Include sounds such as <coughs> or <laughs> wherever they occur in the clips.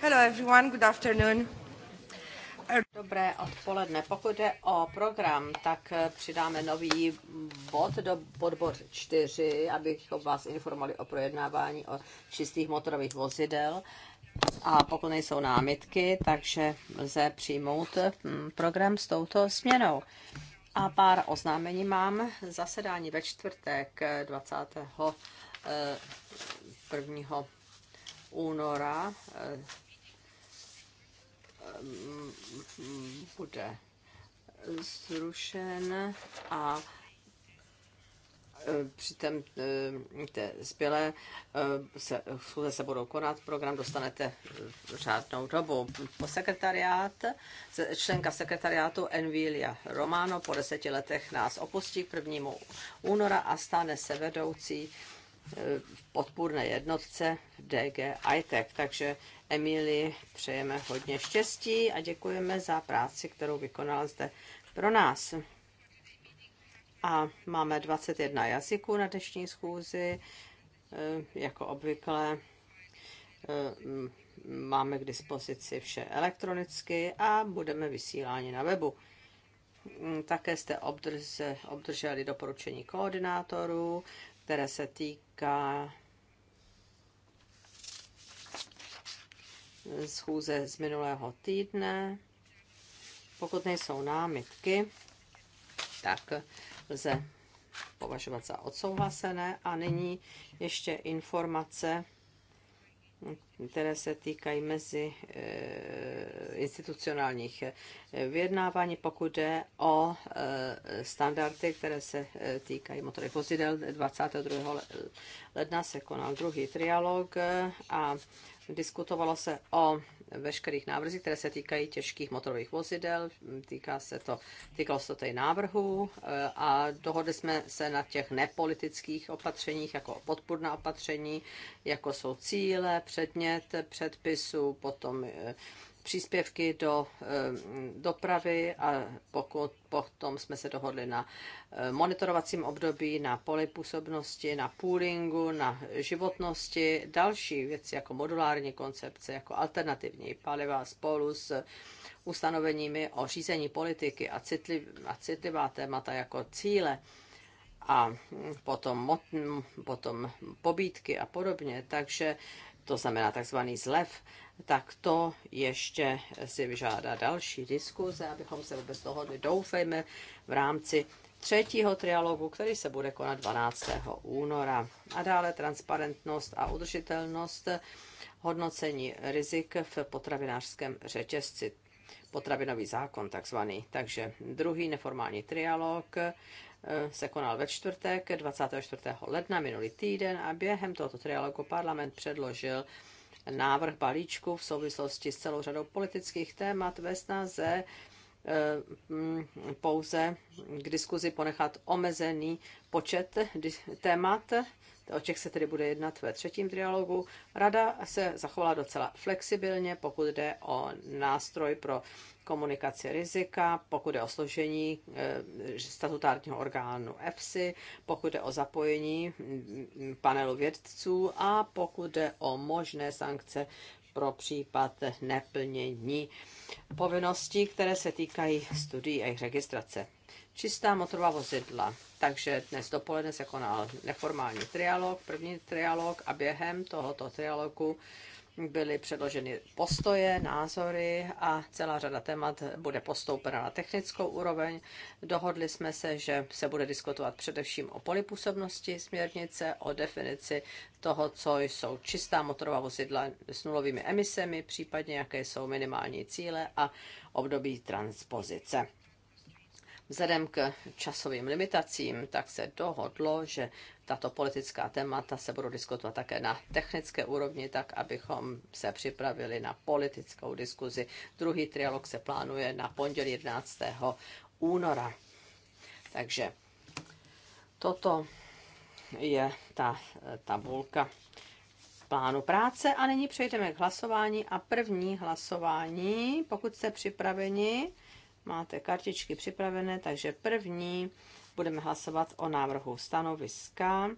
Hello everyone, good afternoon. Dobré odpoledne. Pokud jde o program, tak eh, přidáme nový bod do podbor 4, abychom vás informovali o projednávání o čistých motorových vozidel. A pokud nejsou námitky, takže lze přijmout hm, program s touto směnou. A pár oznámení mám. Zasedání ve čtvrtek 21. Eh, eh, února bude zrušen a e, přitom e, té zbylé e, se, schůze se budou konat, program dostanete řádnou dobu. Po sekretariát, členka sekretariátu Envilia Romano po deseti letech nás opustí k prvnímu února a stane se vedoucí v podpůrné jednotce DG ITEC. Takže Emily přejeme hodně štěstí a děkujeme za práci, kterou vykonala zde pro nás. A máme 21 jazyků na dnešní schůzi, eh, jako obvykle eh, máme k dispozici vše elektronicky a budeme vysíláni na webu. Také jste obdrželi doporučení koordinátorů které se týká schůze z minulého týdne. Pokud nejsou námitky, tak lze považovat za odsouhlasené. A nyní ještě informace které se týkají mezi eh, institucionálních eh, vyjednávání, pokud jde o eh, standardy, které se týkají motorových vozidel. 22. ledna se konal druhý trialog a Diskutovalo se o veškerých návrzích, které se týkají těžkých motorových vozidel. Týká se to, týkalo se to tady návrhu a dohodli jsme se na těch nepolitických opatřeních, jako podpůrná opatření, jako jsou cíle, předmět předpisu, potom eh, příspěvky do eh, dopravy a pokud potom jsme se dohodli na eh, monitorovacím období, na polipůsobnosti, na poolingu, na životnosti, další věci jako modulární koncepce, jako alternativní paliva spolu s ustanoveními o řízení politiky a, citliv, a citlivá témata jako cíle a potom, potom pobídky a podobně. Takže to znamená takzvaný zlev, tak to ještě si vyžádá další diskuze, abychom se vůbec dohodli, doufejme, v rámci třetího trialogu, který se bude konat 12. února. A dále transparentnost a udržitelnost hodnocení rizik v potravinářském řetězci. Potravinový zákon takzvaný. Takže druhý neformální trialog se konal ve čtvrtek 24. ledna minulý týden a během tohoto trialogu parlament předložil návrh balíčku v souvislosti s celou řadou politických témat ve snaze eh, hm, pouze k diskuzi ponechat omezený počet témat o těch se tedy bude jednat ve třetím trialogu. Rada se zachovala docela flexibilně, pokud jde o nástroj pro komunikaci rizika, pokud jde o složení eh, statutárního orgánu EFSI, pokud jde o zapojení mm, panelu vědců a pokud jde o možné sankce pro případ neplnění povinností, které se týkají studií a jejich registrace čistá motorová vozidla. Takže dnes dopoledne se konal neformální trialog, první trialog a během tohoto trialogu byly předloženy postoje, názory a celá řada témat bude postoupena na technickou úroveň. Dohodli jsme se, že se bude diskutovat především o polipůsobnosti směrnice, o definici toho, co jsou čistá motorová vozidla s nulovými emisemi, případně jaké jsou minimální cíle a období transpozice. Vzhledem k časovým limitacím, tak se dohodlo, že tato politická témata se budou diskutovat také na technické úrovni, tak abychom se připravili na politickou diskuzi. Druhý trialog se plánuje na pondělí 11. února. Takže toto je ta eh, tabulka plánu práce a nyní přejdeme k hlasování a první hlasování, pokud jste připraveni, máte kartičky připravené, takže první budeme hlasovat o návrhu stanoviska.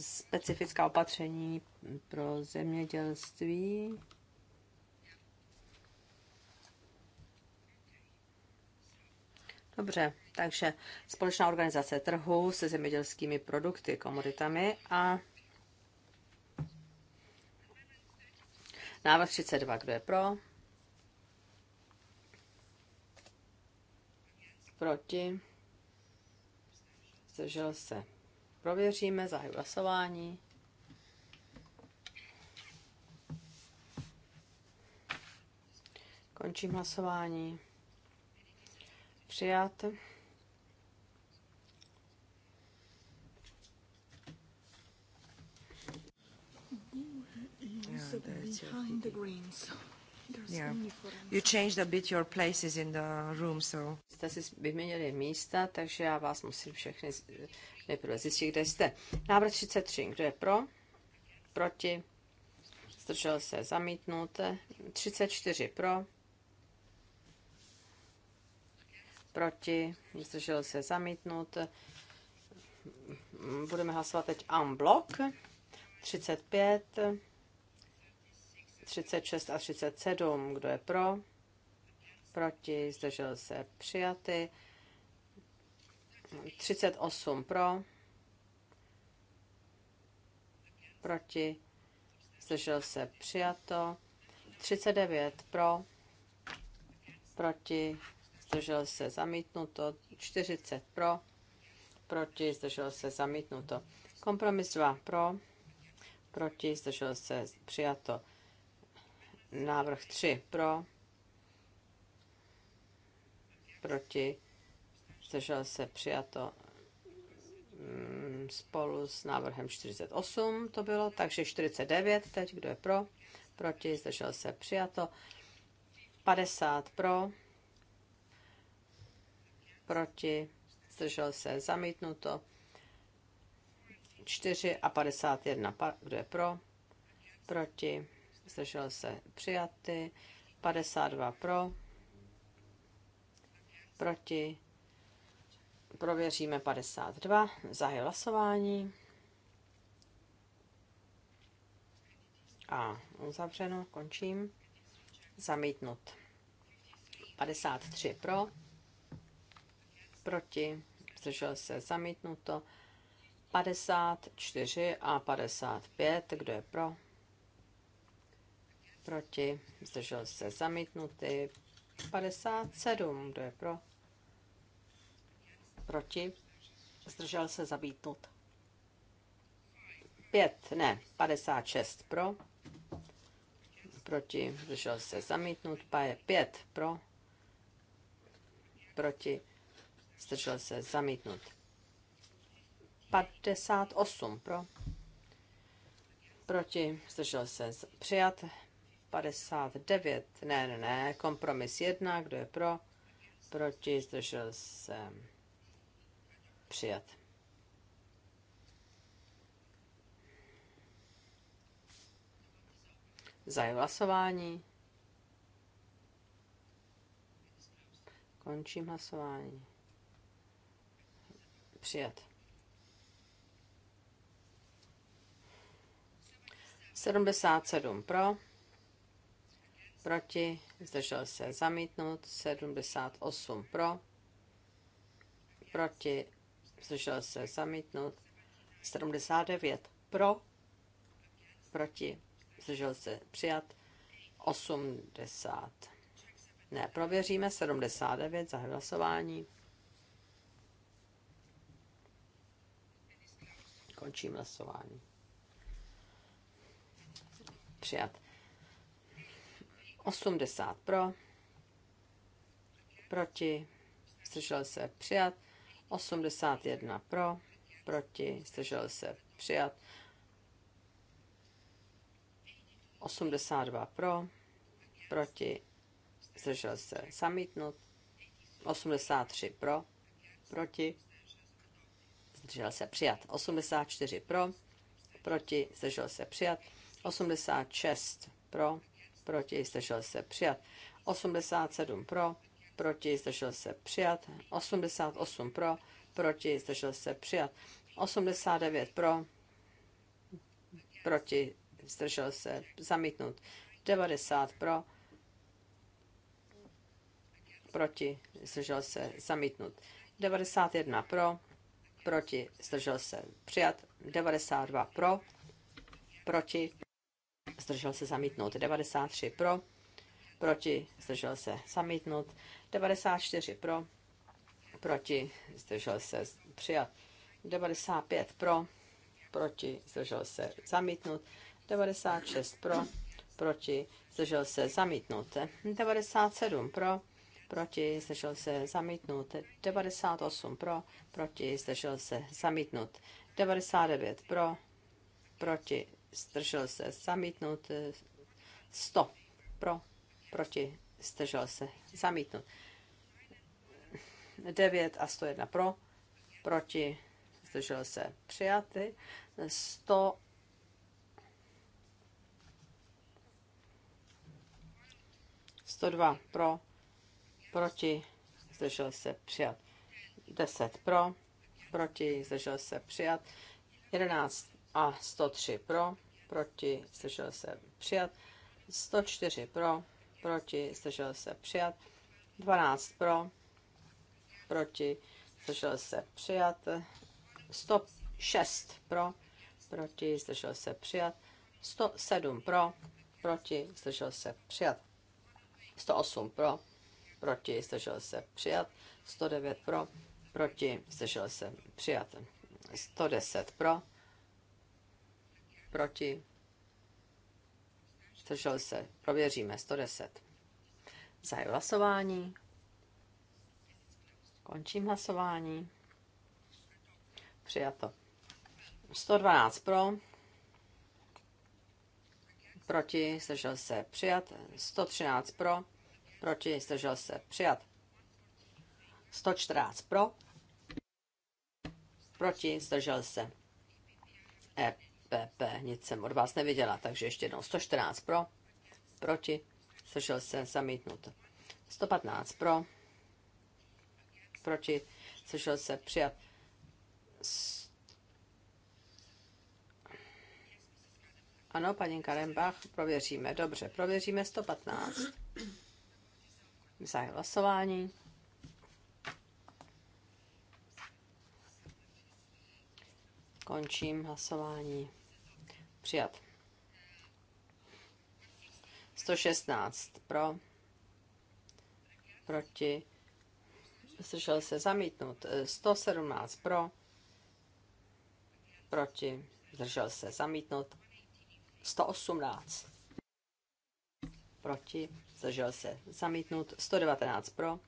Specifická opatření pro zemědělství. Dobře, takže společná organizace trhu se zemědělskými produkty, komoditami a návrh 32, kdo je pro? proti, zdržel se. Prověříme, zahaj hlasování. Končím hlasování. Přijat. Yeah, Yeah. You changed a bit your places in the room, so. Jste si vyměnili místa, takže já vás musím všechny nejprve zjistit, kde jste. Návrh 33, kdo je pro? Proti? Zdržel se zamítnout. 34 pro. Proti? Zdržel se zamítnout. Budeme hlasovat teď unblock. 35 36 a 37. Kdo je pro? Proti? Zdržel se? Přijaty. 38 pro. Proti? Zdržel se? Přijato. 39 pro. Proti? Zdržel se? Zamítnuto. 40 pro. Proti? Zdržel se? Zamítnuto. Kompromis 2 pro. Proti? Zdržel se? Přijato. Návrh 3 pro, proti, zdržel se přijato mm, spolu s návrhem 48 to bylo, takže 49 teď, kdo je pro, proti, zdržel se přijato, 50 pro, proti, zdržel se zamítnuto, 4 a 51, kdo je pro, proti, zdržel se přijaty, 52 pro, proti, prověříme 52, zahy hlasování a uzavřeno, končím, zamítnut. 53 pro, proti, zdržel se zamítnuto, 54 a 55, kdo je pro, proti, zdržel se zamítnutý, 57, kdo je pro, proti, zdržel se zamítnut. 5, ne, 56 pro, proti, zdržel se zamítnut, 5 pro, proti, zdržel se zamítnut. 58 pro, proti, zdržel se přijat, 59, ne, ne, ne, kompromis 1, kdo je pro, proti, zdržel se přijat. Za hlasování. Končím hlasování. Přijat. 77 pro, proti, zdržel se zamítnut, 78 pro, proti, zdržel se zamítnut, 79 pro, proti, zdržel se přijat, 80. Ne, prověříme 79 za hlasování. Končím hlasování. Přijat. 80 pro, proti, zdržel se přijat, 81 pro, proti, zdržel se přijat, 82 pro, proti, zdržel se zamítnut, 83 pro, proti, zdržel se přijat, 84 pro, proti, zdržel se přijat, 86 pro, proti, zdržel se přijat. 87 pro, proti, zdržel se přijat. 88 pro, proti, zdržel se přijat. 89 pro, proti, zdržel se zamítnut. 90 pro, proti, zdržel se zamítnut. 91 pro, proti, zdržel se přijat. 92 pro, proti, zdržel se zamítnout. 93 pro, proti, zdržel se zamítnout. 94 pro, proti, zdržel se přijat. 95 pro, proti, zdržel se zamítnout. 96 pro, proti, zdržel se zamítnout. 97 pro, proti, zdržel se zamítnout. 98 pro, proti, zdržel se zamítnout. 99 pro, proti, zdržel se, zamítnut, 100 eh, pro, proti, zdržel se, zamítnut, 9 a 101 pro, proti, zdržel se, přijaty, 100 102 pro, proti, zdržel se, přijat. 10 pro, proti, zdržel se, přijat. 11 a 103 pro, proti, zdržel se přijat. 104 pro, proti, zdržel se přijat. 12 pro, proti, zdržel se přijat. 106 pro, proti, zdržel se přijat. 107 pro, proti, zdržel se přijat. 108 pro, proti, zdržel se přijat. 109 pro, proti, zdržel se přijat. 110 pro, proti, zdržel se, prověříme, 110. Zahaju hlasování, končím hlasování, přijato. 112 pro, proti, zdržel se, přijat, 113 pro, proti, zdržel se, přijat, 114 pro, proti, zdržel se. E5. PP, nic jsem od vás neviděla, takže ještě jednou 114 pro, proti, slyšel se zamítnut. 115 pro, proti, slyšel se přijat. Ano, paní Karembach, prověříme. Dobře, prověříme 115. Zahájí hlasování. Končím hlasování. Přijat. 116 pro, proti, slyšel se zamítnout 117 pro, proti, zdržel se zamítnout 118 proti, zdržel se zamítnout 119 pro,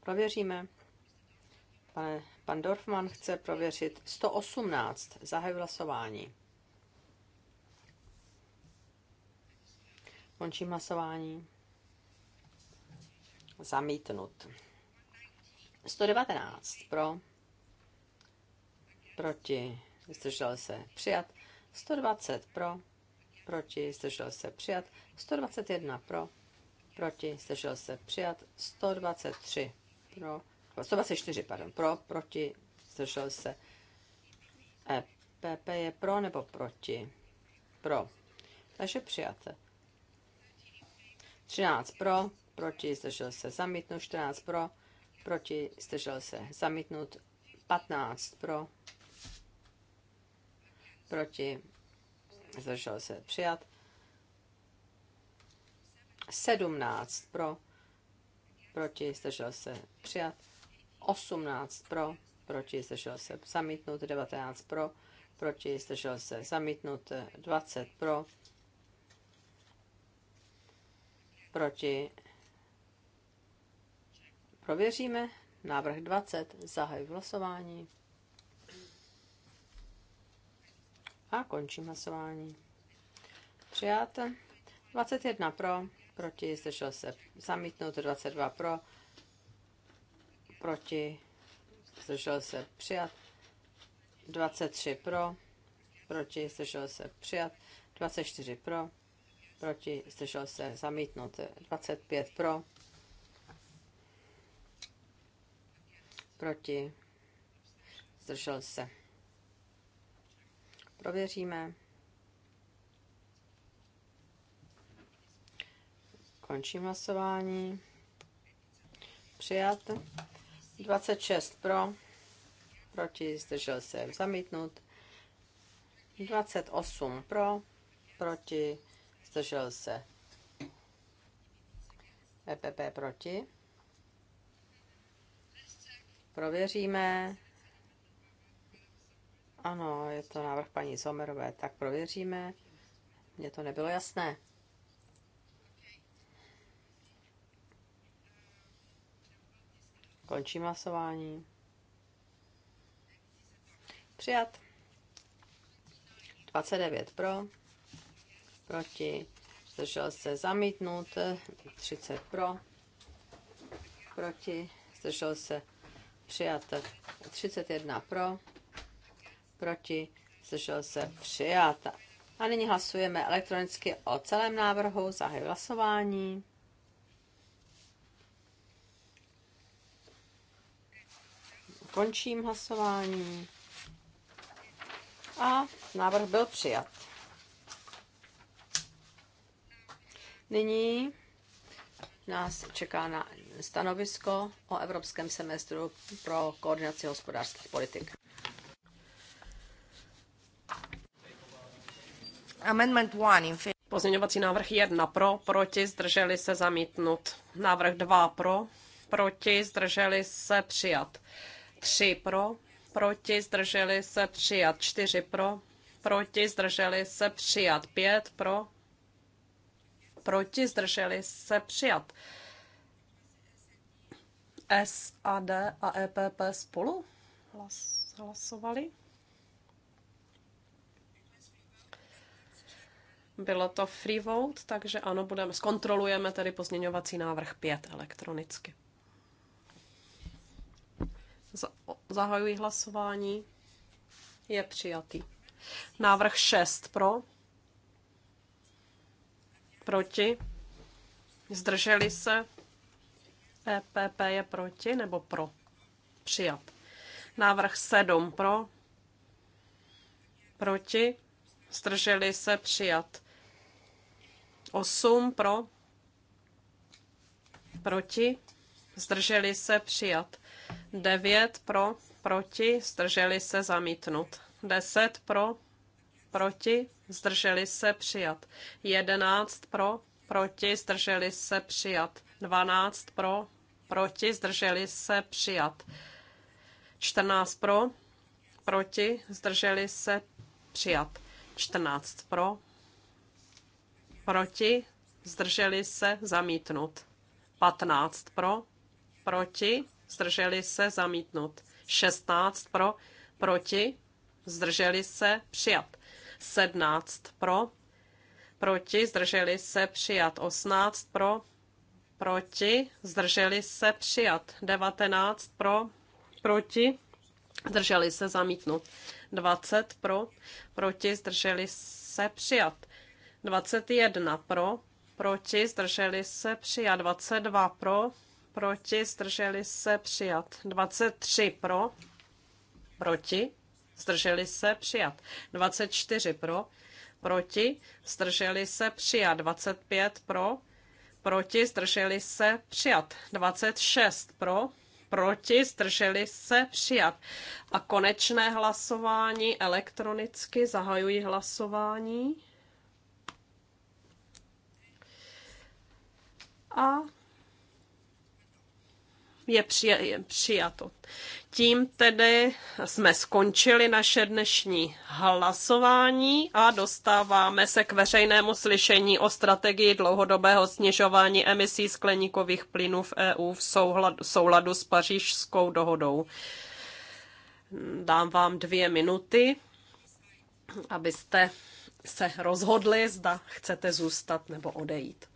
prověříme. Pane, pan Dorfman chce prověřit 118. Zahajuji hlasování. Končím hlasování. Zamítnut. 119 pro, proti, zdržel se, přijat. 120 pro, proti, zdržel se, přijat. 121 pro, proti, zdržel se, přijat. 123 pro, 124, pardon, pro, proti, zdržel se. EPP je pro nebo proti? Pro. Takže přijate. 13 pro, proti, zdržel se zamítnut, 14 pro, proti, zdržel se zamítnut, 15 pro, proti, zdržel se přijat, 17 pro, proti, zdržel se přijat, 18 pro, proti, zdržel se zamítnut, 19 pro, proti, zdržel se zamítnut, 20 pro, proti. Prověříme. Návrh 20. Zahajuji hlasování. A končím hlasování. Přijat. 21 pro, proti, zdržel se zamítnout, 22 pro, proti, zdržel se přijat, 23 pro, proti, zdržel se přijat, 24 pro, proti, zdržel se, zamítnut. 25 pro, proti, zdržel se. Prověříme. Končím hlasování. Přijat. 26 pro, proti, zdržel se, zamítnut. 28 pro, proti, zdržel se. EPP proti. Prověříme. Ano, je to návrh paní Zomerové, tak prověříme. Mně to nebylo jasné. Končím hlasování. Přijat. 29 pro proti, zdržel se zamítnut, 30 pro, proti, zdržel se přijat, 31 pro, proti, zdržel se přijat. A nyní hlasujeme elektronicky o celém návrhu, zahajuji hlasování. Končím hlasování. A návrh byl přijat. Nyní nás čeká na stanovisko o evropském semestru pro koordinaci hospodářských politik. Amendment one, in favor. Pozměňovací návrh 1 pro, proti, zdrželi se zamítnut. Návrh 2 pro, proti, zdrželi se přijat. 3 pro, proti, zdrželi se přijat. 4 pro, proti, zdrželi se přijat. 5 pro, proti, zdrželi se přijat. S a D a EPP spolu hlas, hlasovali. Bylo to free vote, takže ano, budeme, zkontrolujeme tedy pozměňovací návrh 5 elektronicky. Zahajuji hlasování. Je přijatý. Návrh 6 pro. Proti? Zdrželi se? EPP je proti nebo pro? Přijat. Návrh 7 pro? Proti? Zdrželi se? Přijat. 8 pro? Proti? Zdrželi se? Přijat. 9 pro? Proti? Zdrželi se? Zamítnut. 10 pro? Proti? zdrželi se přijat. 11 pro, proti, zdrželi se přijat. 12 pro, proti, zdrželi se přijat. 14 pro, proti, zdrželi se přijat. 14 pro, proti, zdrželi se zamítnut. 15 pro, proti, zdrželi se zamítnut. 16 pro, proti, zdrželi se přijat. 17 pro, proti, zdrželi se přijat 18 pro, proti, zdrželi se přijat 19 pro, proti, zdrželi se zamítnut 20 pro, proti, zdrželi se přijat 21 pro, proti, zdrželi se přijat 22 pro, proti, zdrželi se přijat 23 pro, proti, zdrželi se, přijat. 24 pro, proti, zdrželi se, přijat. 25 pro, proti, zdrželi se, přijat. 26 pro, proti, zdrželi se, přijat. A konečné hlasování elektronicky, zahajují hlasování. A je, přija, je přijato tím tedy jsme skončili naše dnešní hlasování a dostáváme se k veřejnému slyšení o strategii dlouhodobého snižování emisí skleníkových plynů v EU v souladu, souladu s pařížskou dohodou. Dám vám dvě minuty, abyste se rozhodli, zda chcete zůstat nebo odejít.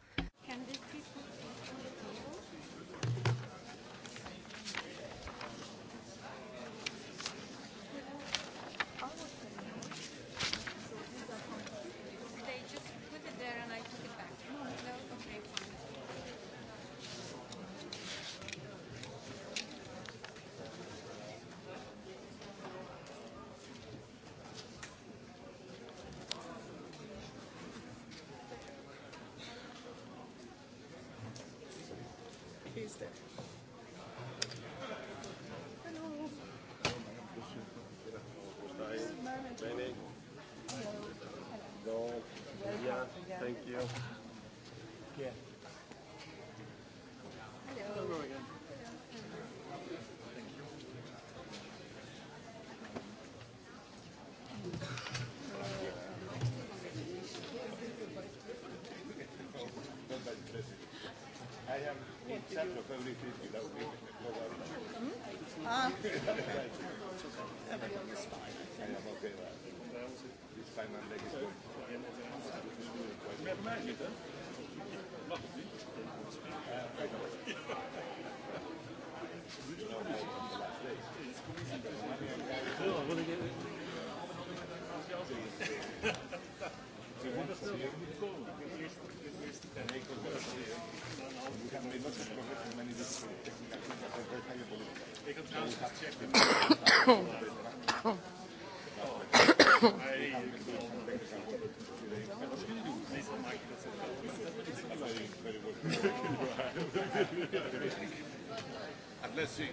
Let's see.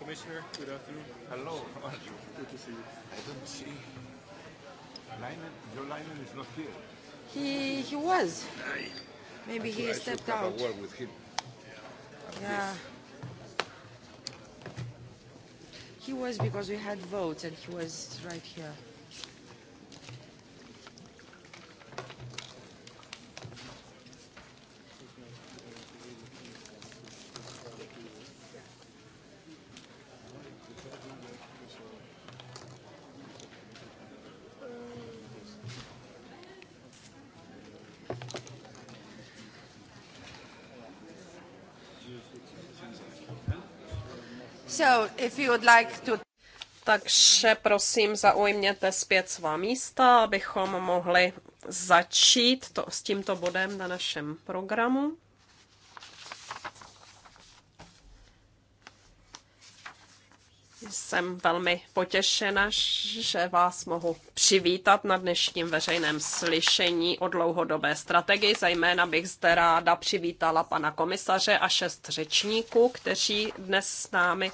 Commissioner, good afternoon. Hello, how are you? Good to see you. I don't see. Leinen, your Leinen is not here. He, he was. Aye. Maybe he stepped out. Yeah. He was because we had votes and he was right here. So, if you would like to... Takže prosím, zaujměte zpět svá místa, abychom mohli začít to, s tímto bodem na našem programu. jsem velmi potěšena, že vás mohu přivítat na dnešním veřejném slyšení o dlouhodobé strategii. Zajména bych zde ráda přivítala pana komisaře a šest řečníků, kteří dnes s námi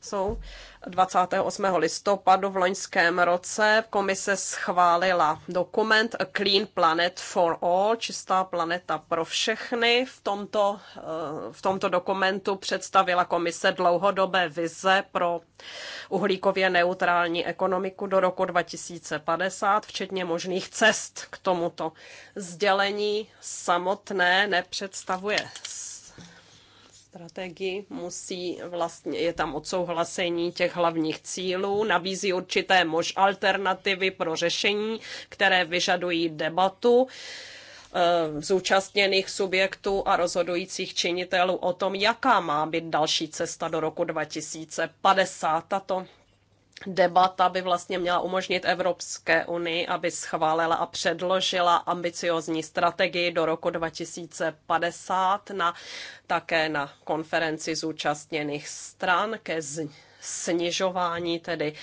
jsou. 28. listopadu v loňském roce komise schválila dokument A Clean Planet for All, čistá planeta pro všechny. V tomto, eh, v tomto dokumentu představila komise dlouhodobé vize pro uhlíkově neutrální ekonomiku do roku 2050, včetně možných cest k tomuto. Sdělení samotné nepředstavuje strategii musí vlastně, je tam odsouhlasení těch hlavních cílů, nabízí určité mož alternativy pro řešení, které vyžadují debatu eh, zúčastněných subjektů a rozhodujících činitelů o tom, jaká má být další cesta do roku 2050. Tato debata by vlastně měla umožnit Evropské unii, aby schválila a předložila ambiciozní strategii do roku 2050 na, také na konferenci zúčastněných stran ke snižování tedy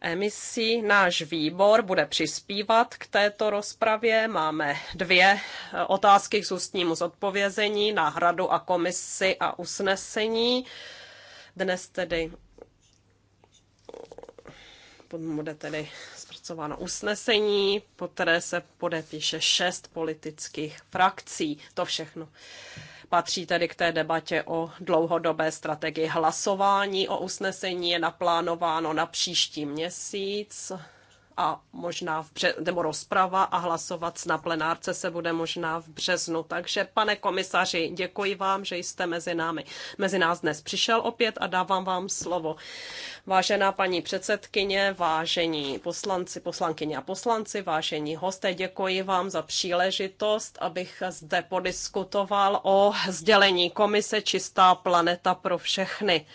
emisí. Náš výbor bude přispívat k této rozpravě. Máme dvě eh, otázky k zůstnímu zodpovězení na hradu a komisi a usnesení. Dnes tedy bude tedy zpracováno usnesení, po které se podepíše šest politických frakcí. To všechno patří tedy k té debatě o dlouhodobé strategii hlasování. O usnesení je naplánováno na příští měsíc a možná v bře- nebo rozprava a hlasovat na plenárce se bude možná v březnu. Takže pane komisaři, děkuji vám, že jste mezi námi, mezi nás dnes přišel opět a dávám vám slovo. Vážená paní předsedkyně, vážení poslanci, poslankyně a poslanci, vážení hosté, děkuji vám za příležitost, abych zde podiskutoval o sdělení komise Čistá planeta pro všechny.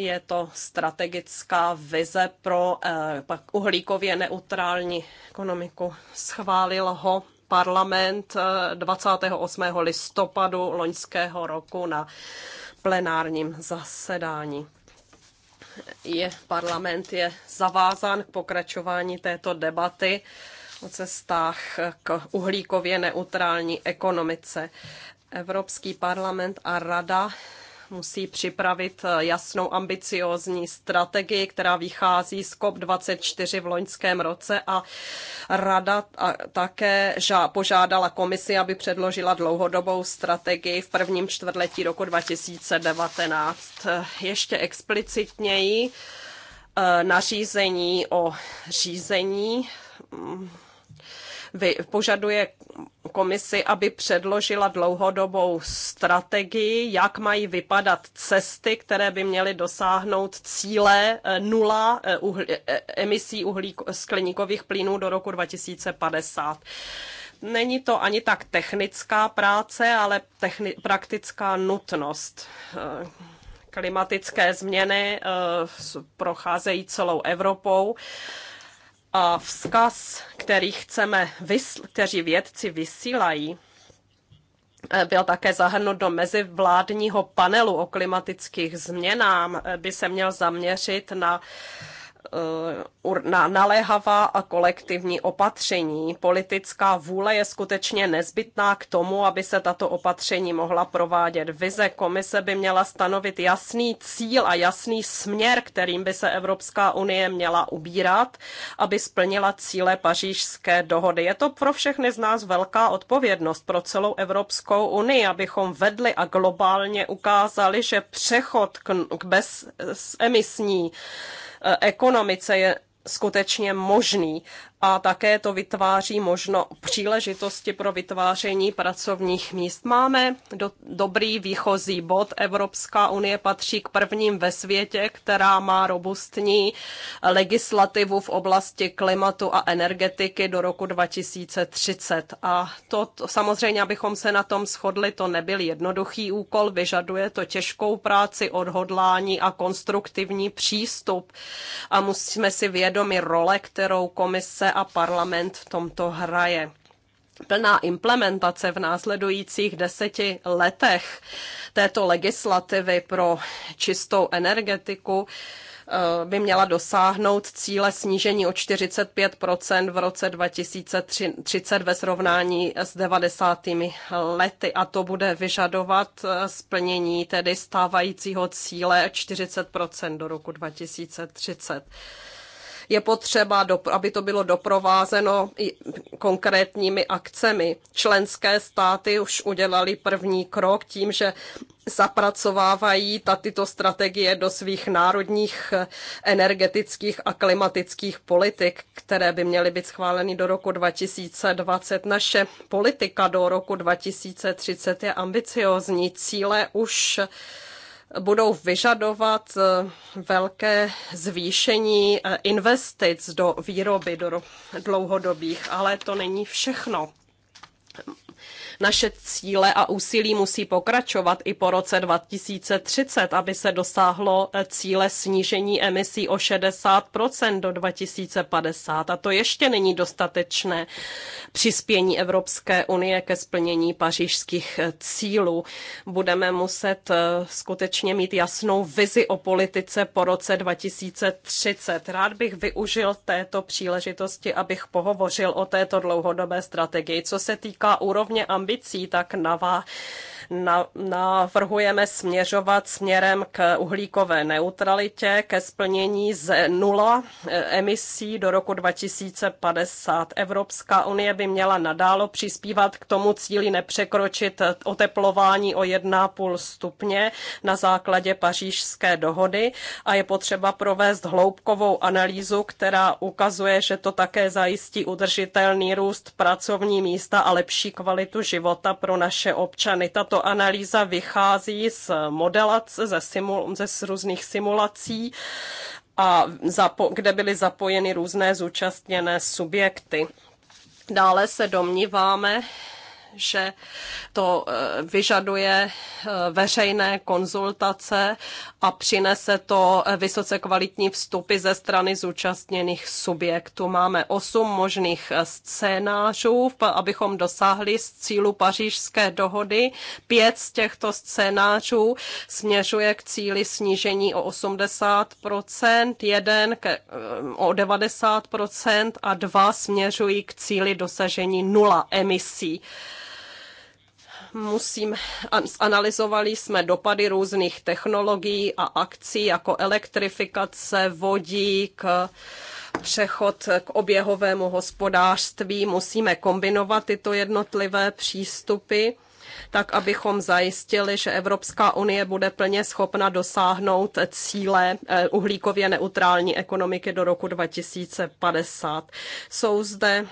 Je to strategická vize pro eh, pak uhlíkově neutrální ekonomiku. Schválil ho parlament 28. Eh, listopadu loňského roku na plenárním zasedání je, parlament je zavázán k pokračování této debaty o cestách k uhlíkově neutrální ekonomice. Evropský parlament a rada musí připravit jasnou ambiciózní strategii, která vychází z COP24 v loňském roce a rada také požádala komisi, aby předložila dlouhodobou strategii v prvním čtvrtletí roku 2019. Ještě explicitněji eh, nařízení o řízení mm, požaduje komisi, aby předložila dlouhodobou strategii, jak mají vypadat cesty, které by měly dosáhnout cíle eh, nula eh, eh, emisí uhlík, skleníkových plynů do roku 2050 není to ani tak technická práce, ale techni- praktická nutnost. Klimatické změny procházejí celou Evropou a vzkaz, který chceme, vysl- kteří vědci vysílají, eh, byl také zahrnut do mezivládního panelu o klimatických změnám, eh, by se měl zaměřit na uh, Eh, na naléhavá a kolektivní opatření. Politická vůle je skutečně nezbytná k tomu, aby se tato opatření mohla provádět. Vize komise by měla stanovit jasný cíl a jasný směr, kterým by se Evropská unie měla ubírat, aby splnila cíle pařížské dohody. Je to pro všechny z nás velká odpovědnost pro celou Evropskou unii, abychom vedli a globálně ukázali, že přechod k bezemisní Eh, ekonomice je skutečně možný a také to vytváří možno příležitosti pro vytváření pracovních míst. Máme do, dobrý výchozí bod. Evropská unie patří k prvním ve světě, která má robustní legislativu v oblasti klimatu a energetiky do roku 2030. A to, to samozřejmě, abychom se na tom shodli, to nebyl jednoduchý úkol, vyžaduje to těžkou práci, odhodlání a konstruktivní přístup. A musíme si vědomi role, kterou komise a parlament v tomto hraje. Plná implementace v následujících deseti letech této legislativy pro čistou energetiku eh, by měla dosáhnout cíle snížení o 45 v roce 2030 ve srovnání s 90. lety a to bude vyžadovat eh, splnění tedy stávajícího cíle 40 do roku 2030. Je potřeba, aby to bylo doprovázeno i konkrétními akcemi. Členské státy už udělali první krok tím, že zapracovávají ta, tyto strategie do svých národních eh, energetických a klimatických politik, které by měly být schváleny do roku 2020. Naše politika do roku 2030 je ambiciozní. Cíle už budou vyžadovat eh, velké zvýšení eh, investic do výroby do dlouhodobých, ale to není všechno. Naše cíle a úsilí musí pokračovat i po roce 2030, aby se dosáhlo eh, cíle snížení emisí o 60% do 2050. A to ještě není dostatečné přispění Evropské unie ke splnění pařížských eh, cílů. Budeme muset eh, skutečně mít jasnou vizi o politice po roce 2030. Rád bych využil této příležitosti, abych pohovořil o této dlouhodobé strategii. Co se týká úrovně ambicí, ambicí, tak na vás, navrhujeme směřovat směrem k uhlíkové neutralitě, ke splnění z nula e, emisí do roku 2050. Evropská unie by měla nadálo přispívat k tomu cíli nepřekročit oteplování o 1,5 stupně na základě pařížské dohody a je potřeba provést hloubkovou analýzu, která ukazuje, že to také zajistí udržitelný růst pracovní místa a lepší kvalitu života pro naše občany. Tato analýza vychází z modelace, ze, simul, ze různých simulací, a zapo, kde byly zapojeny různé zúčastněné subjekty. Dále se domníváme, že to eh, vyžaduje eh, veřejné konzultace a přinese to eh, vysoce kvalitní vstupy ze strany zúčastněných subjektů. Máme osm možných scénářů, abychom dosáhli z cílu pařížské dohody. Pět z těchto scénářů směřuje k cíli snížení o 80%, jeden ke, o 90% a dva směřují k cíli dosažení nula emisí musím, analyzovali jsme dopady různých technologií a akcí jako elektrifikace, vodík, přechod k oběhovému hospodářství. Musíme kombinovat tyto jednotlivé přístupy tak abychom zajistili, že Evropská unie bude plně schopna dosáhnout cíle eh, uhlíkově neutrální ekonomiky do roku 2050. Jsou zde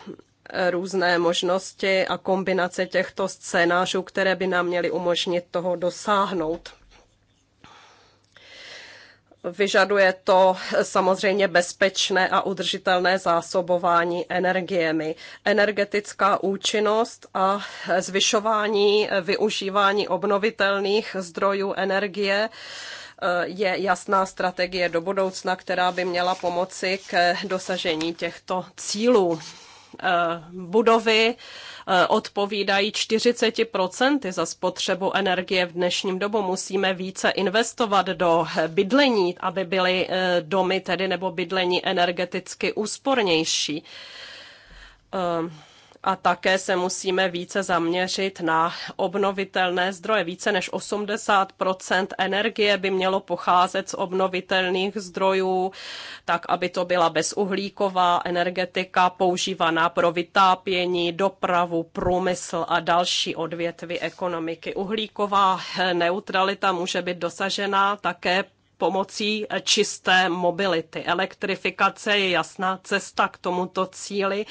různé možnosti a kombinace těchto scénářů, které by nám měly umožnit toho dosáhnout. Vyžaduje to samozřejmě bezpečné a udržitelné zásobování energiemi, energetická účinnost a zvyšování využívání obnovitelných zdrojů energie eh, je jasná strategie do budoucna, která by měla pomoci k dosažení těchto cílů. Eh, budovy eh, odpovídají 40% za spotřebu energie v dnešním dobu. Musíme více investovat do bydlení, aby byly eh, domy tedy nebo bydlení energeticky úspornější a také se musíme více zaměřit na obnovitelné zdroje. Více než 80 energie by mělo pocházet z obnovitelných zdrojů, tak aby to byla bezuhlíková energetika používaná pro vytápění, dopravu, průmysl a další odvětvy ekonomiky. Uhlíková neutralita může být dosažena také pomocí čisté mobility. Elektrifikace je jasná cesta k tomuto cíli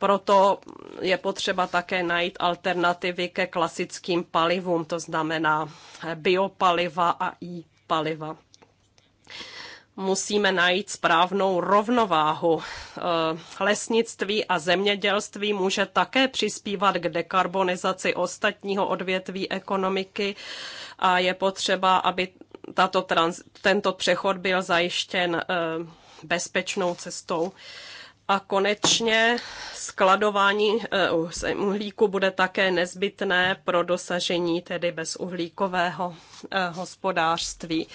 proto je potřeba také najít alternativy ke klasickým palivům, to znamená biopaliva a i paliva. Musíme najít správnou rovnováhu. Eh, lesnictví a zemědělství může také přispívat k dekarbonizaci ostatního odvětví ekonomiky a je potřeba, aby tato trans, tento přechod byl zajištěn eh, bezpečnou cestou. A konečně skladování eh, uhlíku bude také nezbytné pro dosažení tedy bezuhlíkového eh, hospodářství.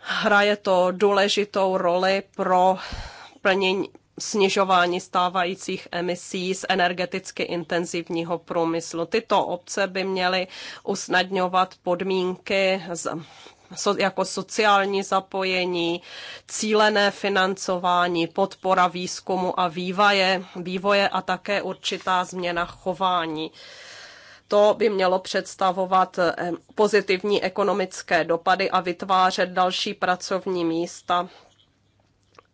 Hraje to důležitou roli pro plnění, snižování stávajících emisí z energeticky intenzivního průmyslu. Tyto obce by měly usnadňovat podmínky jako sociální zapojení, cílené financování, podpora výzkumu a vývoje, vývoje a také určitá změna chování. To by mělo představovat eh, pozitivní ekonomické dopady a vytvářet další pracovní místa.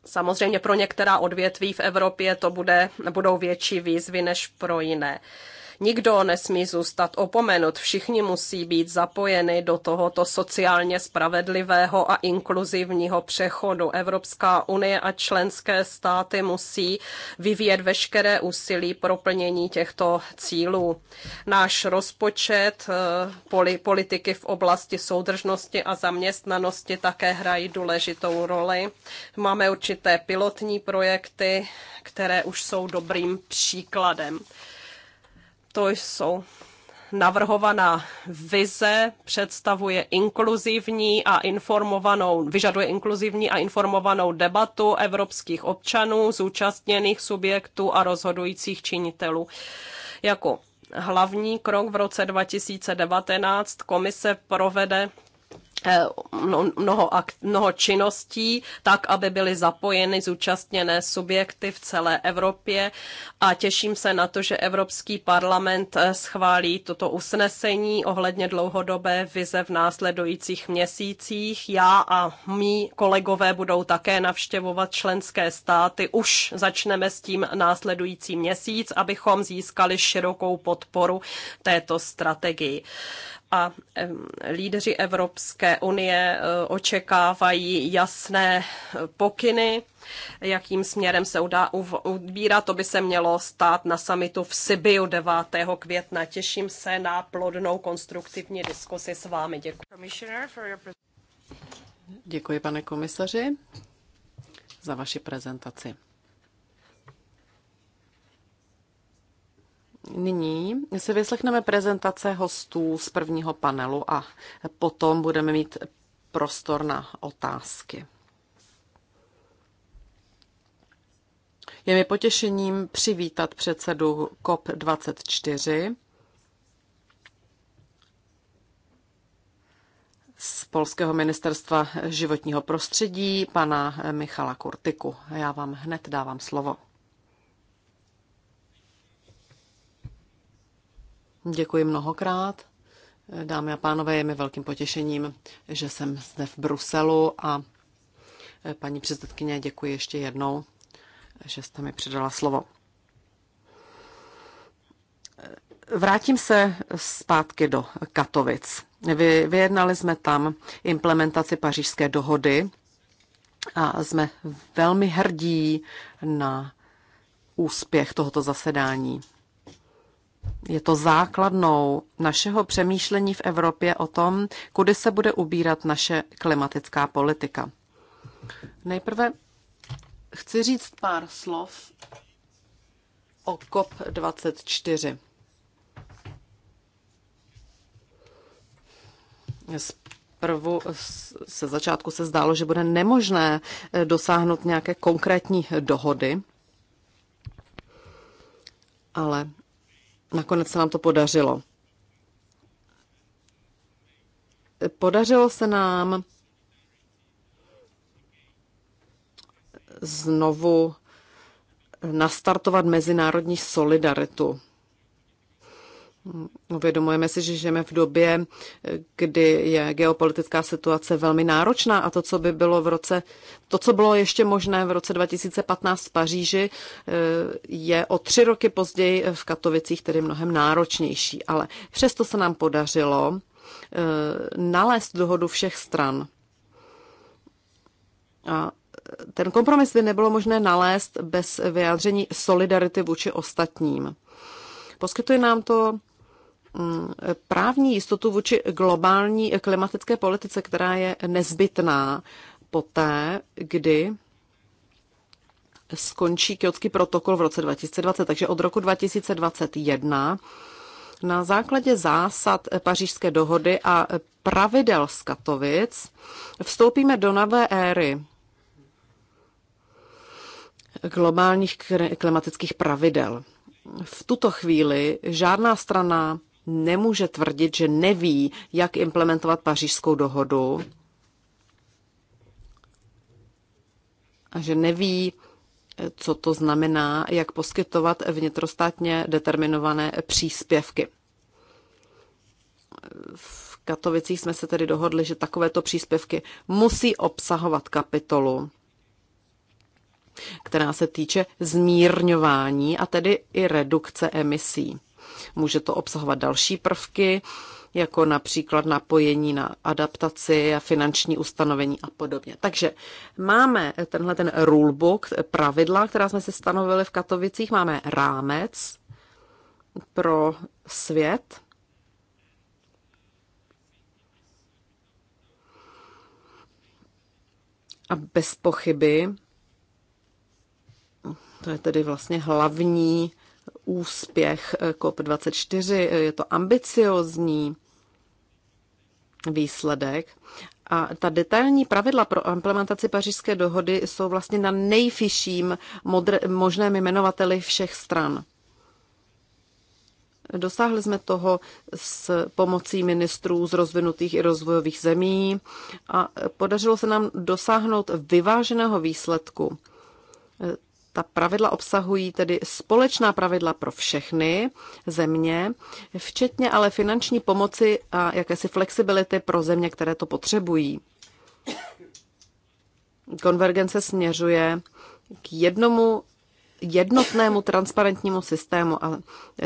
Samozřejmě pro některá odvětví v Evropě to bude, budou větší výzvy než pro jiné. Nikdo nesmí zůstat opomenut, všichni musí být zapojeni do tohoto sociálně spravedlivého a inkluzivního přechodu. Evropská unie a členské státy musí vyvíjet veškeré úsilí pro plnění těchto cílů. Náš rozpočet eh, politiky v oblasti soudržnosti a zaměstnanosti také hrají důležitou roli. Máme určité pilotní projekty, které už jsou dobrým příkladem. To jsou navrhovaná vize představuje inkluzivní a informovanou, vyžaduje inkluzivní a informovanou debatu evropských občanů, zúčastněných subjektů a rozhodujících činitelů. Jako hlavní krok v roce 2019 komise provede Eh, mnoho, akt, mnoho činností, tak, aby byly zapojeny zúčastněné subjekty v celé Evropě a těším se na to, že Evropský parlament eh, schválí toto usnesení ohledně dlouhodobé vize v následujících měsících. Já a mý kolegové budou také navštěvovat členské státy. Už začneme s tím následující měsíc, abychom získali širokou podporu této strategii a lídři Evropské unie e, očekávají jasné e, pokyny, jakým směrem se udá ubírat. To by se mělo stát na samitu v Sibiu 9. května. Těším se na plodnou konstruktivní diskusi s vámi. Děkuji. Děkuji, pane komisaři, za vaši prezentaci. Nyní si vyslechneme prezentace hostů z prvního panelu a potom budeme mít prostor na otázky. Je mi potěšením přivítat předsedu COP24 z Polského ministerstva životního prostředí, pana Michala Kurtiku. Já vám hned dávám slovo. Děkuji mnohokrát. Dámy a pánové, je mi velkým potěšením, že jsem zde v Bruselu a eh, paní předsedkyně, děkuji ještě jednou, že jste mi předala slovo. Eh, vrátím se zpátky do Katovic. Vy, vyjednali jsme tam implementaci pařížské dohody a jsme velmi hrdí na úspěch tohoto zasedání je to základnou našeho přemýšlení v Evropě o tom, kudy se bude ubírat naše klimatická politika. Nejprve chci říct pár slov o COP24. Zprvu se začátku se zdálo, že bude nemožné dosáhnout nějaké konkrétní dohody, ale nakonec se nám to podařilo. Podařilo se nám znovu nastartovat mezinárodní solidaritu. Uvědomujeme si, že žijeme v době, kdy je geopolitická situace velmi náročná a to, co by bylo v roce, to, co bylo ještě možné v roce 2015 v Paříži, eh, je o tři roky později v Katovicích tedy mnohem náročnější. Ale přesto se nám podařilo eh, nalézt dohodu všech stran. A ten kompromis by nebylo možné nalézt bez vyjádření solidarity vůči ostatním. Poskytuje nám to Mm, právní jistotu vůči globální klimatické politice, která je nezbytná poté, kdy skončí Kyotský protokol v roce 2020. Takže od roku 2021 na základě zásad pařížské dohody a pravidel z Katovic vstoupíme do nové éry globálních klimatických pravidel. V tuto chvíli žádná strana nemůže tvrdit, že neví, jak implementovat pařížskou dohodu a že neví, co to znamená, jak poskytovat vnitrostátně determinované příspěvky. V Katovicích jsme se tedy dohodli, že takovéto příspěvky musí obsahovat kapitolu, která se týče zmírňování a tedy i redukce emisí. Může to obsahovat další prvky, jako například napojení na adaptaci a finanční ustanovení a podobně. Takže máme tenhle ten rulebook, pravidla, která jsme si stanovili v Katovicích, máme rámec pro svět, A bez pochyby, to je tedy vlastně hlavní úspěch eh, COP24, eh, je to ambiciozní výsledek. A ta detailní pravidla pro implementaci pařížské dohody jsou vlastně na nejvyšším možném jmenovateli všech stran. Dosáhli jsme toho s pomocí ministrů z rozvinutých i rozvojových zemí a podařilo se nám dosáhnout vyváženého výsledku. Ta pravidla obsahují tedy společná pravidla pro všechny země, včetně ale finanční pomoci a jakési flexibility pro země, které to potřebují. Konvergence směřuje k jednomu jednotnému transparentnímu systému a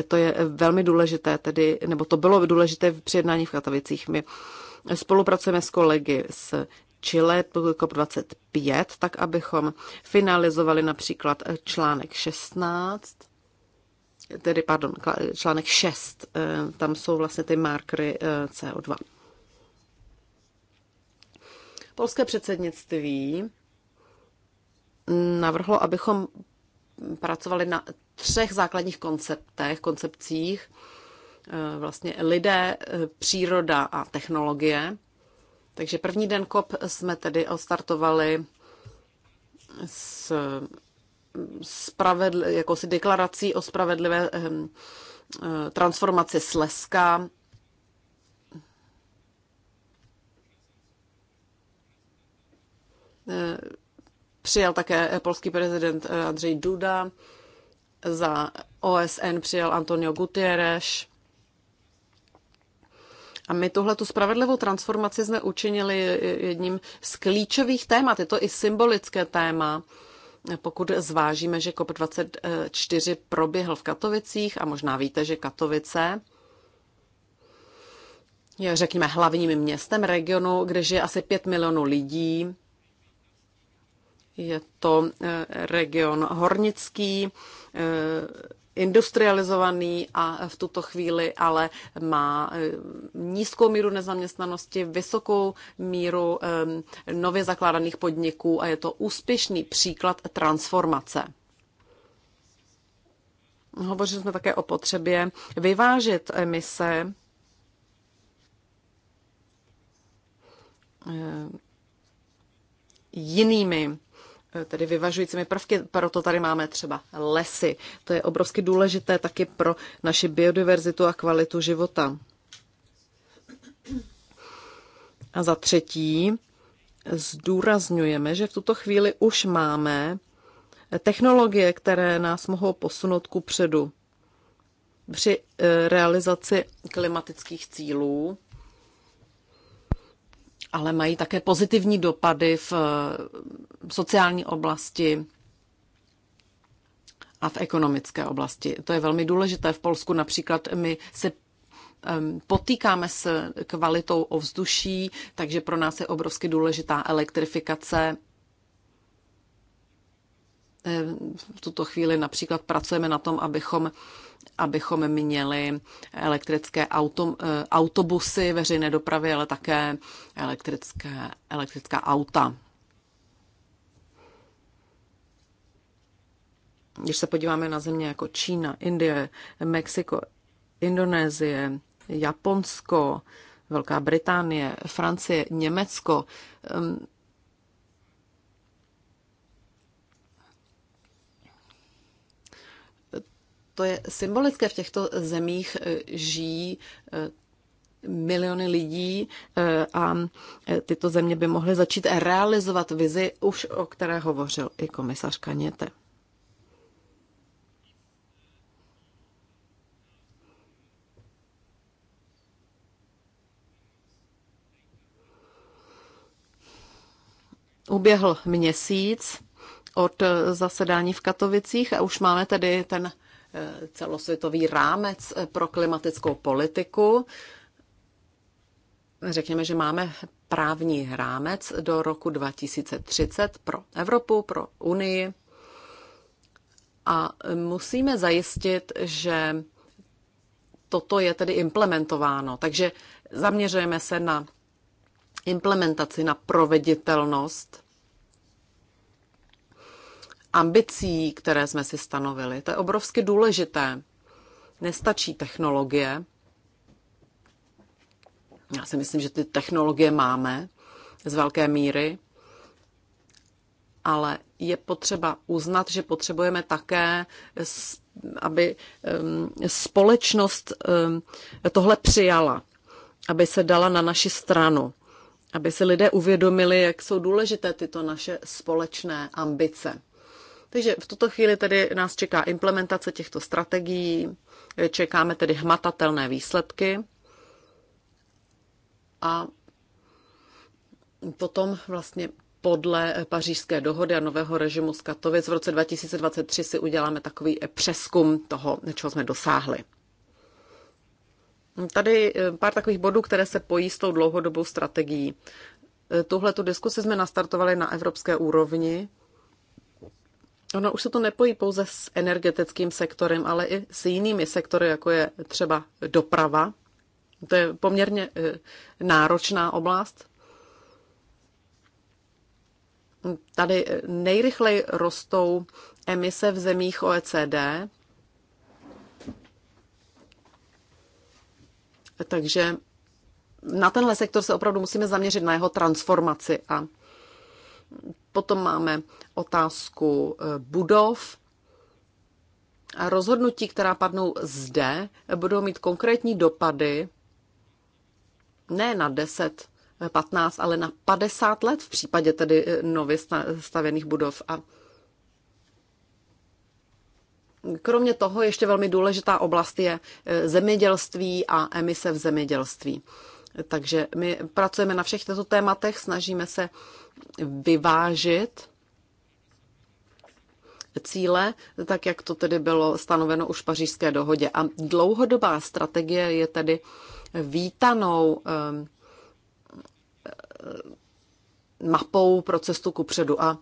to je velmi důležité, tedy, nebo to bylo důležité při jednání v Katovicích. My spolupracujeme s kolegy z Chile COP25, tak abychom finalizovali například eh, článek 16, tedy pardon, článek 6, eh, tam jsou vlastně ty markery eh, CO2. Polské předsednictví navrhlo, abychom pracovali na třech základních konceptech, koncepcích, vlastně lidé, příroda a technologie. Takže první den COP jsme tedy odstartovali s spravedl- jako si deklarací o spravedlivé ehm, eh, transformaci Slezska. Eh, přijal také eh, polský prezident Andřej Duda, za OSN přijal Antonio Gutierrez, a my tuhle tu spravedlivou transformaci jsme učinili jedním z klíčových témat. Je to i symbolické téma, pokud zvážíme, že COP24 proběhl v Katovicích a možná víte, že Katovice je, řekněme, hlavním městem regionu, kde žije asi 5 milionů lidí. Je to eh, region hornický, eh, industrializovaný a v tuto chvíli ale má eh, nízkou míru nezaměstnanosti, vysokou míru eh, nově zakládaných podniků a je to úspěšný příklad transformace. Hovořili jsme také o potřebě vyvážit emise eh, jinými Eh, tedy vyvažujícími prvky, proto tady máme třeba lesy. To je obrovsky důležité taky pro naši biodiverzitu a kvalitu života. A za třetí, zdůrazňujeme, že v tuto chvíli už máme technologie, které nás mohou posunout ku předu při eh, realizaci klimatických cílů ale mají také pozitivní dopady eh, v sociální oblasti a v ekonomické oblasti. To je velmi důležité. V Polsku například my se potýkáme s kvalitou ovzduší, takže pro nás je obrovsky důležitá elektrifikace Eh, v tuto chvíli například pracujeme na tom, abychom abychom měli elektrické auto, eh, autobusy veřejné dopravy, ale také elektrické, elektrická auta. Když se podíváme na země jako Čína, Indie, Mexiko, Indonésie, Japonsko, Velká Británie, Francie, Německo, to je symbolické. V těchto zemích eh, žijí eh, miliony lidí eh, a tyto země by mohly začít realizovat vizi, už o které hovořil i komisař Kaněte. Uběhl měsíc od zasedání v Katovicích a už máme tedy ten celosvětový rámec pro klimatickou politiku. Řekněme, že máme právní rámec do roku 2030 pro Evropu, pro Unii a musíme zajistit, že toto je tedy implementováno. Takže zaměřujeme se na implementaci, na proveditelnost ambicí, které jsme si stanovili. To je obrovsky důležité. Nestačí technologie. Já si myslím, že ty technologie máme z velké míry, ale je potřeba uznat, že potřebujeme také, aby společnost tohle přijala, aby se dala na naši stranu, aby se lidé uvědomili, jak jsou důležité tyto naše společné ambice. Takže v tuto chvíli tedy nás čeká implementace těchto strategií, čekáme tedy hmatatelné výsledky a potom vlastně podle pařížské dohody a nového režimu z Katovic v roce 2023 si uděláme takový přeskum toho, čeho jsme dosáhli. Tady pár takových bodů, které se pojí s tou dlouhodobou strategií. Tuhle tu diskusi jsme nastartovali na evropské úrovni Ono už se to nepojí pouze s energetickým sektorem, ale i s jinými sektory, jako je třeba doprava. To je poměrně e, náročná oblast. Tady e, nejrychleji rostou emise v zemích OECD, takže na tenhle sektor se opravdu musíme zaměřit na jeho transformaci a Potom máme otázku eh, budov. A rozhodnutí, která padnou zde, budou mít konkrétní dopady ne na 10, 15, ale na 50 let v případě tedy eh, nově stavěných budov. A Kromě toho ještě velmi důležitá oblast je eh, zemědělství a emise v zemědělství. Takže my pracujeme na všech těchto tématech, snažíme se vyvážit cíle, tak jak to tedy bylo stanoveno už v pařížské dohodě. A dlouhodobá strategie je tedy vítanou ehm, mapou pro cestu ku předu. A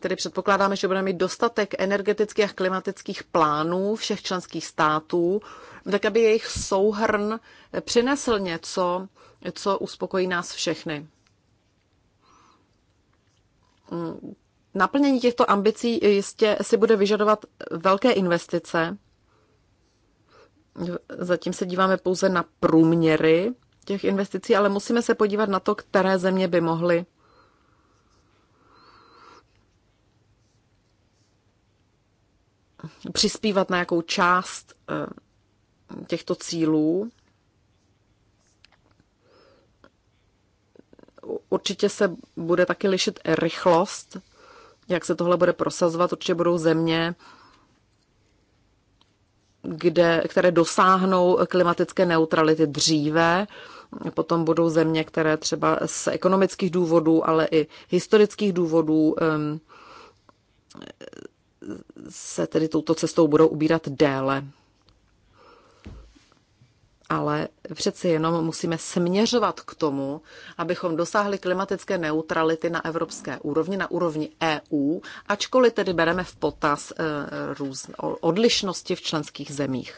tedy předpokládáme, že budeme mít dostatek energetických a klimatických plánů všech členských států, tak aby jejich souhrn přinesl něco, co uspokojí nás všechny. Naplnění těchto ambicí jistě si bude vyžadovat velké investice. Zatím se díváme pouze na průměry těch investicí, ale musíme se podívat na to, které země by mohly přispívat na jakou část eh, těchto cílů. Určitě se bude taky lišit rychlost, jak se tohle bude prosazovat. Určitě budou země, kde, které dosáhnou klimatické neutrality dříve. Potom budou země, které třeba z ekonomických důvodů, ale i historických důvodů ehm, se tedy touto cestou budou ubírat déle. Ale přeci jenom musíme směřovat k tomu, abychom dosáhli klimatické neutrality na evropské úrovni, na úrovni EU, ačkoliv tedy bereme v potaz e, růz, odlišnosti v členských zemích.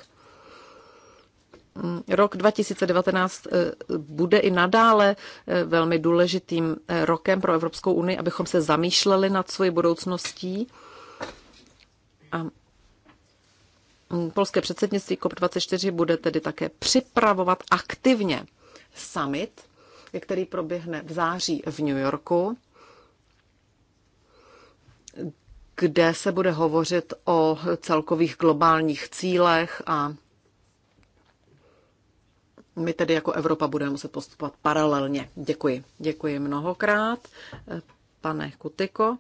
Rok 2019 e, bude i nadále e, velmi důležitým rokem pro Evropskou unii, abychom se zamýšleli nad svojí budoucností a polské předsednictví COP24 bude tedy také připravovat aktivně summit, který proběhne v září v New Yorku, kde se bude hovořit o celkových globálních cílech a my tedy jako Evropa budeme muset postupovat paralelně. Děkuji. Děkuji mnohokrát, pane Kutiko.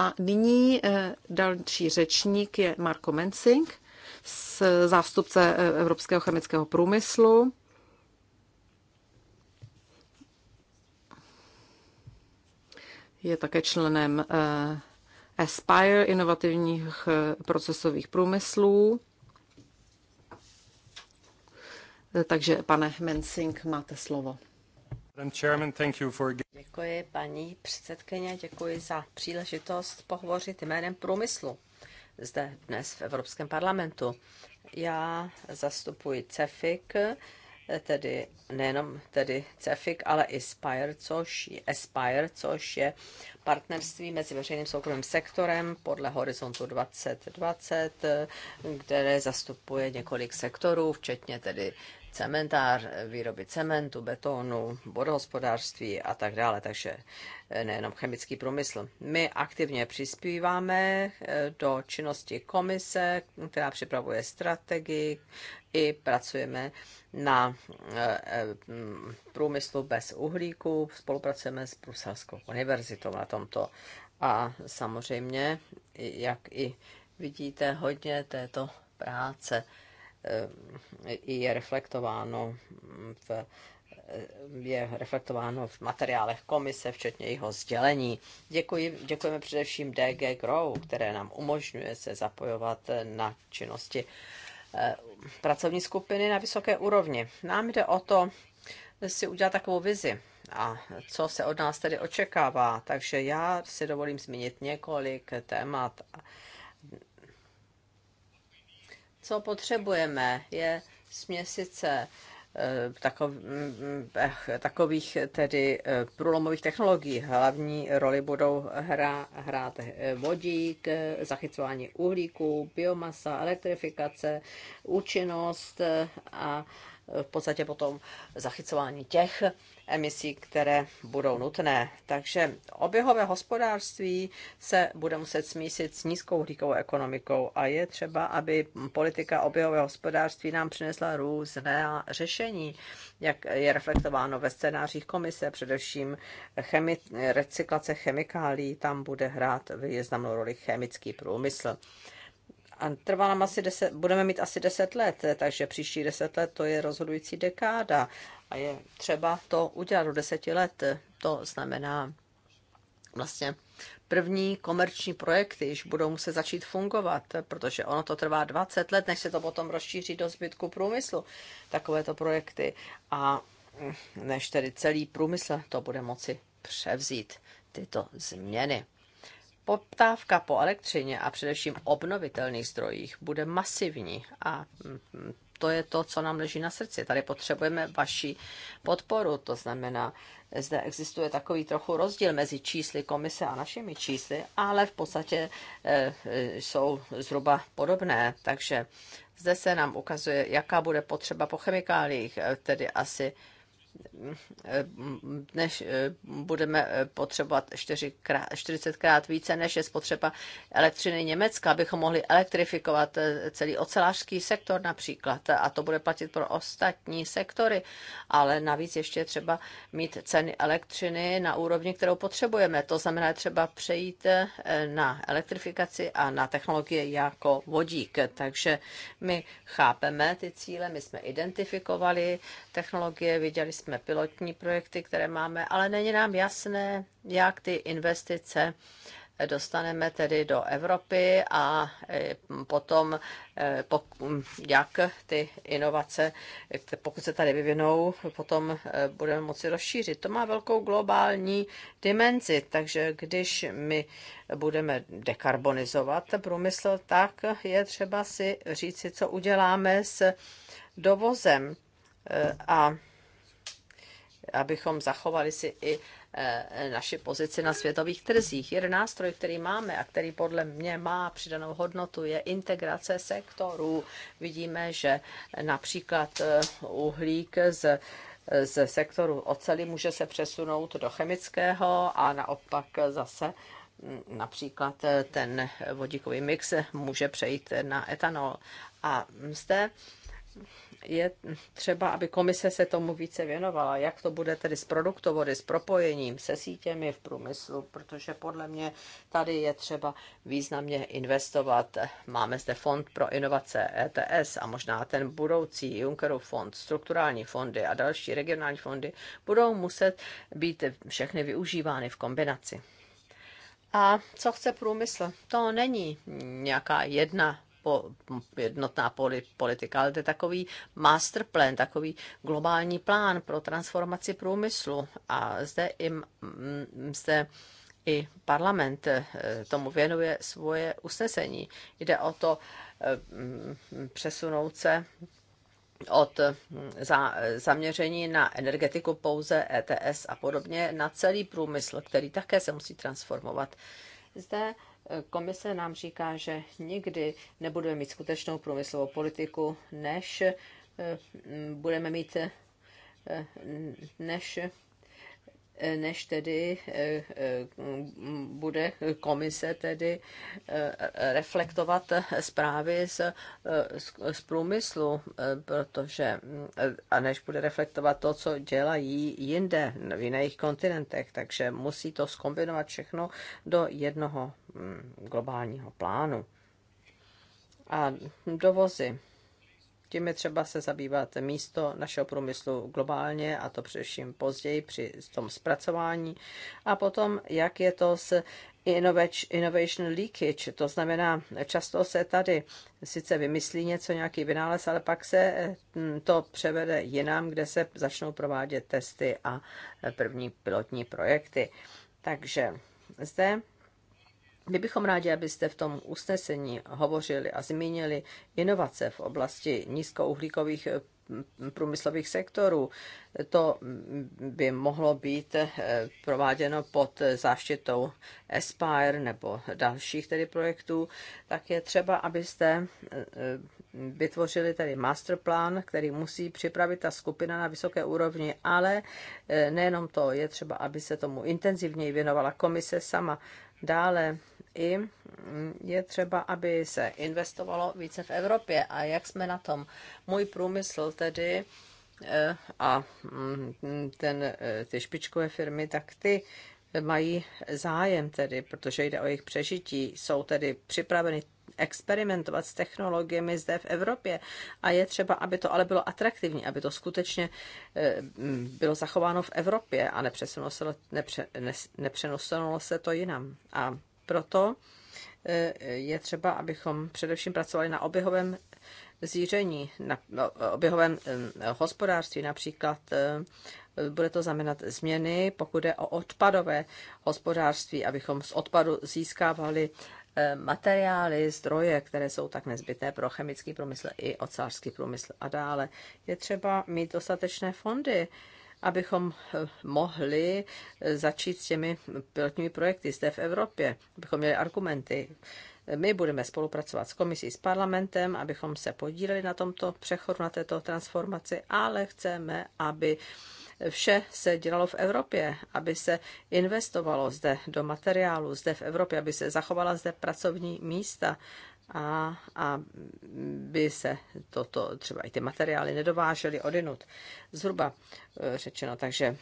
A nyní eh, další řečník je Marko Mensing, zástupce eh, Evropského chemického průmyslu. Je také členem eh, Aspire inovativních procesových průmyslů. Takže, pane Mensing, máte slovo. Chairman, thank you for... Děkuji, paní předsedkyně, děkuji za příležitost pohovořit jménem průmyslu zde dnes v Evropském parlamentu. Já zastupuji CEFIC, tedy nejenom tedy CEFIC, ale i Spire, což, Aspire, což je partnerství mezi veřejným soukromým sektorem podle Horizontu 2020, které zastupuje několik sektorů, včetně tedy cementář, výroby cementu, betonu, vodohospodářství a tak dále, takže eh, nejenom chemický průmysl. My aktivně přispíváme eh, do činnosti komise, která připravuje strategii i pracujeme na eh, průmyslu bez uhlíku, spolupracujeme s Bruselskou univerzitou na tomto a samozřejmě, jak i vidíte, hodně této práce Eh, je reflektováno v je reflektováno v materiálech komise, včetně jeho sdělení. Děkuji, děkujeme především DG Grow, které nám umožňuje se zapojovat na činnosti eh, pracovní skupiny na vysoké úrovni. Nám jde o to si udělat takovou vizi a co se od nás tedy očekává. Takže já si dovolím zmínit několik témat co potřebujeme, je směsice eh, mm, eh, takových tedy eh, průlomových technologií. Hlavní roli budou hra, hrát vodík, zachycování uhlíku, biomasa, elektrifikace, účinnost a v podstatě potom zachycování těch emisí, které budou nutné. Takže oběhové hospodářství se bude muset smísit s nízkou uhlíkovou ekonomikou a je třeba, aby politika oběhového hospodářství nám přinesla různé řešení, jak je reflektováno ve scénářích komise, především chemi- recyklace chemikálí, tam bude hrát významnou roli chemický průmysl trvá nám asi 10, budeme mít asi 10 let, takže příští 10 let to je rozhodující dekáda a je třeba to udělat do 10 let. To znamená vlastně první komerční projekty již budou muset začít fungovat, protože ono to trvá 20 let, než se to potom rozšíří do zbytku průmyslu, takovéto projekty. A než tedy celý průmysl to bude moci převzít tyto změny poptávka po elektřině a především obnovitelných zdrojích bude masivní a mm, mm, to je to, co nám leží na srdci. Tady potřebujeme vaši podporu, to znamená, zde existuje takový trochu rozdíl mezi čísly komise a našimi čísly, ale v podstatě eh, eh, jsou zhruba podobné, takže zde se nám ukazuje, jaká bude potřeba po chemikáliích, eh, tedy asi než eh, budeme eh, potřebovat 40krát více, než je spotřeba elektřiny Německa, abychom mohli elektrifikovat eh, celý ocelářský sektor například. A to bude platit pro ostatní sektory. Ale navíc ještě třeba mít ceny elektřiny na úrovni, kterou potřebujeme. To znamená třeba přejít na elektrifikaci a na technologie jako vodík. Takže my chápeme ty cíle, my jsme identifikovali technologie, viděli jsme pilotní projekty, které máme, ale není nám jasné, jak ty investice dostaneme tedy do Evropy a e, potom, e, jak ty inovace, e, pokud se tady vyvinou, potom budeme moci rozšířit. To má velkou globální dimenzi, takže když my budeme dekarbonizovat průmysl, tak je třeba si říci, co uděláme s dovozem a abychom zachovali si i eh, naši pozici na světových trzích. Jeden nástroj, který máme a který podle mě má přidanou hodnotu, je integrace sektorů. Vidíme, že například eh, uhlík z z sektoru oceli může se přesunout do chemického a naopak zase hm, například eh, ten vodíkový mix může přejít na etanol. A zde je třeba, aby komise se tomu více věnovala. Jak to bude tedy s produktovody, s propojením, se sítěmi v průmyslu, protože podle mě tady je třeba významně investovat. Máme zde fond pro inovace ETS a možná ten budoucí Junckerův fond, strukturální fondy a další regionální fondy budou muset být všechny využívány v kombinaci. A co chce průmysl? To není nějaká jedna po, jednotná politika, ale to je takový master plan, takový globální plán pro transformaci průmyslu. A zde i, zde i parlament eh, tomu věnuje svoje usnesení. Jde o to eh, přesunout se od eh, za, zaměření na energetiku pouze ETS a podobně na celý průmysl, který také se musí transformovat. Zde Komise nám říká, že nikdy nebudeme mít skutečnou průmyslovou politiku, než eh, budeme mít, eh, než než tedy eh, eh, bude komise tedy eh, reflektovat zprávy z, z průmyslu, protože a než bude reflektovat to, co dělají jinde, v jiných kontinentech, takže musí to skombinovat všechno do jednoho mm, globálního plánu. A dovozy. Tím je třeba se zabývat místo našeho průmyslu globálně, a to především později při tom zpracování. A potom, jak je to s innovation leakage, to znamená, často se tady sice vymyslí něco, nějaký vynález, ale pak se mm, to převede jinam, kde se začnou provádět testy a eh, první pilotní projekty. Takže zde my bychom rádi, abyste v tom usnesení hovořili a zmínili inovace v oblasti nízkouhlíkových eh, průmyslových sektorů. To mm, by mohlo být eh, prováděno pod záštitou Aspire nebo dalších tedy projektů, tak je třeba, abyste eh, vytvořili tedy masterplan, který musí připravit ta skupina na vysoké úrovni, ale nejenom to, je třeba, aby se tomu intenzivněji věnovala komise sama Dále i mm, je třeba, aby se investovalo více v Evropě. A jak jsme na tom? Můj průmysl tedy eh, a mm, ten, eh, ty špičkové firmy, tak ty mají zájem tedy, protože jde o jejich přežití, jsou tedy připraveny experimentovat s technologiemi zde v Evropě. A je třeba, aby to ale bylo atraktivní, aby to skutečně eh, bylo zachováno v Evropě a nepřenosilo, se to jinam. A proto eh, je třeba, abychom především pracovali na oběhovém zíření, na no, oběhovém hospodářství například. Eh, bude to znamenat změny, pokud je o odpadové hospodářství, abychom z odpadu získávali Eh, materiály, zdroje, které jsou tak nezbytné pro chemický průmysl i ocářský průmysl a dále. Je třeba mít dostatečné fondy, abychom eh, mohli eh, začít s těmi pilotními projekty zde v Evropě, abychom měli argumenty. My budeme spolupracovat s komisí, s parlamentem, abychom se podíleli na tomto přechodu, na této transformaci, ale chceme, aby vše se dělalo v Evropě, aby se investovalo zde do materiálu, zde v Evropě, aby se zachovala zde pracovní místa a aby se toto, třeba i ty materiály nedovážely odinut. Zhruba e, řečeno, takže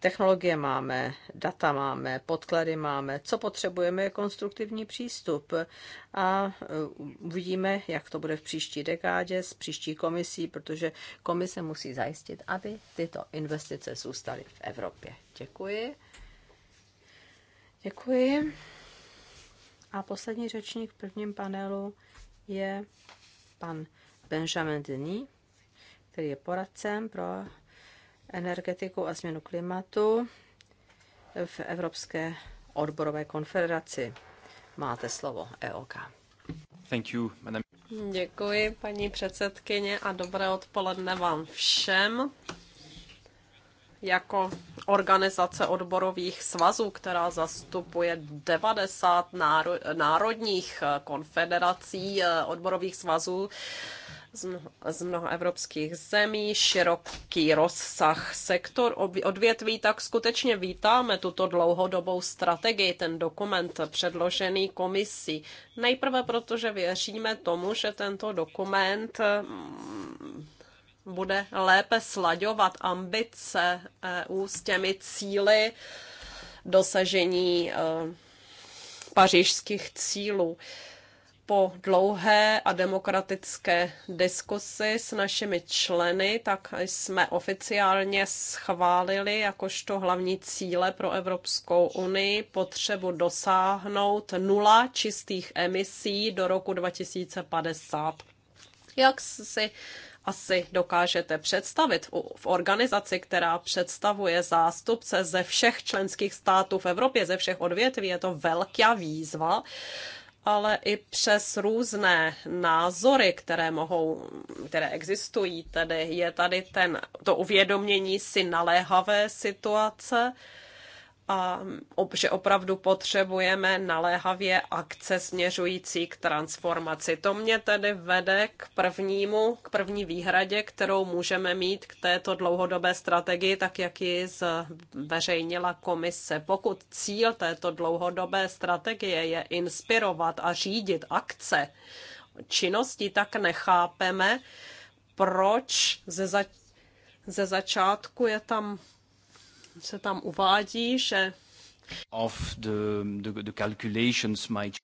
Technologie máme, data máme, podklady máme. Co potřebujeme je konstruktivní přístup a e, uvidíme, jak to bude v příští dekádě s příští komisí, protože komise musí zajistit, aby tyto investice zůstaly v Evropě. Děkuji. Děkuji. A poslední řečník v prvním panelu je pan Benjamin Denis, který je poradcem pro energetiku a změnu klimatu v Evropské odborové konfederaci. Máte slovo, EOK. Thank you, madam. Děkuji, paní předsedkyně, a dobré odpoledne vám všem. Jako organizace odborových svazů, která zastupuje 90 národních konfederací eh, odborových svazů, z mnoha evropských zemí, široký rozsah sektor odvětví, tak skutečně vítáme tuto dlouhodobou strategii, ten dokument předložený komisí. Nejprve protože věříme tomu, že tento dokument mm, bude lépe slaďovat ambice EU s těmi cíly dosažení eh, pařížských cílů po dlouhé a demokratické diskusi s našimi členy, tak jsme oficiálně schválili jakožto hlavní cíle pro Evropskou unii potřebu dosáhnout nula čistých emisí do roku 2050. Jak si asi dokážete představit v organizaci, která představuje zástupce ze všech členských států v Evropě, ze všech odvětví. Je to velká výzva ale i přes různé názory, které mohou, které existují, tedy je tady ten, to uvědomění si naléhavé situace, a že opravdu potřebujeme naléhavě akce směřující k transformaci. To mě tedy vede k prvnímu, k první výhradě, kterou můžeme mít k této dlouhodobé strategii, tak jak ji zveřejnila komise. Pokud cíl této dlouhodobé strategie je inspirovat a řídit akce činností, tak nechápeme, proč ze, za, ze začátku je tam se tam uvádí, že of the, the, the calculations might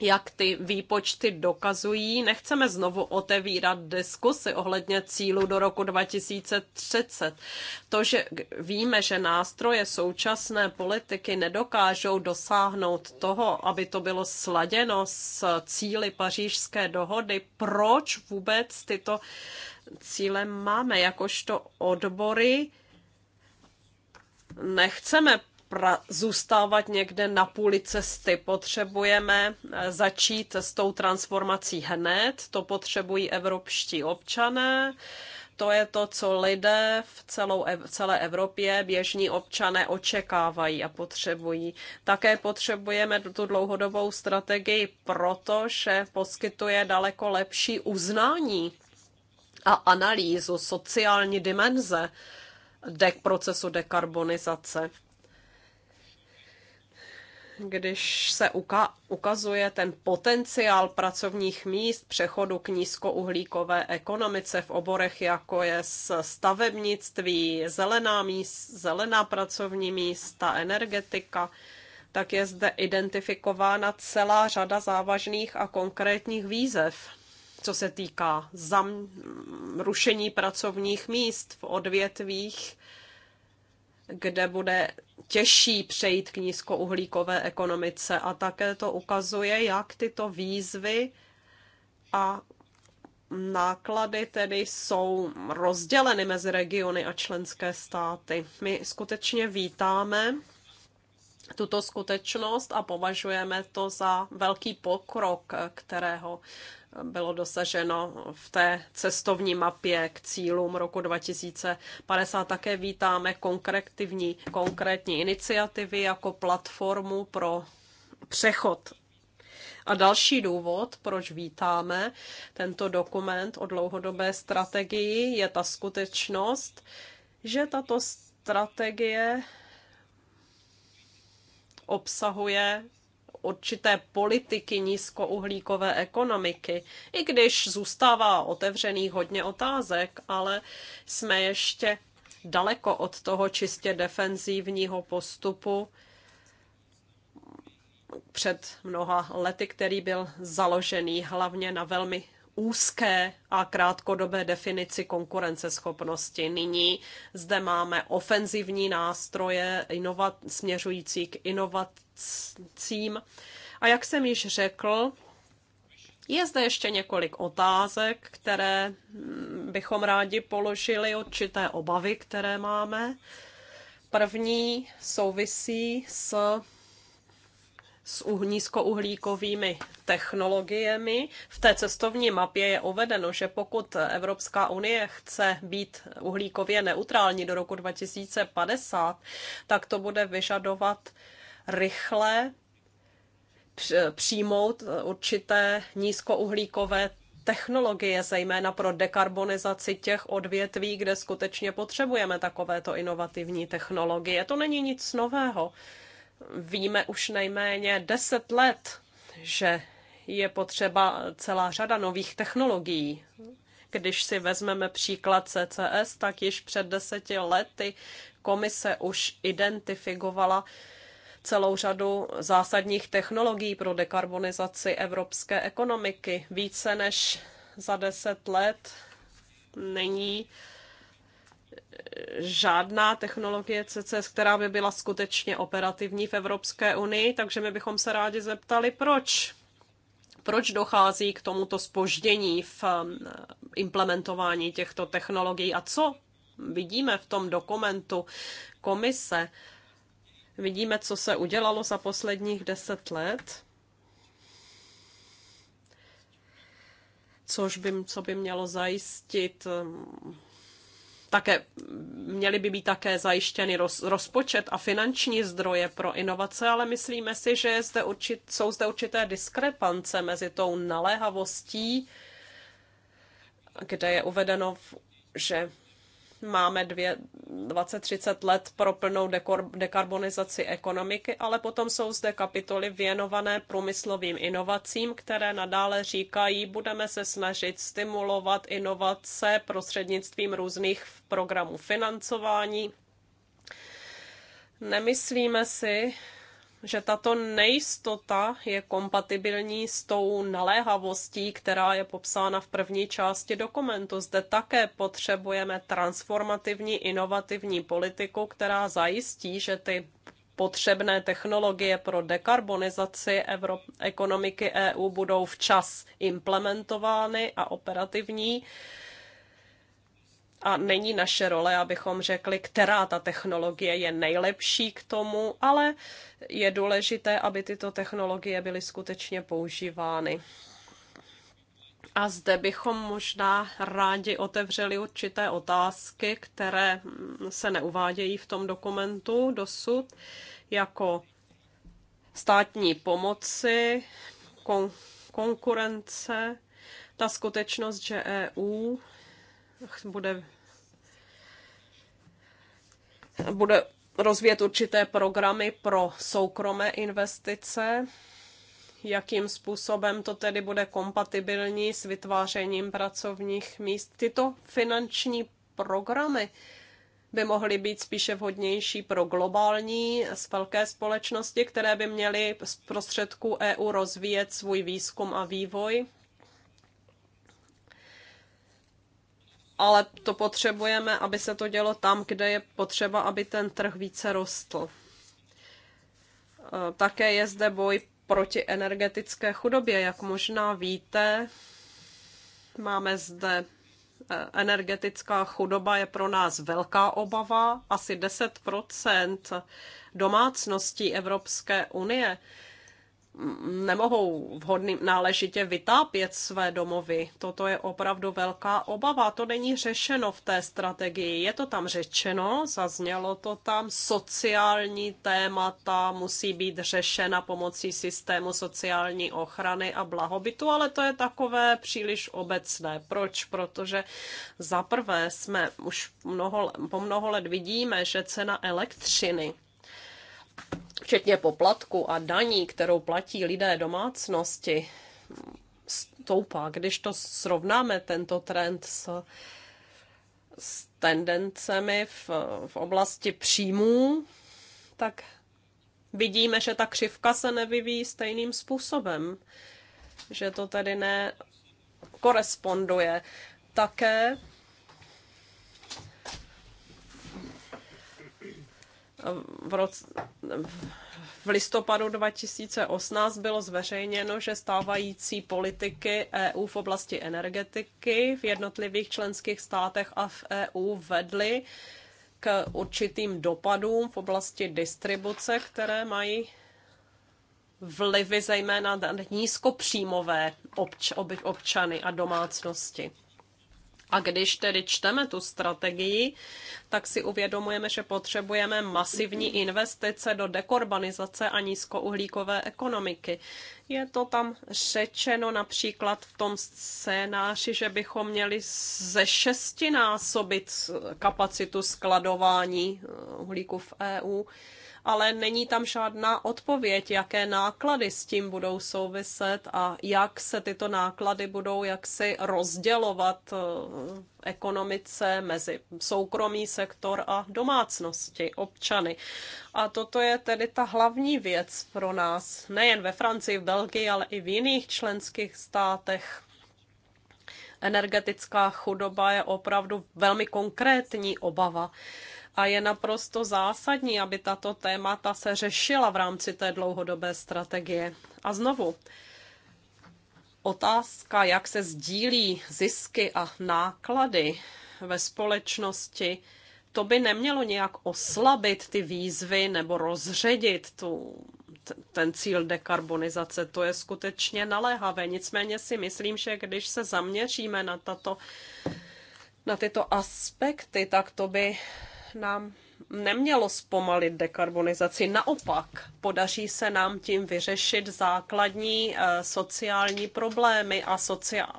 jak ty výpočty dokazují. Nechceme znovu otevírat diskusy ohledně cílu do roku 2030. To, že víme, že nástroje současné politiky nedokážou dosáhnout toho, aby to bylo sladěno s cíly pařížské dohody, proč vůbec tyto cíle máme jakožto odbory, nechceme pra- zůstávat někde na půli cesty. Potřebujeme eh, začít s tou transformací hned, to potřebují evropští občané. To je to, co lidé v, celou, v celé Evropě, běžní občané očekávají a potřebují. Také potřebujeme tu dlouhodobou strategii, protože poskytuje daleko lepší uznání a analýzu sociální dimenze de- procesu dekarbonizace. Když se uka- ukazuje ten potenciál pracovních míst přechodu k nízkouhlíkové ekonomice v oborech, jako je stavebnictví, zelená, míst, zelená pracovní místa, energetika, tak je zde identifikována celá řada závažných a konkrétních výzev co se týká zam, rušení pracovních míst v odvětvích, kde bude těžší přejít k nízkouhlíkové ekonomice. A také to ukazuje, jak tyto výzvy a náklady tedy jsou rozděleny mezi regiony a členské státy. My skutečně vítáme tuto skutečnost a považujeme to za velký pokrok, kterého bylo dosaženo v té cestovní mapě k cílům roku 2050. Také vítáme konkrétní, konkrétní iniciativy jako platformu pro přechod. A další důvod, proč vítáme tento dokument o dlouhodobé strategii, je ta skutečnost, že tato strategie obsahuje určité politiky nízkouhlíkové ekonomiky, i když zůstává otevřený hodně otázek, ale jsme ještě daleko od toho čistě defenzívního postupu před mnoha lety, který byl založený hlavně na velmi úzké a krátkodobé definici konkurenceschopnosti. Nyní zde máme ofenzivní nástroje inovat, směřující k inovat, investicím. A jak jsem již řekl, je zde ještě několik otázek, které mm, bychom rádi položili, určité obavy, které máme. První souvisí s, s nízkouhlíkovými technologiemi. V té cestovní mapě je uvedeno, že pokud Evropská unie chce být uhlíkově neutrální do roku 2050, tak to bude vyžadovat rychle přijmout určité nízkouhlíkové technologie, zejména pro dekarbonizaci těch odvětví, kde skutečně potřebujeme takovéto inovativní technologie. To není nic nového. Víme už nejméně 10 let, že je potřeba celá řada nových technologií. Když si vezmeme příklad CCS, tak již před deseti lety komise už identifikovala uh, celou řadu zásadních technologií pro dekarbonizaci evropské ekonomiky. Více než za deset let není eh, žádná technologie CCS, která by byla skutečně operativní v Evropské unii, takže my bychom se rádi zeptali, proč proč dochází k tomuto spoždění v mm, implementování těchto technologií a co vidíme v tom dokumentu komise Vidíme, co se udělalo za posledních deset let, což by, co by mělo zajistit um, také, měly by být také zajištěny roz, rozpočet a finanční zdroje pro inovace, ale myslíme si, že je zde určit, jsou zde určité diskrepance mezi tou naléhavostí, kde je uvedeno, že máme dvě, 20-30 let pro plnou dekarbonizaci ekonomiky, ale potom jsou zde kapitoly věnované průmyslovým inovacím, které nadále říkají, budeme se snažit stimulovat inovace prostřednictvím různých programů financování. Nemyslíme si, že tato nejistota je kompatibilní s tou naléhavostí, která je popsána v první části dokumentu. Zde také potřebujeme transformativní, inovativní politiku, která zajistí, že ty potřebné technologie pro dekarbonizaci Evro- ekonomiky EU budou včas implementovány a operativní a není naše role, abychom řekli, která ta technologie je nejlepší k tomu, ale je důležité, aby tyto technologie byly skutečně používány. A zde bychom možná rádi otevřeli určité otázky, které se neuvádějí v tom dokumentu dosud, jako státní pomoci, kon- konkurence, ta skutečnost, že EU bude bude rozvíjet určité programy pro soukromé investice, jakým způsobem to tedy bude kompatibilní s vytvářením pracovních míst. Tyto finanční programy by mohly být spíše vhodnější pro globální z velké společnosti, které by měly z prostředků EU rozvíjet svůj výzkum a vývoj ale to potřebujeme, aby se to dělo tam, kde je potřeba, aby ten trh více rostl. E, také je zde boj proti energetické chudobě. Jak možná víte, máme zde e, energetická chudoba je pro nás velká obava. Asi 10 domácností Evropské unie nemohou vhodně náležitě vytápět své domovy. Toto je opravdu velká obava. To není řešeno v té strategii. Je to tam řečeno, zaznělo to tam. Sociální témata musí být řešena pomocí systému sociální ochrany a blahobytu, ale to je takové příliš obecné. Proč? Protože za prvé jsme už mnoho, po mnoho let vidíme, že cena elektřiny včetně poplatku a daní, kterou platí lidé domácnosti, stoupá. Když to srovnáme, tento trend s, s tendencemi v, v oblasti příjmů, tak vidíme, že ta křivka se nevyvíjí stejným způsobem, že to tedy nekoresponduje. Také v, roce, v listopadu 2018 bylo zveřejněno, že stávající politiky EU v oblasti energetiky v jednotlivých členských státech a v EU vedly k určitým dopadům v oblasti distribuce, které mají vlivy zejména na nízkopříjmové obč, občany a domácnosti. A když tedy čteme tu strategii, tak si uvědomujeme, že potřebujeme masivní investice do dekorbanizace a nízkouhlíkové ekonomiky. Je to tam řečeno například v tom scénáři, že bychom měli ze šestinásobit kapacitu skladování eh, uhlíku v EU ale není tam žádná odpověď, jaké náklady s tím budou souviset a jak se tyto náklady budou jaksi rozdělovat eh, v ekonomice mezi soukromý sektor a domácnosti, občany. A toto je tedy ta hlavní věc pro nás, nejen ve Francii, v Belgii, ale i v jiných členských státech energetická chudoba je opravdu velmi konkrétní obava a je naprosto zásadní, aby tato témata se řešila v rámci té dlouhodobé strategie. A znovu, otázka, jak se sdílí zisky a náklady ve společnosti, to by nemělo nějak oslabit ty výzvy nebo rozředit tu, ten cíl dekarbonizace. To je skutečně naléhavé. Nicméně si myslím, že když se zaměříme na, tato, na tyto aspekty, tak to by nám nemělo zpomalit dekarbonizaci. Naopak, podaří se nám tím vyřešit základní eh, sociální problémy a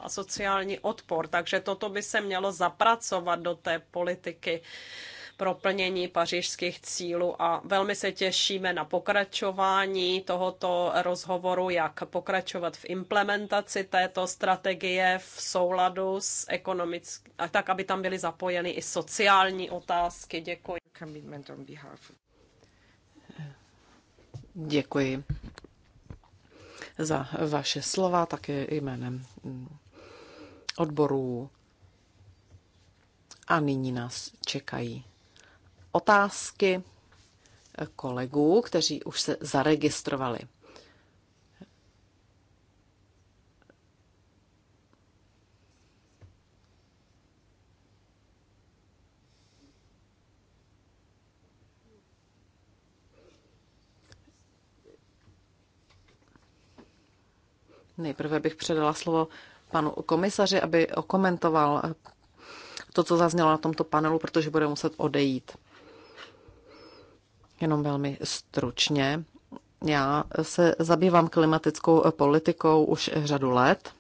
sociální odpor. Takže toto by se mělo zapracovat do té politiky pro plnění pařížských cílů a velmi se těšíme na pokračování tohoto rozhovoru, jak pokračovat v implementaci této strategie v souladu s ekonomickým, tak aby tam byly zapojeny i sociální otázky. Děkuji. Děkuji za vaše slova, také jménem mm, odborů. A nyní nás čekají otázky kolegů, kteří už se zaregistrovali. Nejprve bych předala slovo panu komisaři, aby okomentoval to, co zaznělo na tomto panelu, protože bude muset odejít. Jenom velmi stručně. Já se zabývám klimatickou politikou už řadu let.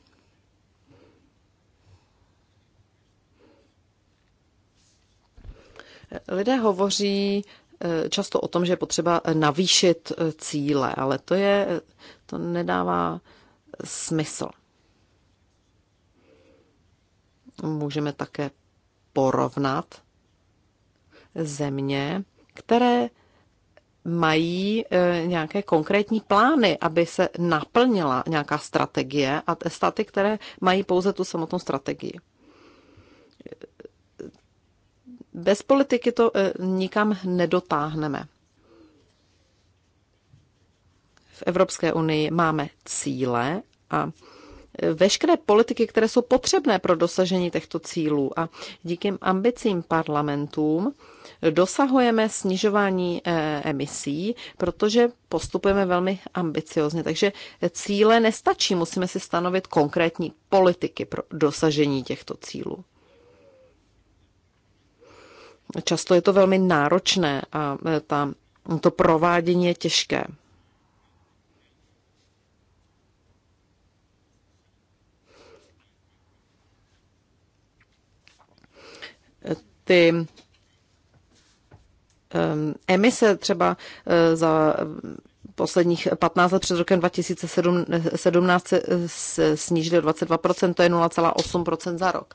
Lidé hovoří eh, často o tom, že je potřeba navýšit eh, cíle, ale to, je, to nedává smysl. Můžeme také porovnat země, které mají e, nějaké konkrétní plány, aby se naplnila nějaká strategie a státy, které mají pouze tu samotnou strategii. Bez politiky to e, nikam nedotáhneme. V Evropské unii máme cíle a veškeré politiky, které jsou potřebné pro dosažení těchto cílů. A díky ambicím parlamentům dosahujeme snižování eh, emisí, protože postupujeme velmi ambiciozně. Takže cíle nestačí, musíme si stanovit konkrétní politiky pro dosažení těchto cílů. Často je to velmi náročné a eh, ta, to provádění je těžké. ty emise třeba eh, za posledních 15 let před rokem 2017 se snížily o 22%, to je 0,8% za rok.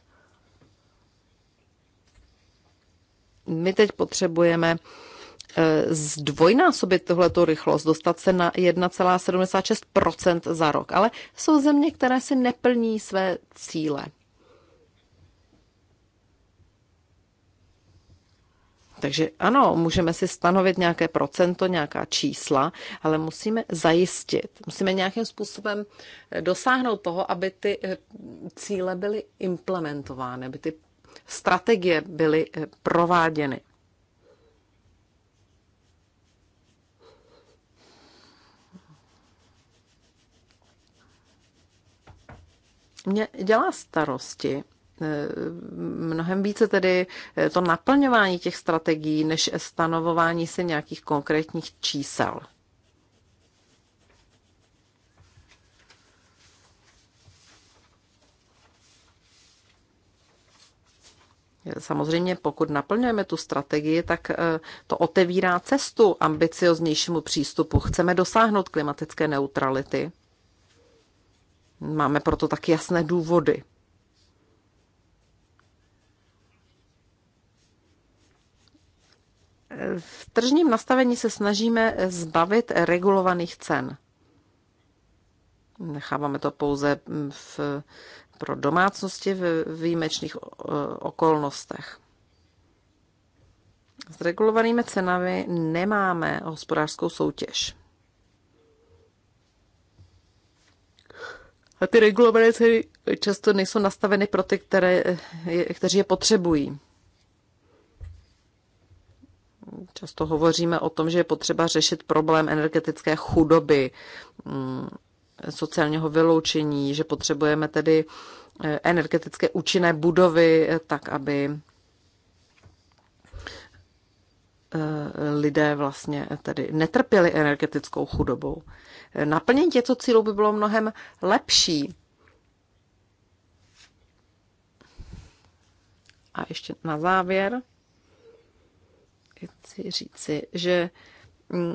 My teď potřebujeme eh, zdvojnásobit tohleto rychlost, dostat se na 1,76% za rok. Ale jsou země, které si neplní své cíle. Takže ano, můžeme si stanovit nějaké procento, nějaká čísla, ale musíme zajistit, musíme nějakým způsobem eh, dosáhnout toho, aby ty eh, cíle byly implementovány, aby ty strategie byly eh, prováděny. Mě dělá starosti, Eh, mnohem více tedy eh, to naplňování těch strategií, než stanovování si nějakých konkrétních čísel. Samozřejmě, pokud naplňujeme tu strategii, tak eh, to otevírá cestu ambicioznějšímu přístupu. Chceme dosáhnout klimatické neutrality. Máme proto tak jasné důvody. V tržním nastavení se snažíme zbavit regulovaných cen. Necháváme to pouze mm, v, pro domácnosti v výjimečných okolnostech. S regulovanými cenami nemáme hospodářskou soutěž. A ty regulované ceny často nejsou nastaveny pro ty, které, kteří je potřebují. Často hovoříme o tom, že je potřeba řešit problém energetické chudoby, mm, sociálního vyloučení, že potřebujeme tedy eh, energetické účinné budovy, eh, tak aby eh, lidé vlastně tedy netrpěli energetickou chudobou. Naplnění těchto cílů by bylo mnohem lepší. A ještě na závěr chci říci, že mm,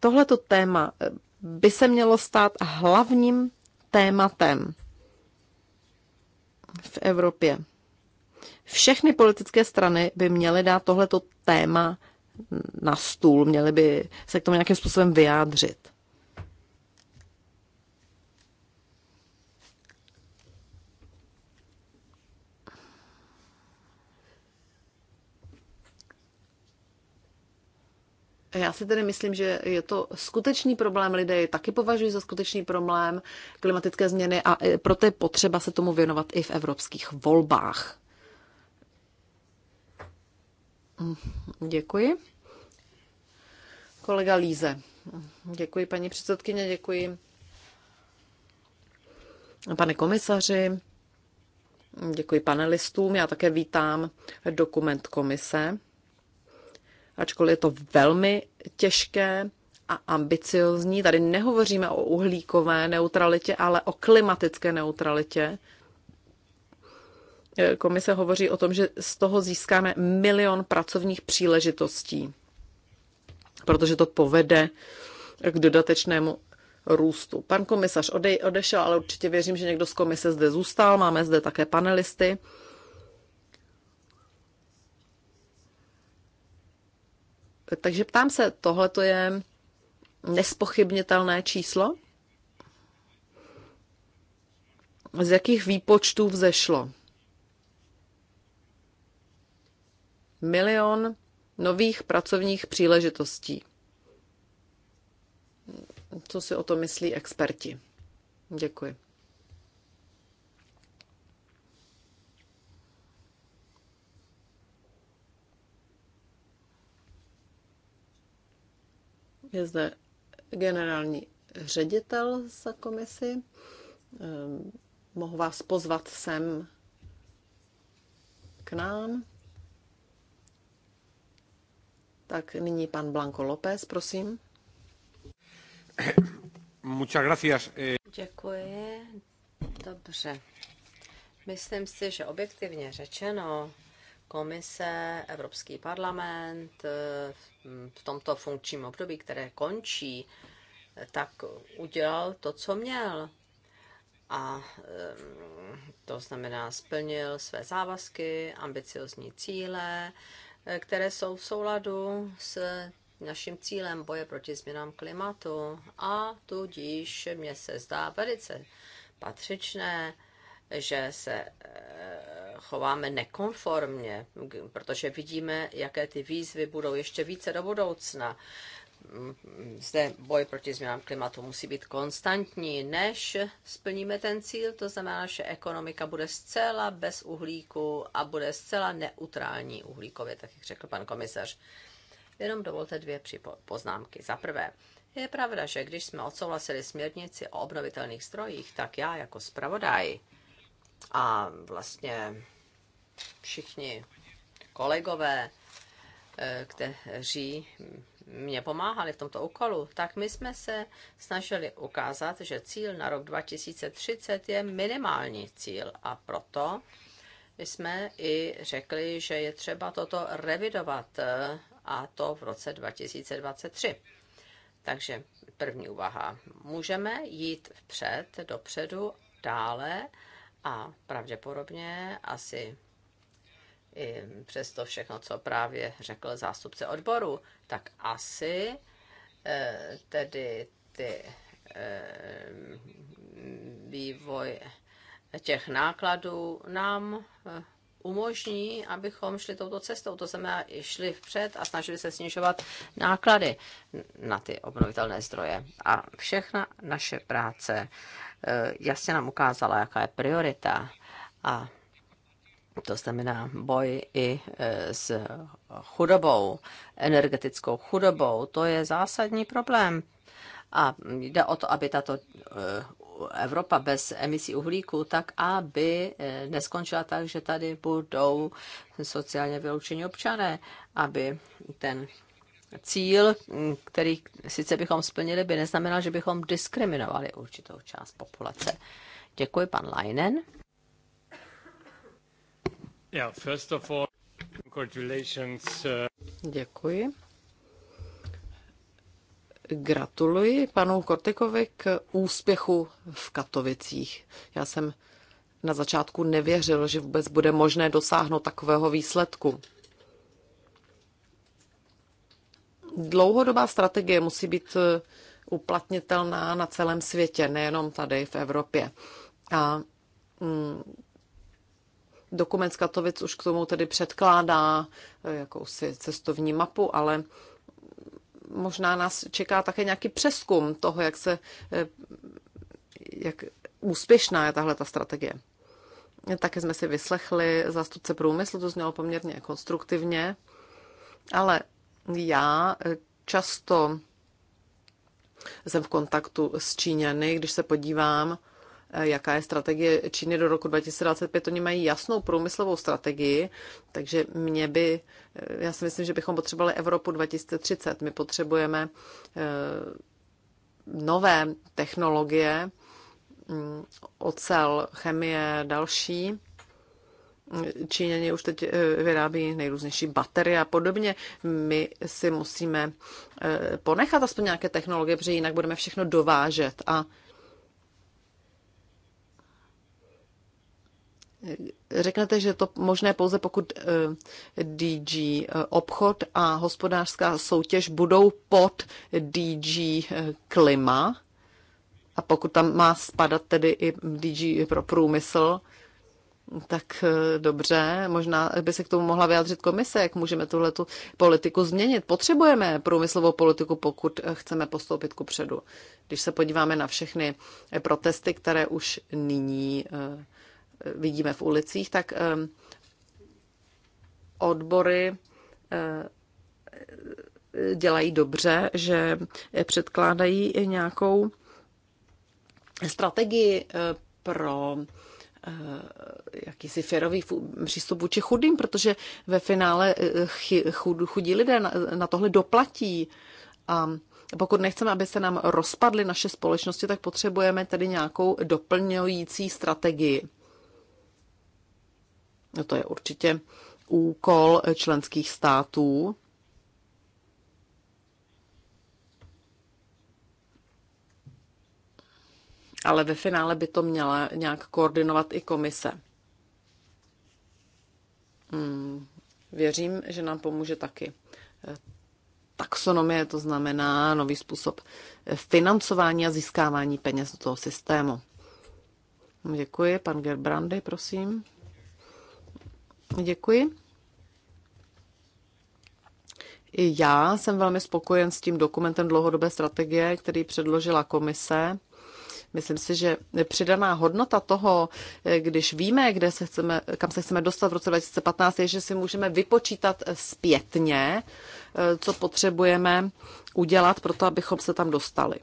tohleto téma eh, by se mělo stát hlavním tématem v Evropě. Všechny politické strany by měly dát tohleto téma na stůl, měly by se k tomu nějakým způsobem vyjádřit. Já si tedy myslím, že je to skutečný problém. Lidé je taky považují za skutečný problém klimatické změny a proto je potřeba se tomu věnovat i v evropských volbách. Mhm, děkuji. Kolega Líze. Děkuji, paní předsedkyně, děkuji. Pane komisaři, děkuji panelistům. Já také vítám dokument komise ačkoliv je to velmi těžké a ambiciozní. Tady nehovoříme o uhlíkové neutralitě, ale o klimatické neutralitě. Eh, komise hovoří o tom, že z toho získáme milion pracovních příležitostí, protože to povede k dodatečnému růstu. Pan komisař odešel, ale určitě věřím, že někdo z komise zde zůstal. Máme zde také panelisty. Takže ptám se, tohle to je nespochybnitelné číslo? Z jakých výpočtů vzešlo? Milion nových pracovních příležitostí. Co si o to myslí experti? Děkuji. Je zde generální ředitel za komisi. Ehm, mohu vás pozvat sem k nám. Tak nyní pan Blanco López, prosím. <coughs> Muchas gracias. Eh. Děkuji. Dobře. Myslím si, že objektivně řečeno, komise, Evropský parlament eh, v tomto funkčním období, které končí, eh, tak udělal to, co měl. A eh, to znamená, splnil své závazky, ambiciozní cíle, které jsou v souladu s naším cílem boje proti změnám klimatu. A tudíž mě se zdá velice patřičné, že se chováme nekonformně, protože vidíme, jaké ty výzvy budou ještě více do budoucna. Mm, zde boj proti změnám klimatu musí být konstantní, než splníme ten cíl, to znamená, že ekonomika bude zcela bez uhlíku a bude zcela neutrální uhlíkově, tak jak řekl pan komisař. Jenom dovolte dvě poznámky. Za prvé, je pravda, že když jsme odsouhlasili směrnici o obnovitelných strojích, tak já jako zpravodaj a vlastně všichni kolegové, eh, kteří mě pomáhali v tomto úkolu, tak my jsme se snažili ukázat, že cíl na rok 2030 je minimální cíl a proto jsme i řekli, že je třeba toto revidovat eh, a to v roce 2023. Takže první úvaha. Můžeme jít vpřed, dopředu, dále, a pravděpodobně asi i přes to všechno, co právě řekl zástupce odboru, tak asi eh, tedy ty eh, vývoj těch nákladů nám eh, umožní, abychom šli touto cestou. To znamená, šli vpřed a snažili se snižovat náklady na ty obnovitelné zdroje. A všechna naše práce Eh, jasně nám ukázala, jaká je priorita. A to znamená boj i eh, s chudobou, energetickou chudobou. To je zásadní problém. A jde o to, aby tato eh, Evropa bez emisí uhlíku, tak aby neskončila tak, že tady budou sociálně vyloučení občané, aby ten cíl, mm, který sice bychom splnili, by neznamenal, že bychom diskriminovali určitou část populace. Děkuji, pan Leinen. Yeah, first of all, congratulations. Uh, Děkuji. Gratuluji panu Kortekovi k úspěchu v Katovicích. Já jsem na začátku nevěřil, že vůbec bude možné dosáhnout takového výsledku. dlouhodobá strategie musí být eh, uplatnitelná na celém světě, nejenom tady v Evropě. A mm, dokument Katovic už k tomu tedy předkládá eh, jakousi cestovní mapu, ale možná nás čeká také nějaký přeskum toho, jak se eh, jak úspěšná je tahle ta strategie. Také jsme si vyslechli zástupce průmyslu, to znělo poměrně konstruktivně, ale já eh, často jsem v kontaktu s Číňany, když se podívám, eh, jaká je strategie Číny do roku 2025. Oni mají jasnou průmyslovou strategii, takže mě by, eh, já si myslím, že bychom potřebovali Evropu 2030. My potřebujeme nové technologie, mm, ocel, chemie, další. Číňané už teď eh, vyrábí nejrůznější baterie a podobně. My si musíme eh, ponechat aspoň nějaké technologie, protože jinak budeme všechno dovážet a eh, Řeknete, že to možné pouze pokud DG obchod a hospodářská soutěž budou pod DG klima a pokud tam má spadat tedy i DG pro průmysl, tak e, dobře, možná by se k tomu mohla vyjádřit komise, jak můžeme tuhle politiku změnit. Potřebujeme průmyslovou politiku, pokud e, chceme postoupit ku předu. Když se podíváme na všechny e, protesty, které už nyní vidíme v ulicích, tak odbory dělají dobře, že předkládají nějakou strategii pro Eh, jakýsi férový přístup vůči chudým, protože ve finále eh, chudí lidé na tohle doplatí. A pokud nechceme, aby se nám rozpadly naše společnosti, tak potřebujeme tedy nějakou doplňující strategii. No to je určitě úkol eh, členských států, ale ve finále by to měla nějak koordinovat i komise. Hmm. Věřím, že nám pomůže taky. Eh, taxonomie to znamená nový způsob eh, financování a získávání peněz do toho systému. Děkuji. Pan Gerbrandy, prosím. Děkuji. I já jsem velmi spokojen s tím dokumentem dlouhodobé strategie, který předložila komise. Myslím si, že přidaná hodnota toho, eh, když víme, kde se chceme, kam se chceme dostat v roce 2015, je, že si můžeme vypočítat zpětně, eh, co potřebujeme udělat pro to, abychom se tam dostali.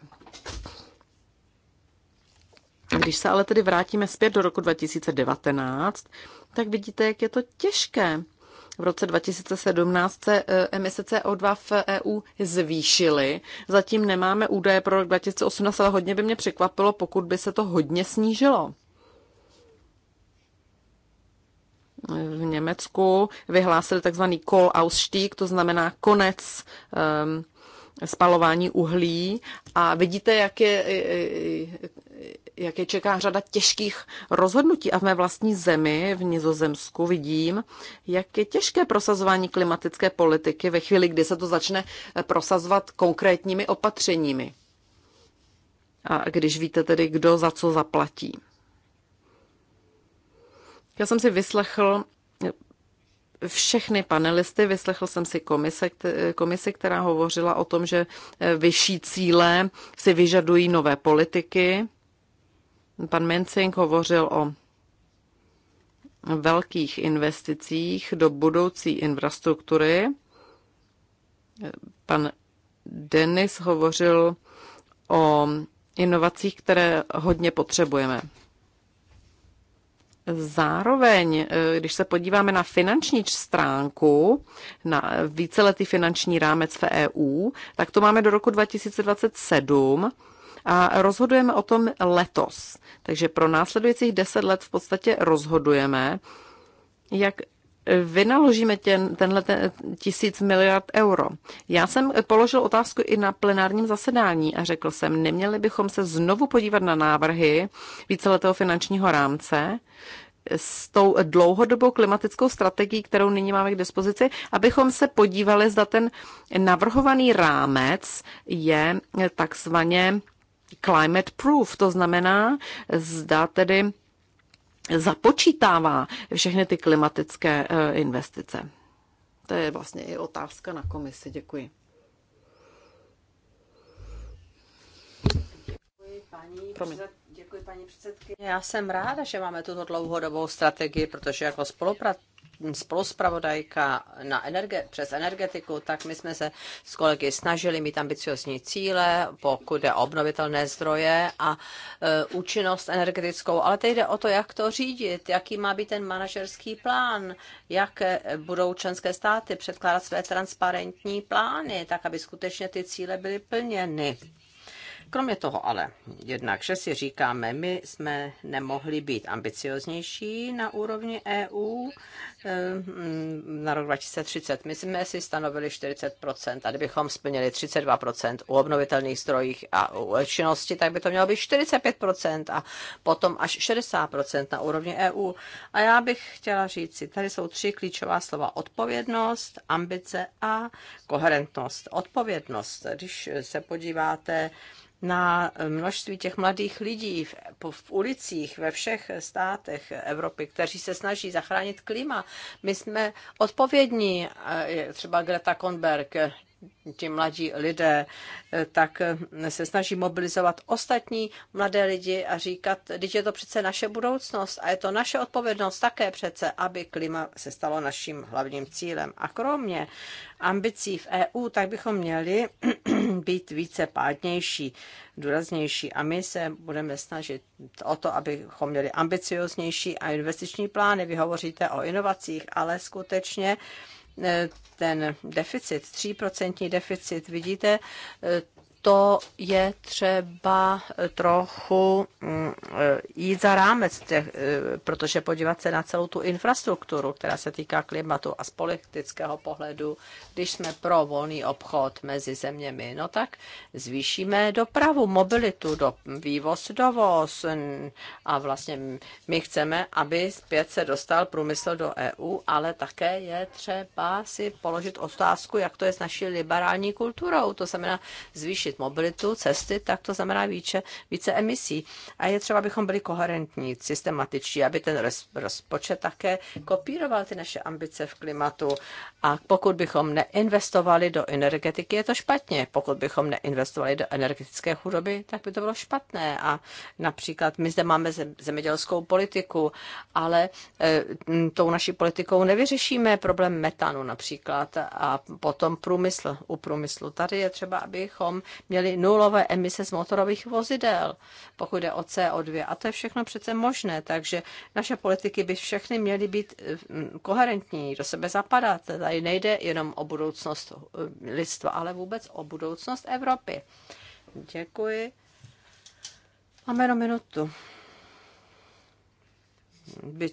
Když se ale tedy vrátíme zpět do roku 2019, tak vidíte, jak je to těžké v roce 2017 se e, emise CO2 v EU zvýšily. Zatím nemáme údaje pro rok 2018, ale hodně by mě překvapilo, pokud by se to hodně snížilo. v Německu vyhlásili takzvaný Call Ausstieg, to znamená konec um, spalování uhlí a vidíte, jak je, jak je čeká řada těžkých rozhodnutí. A v mé vlastní zemi, v Nizozemsku, vidím, jak je těžké prosazování klimatické politiky ve chvíli, kdy se to začne prosazovat konkrétními opatřeními. A když víte tedy, kdo za co zaplatí. Já jsem si vyslechl všechny panelisty. Vyslechl jsem si komise, komise, která hovořila o tom, že eh, vyšší cíle si vyžadují nové politiky. Pan Mencing hovořil o velkých investicích do budoucí infrastruktury. Pan Denis hovořil o inovacích, které hodně potřebujeme. Zároveň, eh, když se podíváme na finanční stránku, na víceletý finanční rámec v EU, tak to máme do roku 2027 a rozhodujeme o tom letos. Takže pro následujících deset let v podstatě rozhodujeme, jak vynaložíme těn, tenhle ten, tisíc miliard euro. Já jsem položil otázku i na plenárním zasedání a řekl jsem, neměli bychom se znovu podívat na návrhy víceletého finančního rámce, s tou dlouhodobou klimatickou strategií, kterou nyní máme k dispozici, abychom se podívali, zda ten navrhovaný rámec je takzvaně climate proof, to znamená, zda tedy započítává všechny ty klimatické eh, investice? To je vlastně i otázka na komisi. Děkuji. paní, Děkuji, paní předsedkyně. Já jsem ráda, že máme tuto dlouhodobou strategii, protože jako spolupra... spoluspravodajka na energe... přes energetiku, tak my jsme se s kolegy snažili mít ambiciozní cíle, pokud je obnovitelné zdroje a e, účinnost energetickou, ale teď jde o to, jak to řídit, jaký má být ten manažerský plán, jak e, budou členské státy předkládat své transparentní plány, tak aby skutečně ty cíle byly plněny. Kromě toho ale, jednak, že si říkáme, my jsme nemohli být ambicioznější na úrovni EU eh, na rok 2030. My jsme si stanovili 40%, a kdybychom splnili 32% u obnovitelných strojích a u činnosti, tak by to mělo být 45% a potom až 60% na úrovni EU. A já bych chtěla říct si, tady jsou tři klíčová slova. Odpovědnost, ambice a koherentnost. Odpovědnost, když se podíváte na množství těch mladých lidí v, v ulicích ve všech státech Evropy, kteří se snaží zachránit klima. My jsme odpovědní, eh, třeba Greta Konberg, ti mladí lidé, eh, tak eh, se snaží mobilizovat ostatní mladé lidi a říkat, když je to přece naše budoucnost a je to naše odpovědnost také přece, aby klima se stalo naším hlavním cílem. A kromě ambicí v EU, tak bychom měli <clears throat> být více pádnější, důraznější. A my se budeme snažit o to, abychom měli ambicioznější a investiční plány. Vy hovoříte o inovacích, ale skutečně eh, ten deficit, 3% deficit, vidíte, eh, to je třeba eh, trochu mm, eh, jít za rámec, těch, eh, protože podívat se na celou tu infrastrukturu, která se týká klimatu a z politického pohledu, když jsme pro volný obchod mezi zeměmi, no tak zvýšíme dopravu, mobilitu, do, vývoz, dovoz a vlastně my chceme, aby zpět se dostal průmysl do EU, ale také je třeba si položit otázku, jak to je s naší liberální kulturou, to znamená zvýšit zvýšit mobilitu, cesty, tak to znamená více, více emisí. A je třeba, abychom byli koherentní, systematičtí, aby ten rozpočet také kopíroval ty naše ambice v klimatu. A pokud bychom neinvestovali do energetiky, je to špatně. Pokud bychom neinvestovali do energetické chudoby, tak by to bylo špatné. A například my zde máme zemědělskou politiku, ale eh, tou naší politikou nevyřešíme problém metanu například a potom průmysl u průmyslu. Tady je třeba, abychom měli nulové emise z motorových vozidel, pokud je o CO2. A to je všechno přece možné, takže naše politiky by všechny měly být eh, mm, koherentní, do sebe zapadat. Tady nejde jenom o budoucnost eh, lidstva, ale vůbec o budoucnost Evropy. Děkuji. Máme jenom minutu. By,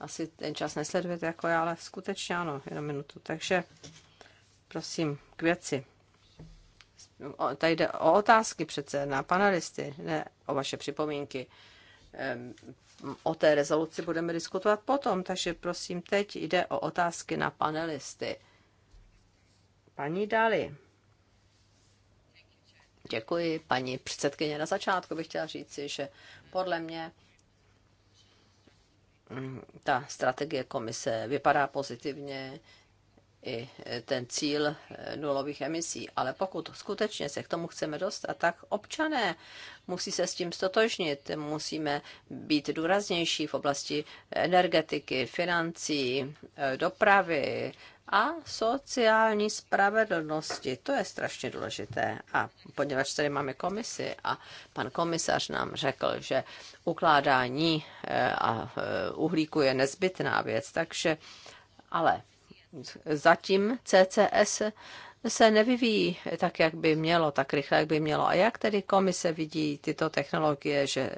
asi ten čas nesledujete jako já, ale skutečně ano, jenom minutu. Takže prosím, k věci tady jde o otázky přece na panelisty, ne o vaše připomínky. O té rezoluci budeme diskutovat potom, takže prosím, teď jde o otázky na panelisty. Paní Dali. Děkuji, paní předsedkyně. Na začátku bych chtěla říci, že podle mě mm, ta strategie komise vypadá pozitivně, i e, ten cíl e, nulových emisí. Ale pokud skutečně se k tomu chceme dostat, tak občané musí se s tím stotožnit. Musíme být důraznější v oblasti energetiky, financí, e, dopravy a sociální spravedlnosti. To je strašně důležité. A poněvadž tady máme komisi a pan komisař nám řekl, že ukládání a uhlíku je nezbytná věc, takže ale zatím CCS se nevyvíjí tak, jak by mělo, tak rychle, jak by mělo. A jak tedy komise vidí tyto technologie, že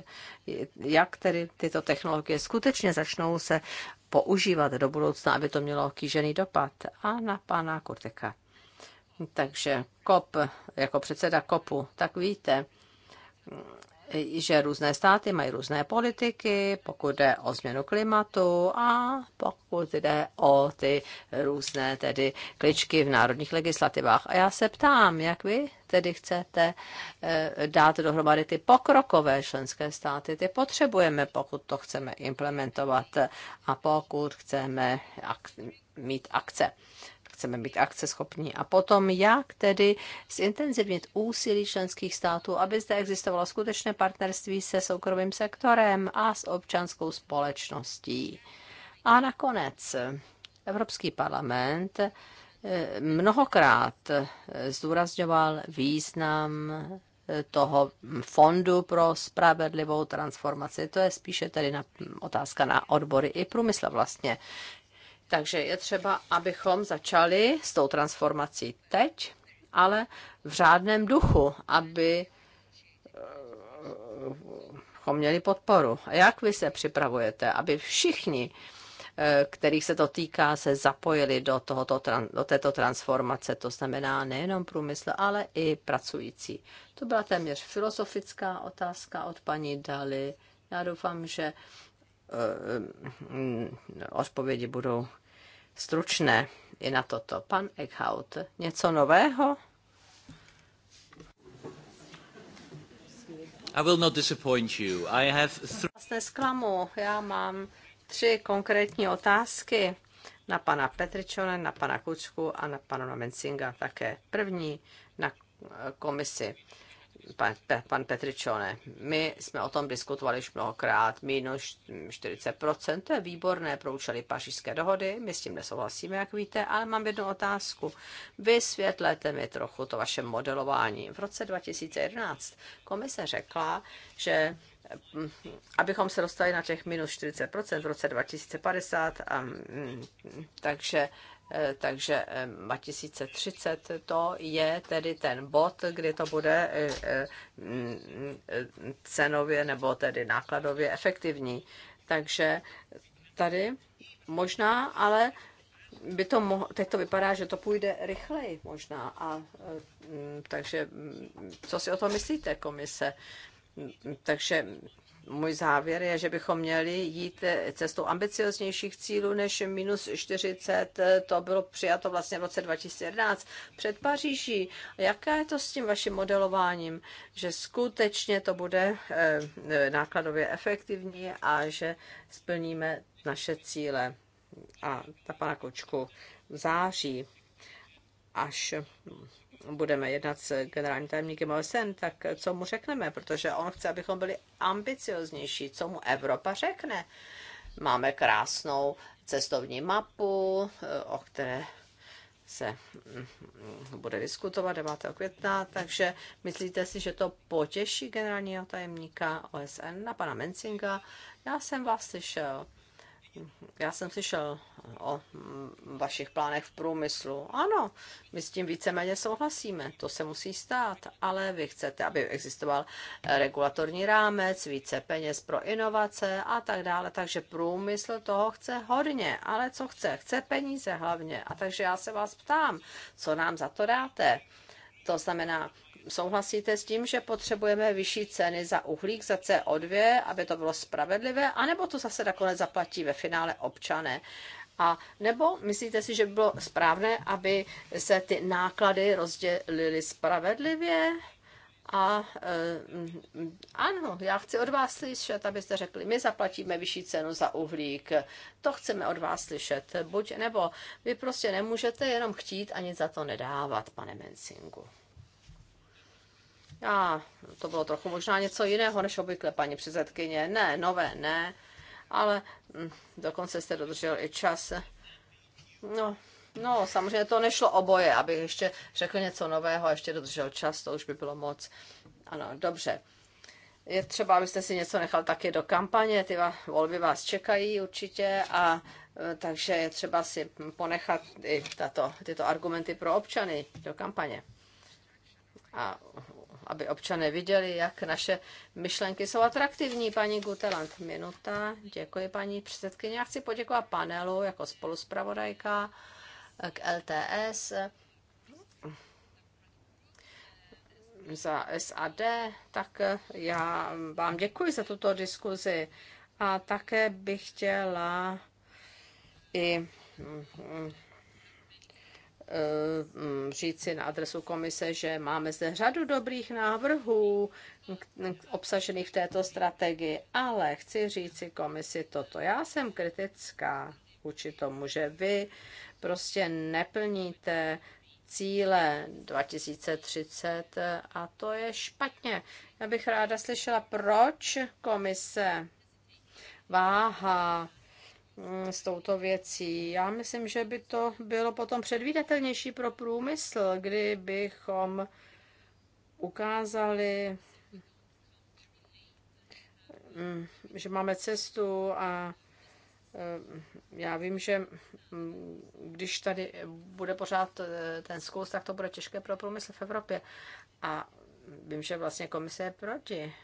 jak tedy tyto technologie skutečně začnou se používat do budoucna, aby to mělo kýžený dopad? A na pana Kurteka. Takže KOP, jako předseda KOPu, tak víte, že různé státy mají různé politiky, pokud jde o změnu klimatu a pokud jde o ty různé tedy kličky v národních legislativách. A já se ptám, jak vy tedy chcete eh, dát dohromady ty pokrokové členské státy. Ty potřebujeme, pokud to chceme implementovat a pokud chceme ak- mít akce chceme být akceschopní. A potom, jak tedy zintenzivnit úsilí členských států, aby zde existovalo skutečné partnerství se soukromým sektorem a s občanskou společností. A nakonec Evropský parlament eh, mnohokrát eh, zdůrazňoval význam eh, toho fondu pro spravedlivou transformaci. To je spíše tedy na, mm, otázka na odbory i průmysl vlastně. Takže je třeba, abychom začali s tou transformací teď, ale v řádném duchu, aby eh, měli podporu. A jak vy se připravujete, aby všichni, eh, kterých se to týká, se zapojili do, tohoto, do této transformace, to znamená nejenom průmysl, ale i pracující. To byla téměř filozofická otázka od paní Dali. Já doufám, že eh, mm, odpovědi budou stručné i na toto. Pan Eckhout, něco nového? I will not disappoint you. I have Vás nesklamu. Já mám tři konkrétní otázky na pana Petričone, na pana Kučku a na pana Mencinga také. První na komisi pan, pan Petričone, my jsme o tom diskutovali už mnohokrát, minus 40%, to je výborné pro účely pařížské dohody, my s tím nesouhlasíme, jak víte, ale mám jednu otázku. Vysvětlete mi trochu to vaše modelování. V roce 2011 komise řekla, že mm, abychom se dostali na těch minus 40% v roce 2050, a, mm, takže Eh, takže 2030 eh, to je tedy ten bod, kdy to bude eh, mm, cenově nebo tedy nákladově efektivní. Takže tady možná, ale by to mohlo, teď to vypadá, že to půjde rychleji možná. A, mm, takže mm, co si o tom myslíte, komise? Takže můj závěr je, že bychom měli jít cestou ambicioznějších cílů než minus 40. To bylo přijato vlastně v roce 2011 před Paříží. Jaké je to s tím vaším modelováním, že skutečně to bude eh, nákladově efektivní a že splníme naše cíle? A ta pana Kočku v září, až budeme jednat s generálním tajemníkem OSN, tak co mu řekneme, protože on chce, abychom byli ambicioznější, co mu Evropa řekne. Máme krásnou cestovní mapu, o které se mm, bude diskutovat 9. května, takže myslíte si, že to potěší generálního tajemníka OSN na pana Mencinga? Já jsem vás slyšel já jsem slyšel o vašich plánech v průmyslu. Ano, my s tím víceméně souhlasíme, to se musí stát, ale vy chcete, aby existoval regulatorní rámec, více peněz pro inovace a tak dále, takže průmysl toho chce hodně, ale co chce? Chce peníze hlavně. A takže já se vás ptám, co nám za to dáte? To znamená, souhlasíte s tím, že potřebujeme vyšší ceny za uhlík, za CO2, aby to bylo spravedlivé, anebo to zase nakonec zaplatí ve finále občané? A nebo myslíte si, že by bylo správné, aby se ty náklady rozdělily spravedlivě? A e, ano, já chci od vás slyšet, abyste řekli, my zaplatíme vyšší cenu za uhlík. To chceme od vás slyšet, buď nebo. Vy prostě nemůžete jenom chtít a nic za to nedávat, pane Mensingu. Já, to bylo trochu možná něco jiného než obvykle, paní předsedkyně. Ne, nové ne, ale hm, dokonce jste dodržel i čas. No, no, samozřejmě to nešlo oboje, abych ještě řekl něco nového a ještě dodržel čas, to už by bylo moc. Ano, dobře. Je třeba, abyste si něco nechal taky do kampaně, ty volby vás čekají určitě a e, takže je třeba si ponechat i tato, tyto argumenty pro občany do kampaně. A aby občané viděli, jak naše myšlenky jsou atraktivní. Paní Guteland, minuta. Děkuji, paní předsedkyně. Já chci poděkovat panelu jako spoluspravodajka k LTS za SAD, tak já vám děkuji za tuto diskuzi a také bych chtěla i Eh, říci na adresu komise, že máme zde řadu dobrých návrhů obsažených v této strategii, ale chci říci komisi toto. Já jsem kritická vůči tomu, že vy prostě neplníte cíle 2030 a to je špatně. Já bych ráda slyšela, proč komise váha Mm, s touto věcí. Já myslím, že by to bylo potom předvídatelnější pro průmysl, kdybychom ukázali, mm, že máme cestu a mm, já vím, že když tady bude pořád e, ten zkus, tak to bude těžké pro průmysl v Evropě. A vím, že vlastně komise je proti.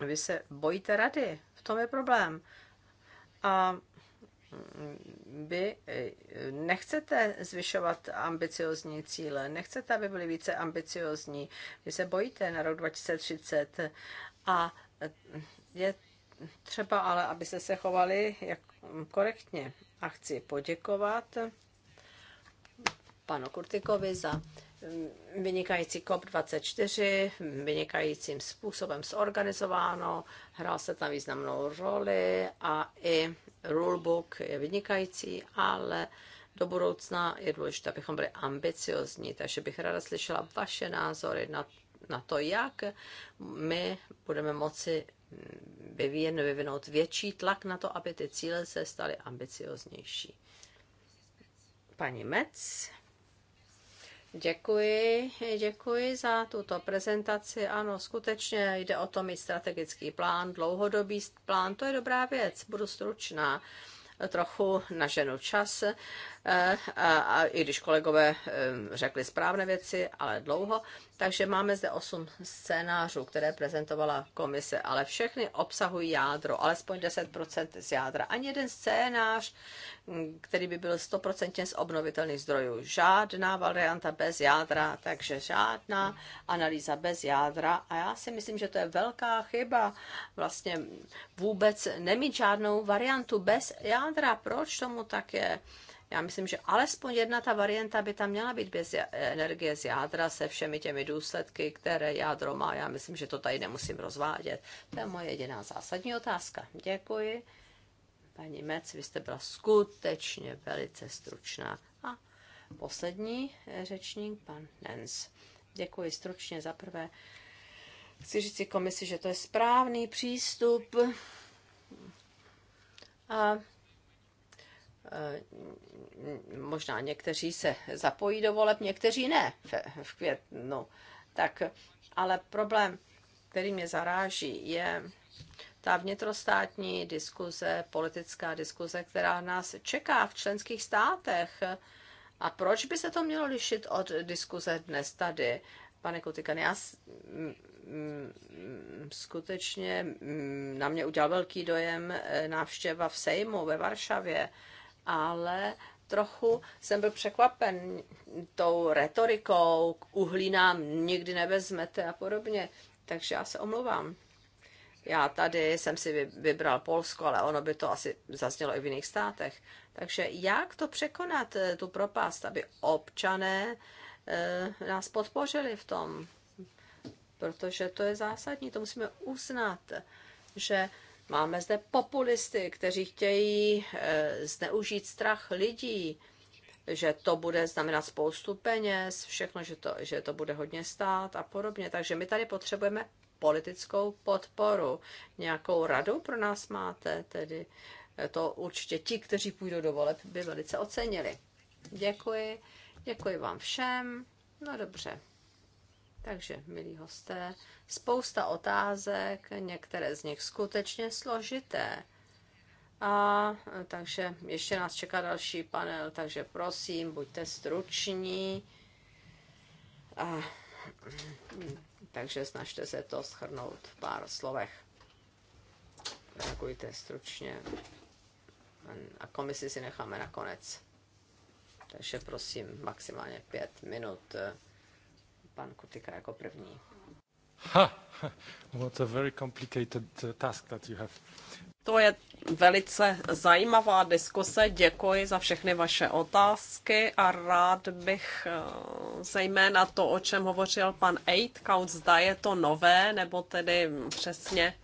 Vy se bojíte rady. V tom je problém. A vy eh, nechcete zvyšovat ambiciozní cíle, nechcete, aby byly více ambiciozní, vy se bojíte na rok 2030 a je třeba ale, abyste se chovali jak, korektně. A chci poděkovat panu Kurtikovi za vynikající COP24, vynikajícím způsobem zorganizováno, hrál se tam významnou roli a i rulebook je vynikající, ale do budoucna je důležité, abychom byli ambiciozní, takže bych ráda slyšela vaše názory na, na to, jak my budeme moci vyvíjen, vyvinout větší tlak na to, aby ty cíle se staly ambicioznější. Paní Metz. Děkuji, děkuji za tuto prezentaci. Ano, skutečně jde o to mít strategický plán, dlouhodobý plán, to je dobrá věc, budu stručná trochu naženu čas, eh, a, a i když kolegové eh, řekli správné věci, ale dlouho. Takže máme zde osm scénářů, které prezentovala komise, ale všechny obsahují jádro, alespoň 10% z jádra. Ani jeden scénář, který by byl 100% z obnovitelných zdrojů. Žádná varianta bez jádra, takže žádná analýza bez jádra. A já si myslím, že to je velká chyba vlastně vůbec nemít žádnou variantu bez jádra. Proč tomu tak je? Já myslím, že alespoň jedna ta varianta by tam měla být bez energie z jádra se všemi těmi důsledky, které jádro má. Já myslím, že to tady nemusím rozvádět. To je moje jediná zásadní otázka. Děkuji. Paní Mec, vy jste byla skutečně velice stručná. A poslední eh, řečník, pan Nens. Děkuji stručně za prvé. Chci říct si komisi, že to je správný přístup. A Eh, možná někteří se zapojí do voleb, někteří ne v květnu. Tak, ale problém, který mě zaráží, je ta vnitrostátní diskuze, politická diskuze, která nás čeká v členských státech. A proč by se to mělo lišit od diskuze dnes tady? Pane Kutikan, já skutečně na mě udělal velký dojem eh, návštěva v Sejmu ve Varšavě ale trochu jsem byl překvapen tou retorikou, uhlí nám nikdy nevezmete a podobně. Takže já se omluvám. Já tady jsem si vybral Polsko, ale ono by to asi zaznělo i v jiných státech. Takže jak to překonat, eh, tu propast, aby občané eh, nás podpořili v tom? Protože to je zásadní, to musíme uznat, že Máme zde populisty, kteří chtějí eh, zneužít strach lidí, že to bude znamenat spoustu peněz, všechno, že to, že to bude hodně stát a podobně. Takže my tady potřebujeme politickou podporu. Nějakou radu pro nás máte, tedy eh, to určitě ti, kteří půjdou do voleb, by velice ocenili. Děkuji, děkuji vám všem. No dobře. Takže, milí hosté, spousta otázek, některé z nich skutečně složité. A takže ještě nás čeká další panel, takže prosím, buďte struční. A, takže snažte se to schrnout v pár slovech. Reagujte stručně a komisi si necháme na konec. Takže prosím, maximálně pět minut pan Kutika jako první. Ha! What a very complicated uh, task that you have. To je velice zajímavá diskuse. Děkuji za všechny vaše otázky a rád bych eh, zejména to, o čem hovořil pan Eight Count, zda je to nové, nebo tedy přesně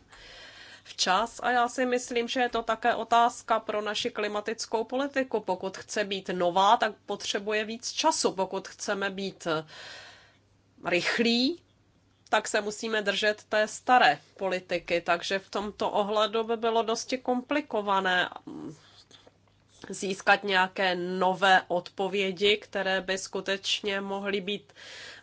včas a já si myslím, že je to také otázka pro naši klimatickou politiku. Pokud chce být nová, tak potřebuje víc času. Pokud chceme být eh, rychlý, tak se musíme držet té staré politiky. Takže v tomto ohledu by bylo dosti komplikované mm, získat nějaké nové odpovědi, které by skutečně mohly být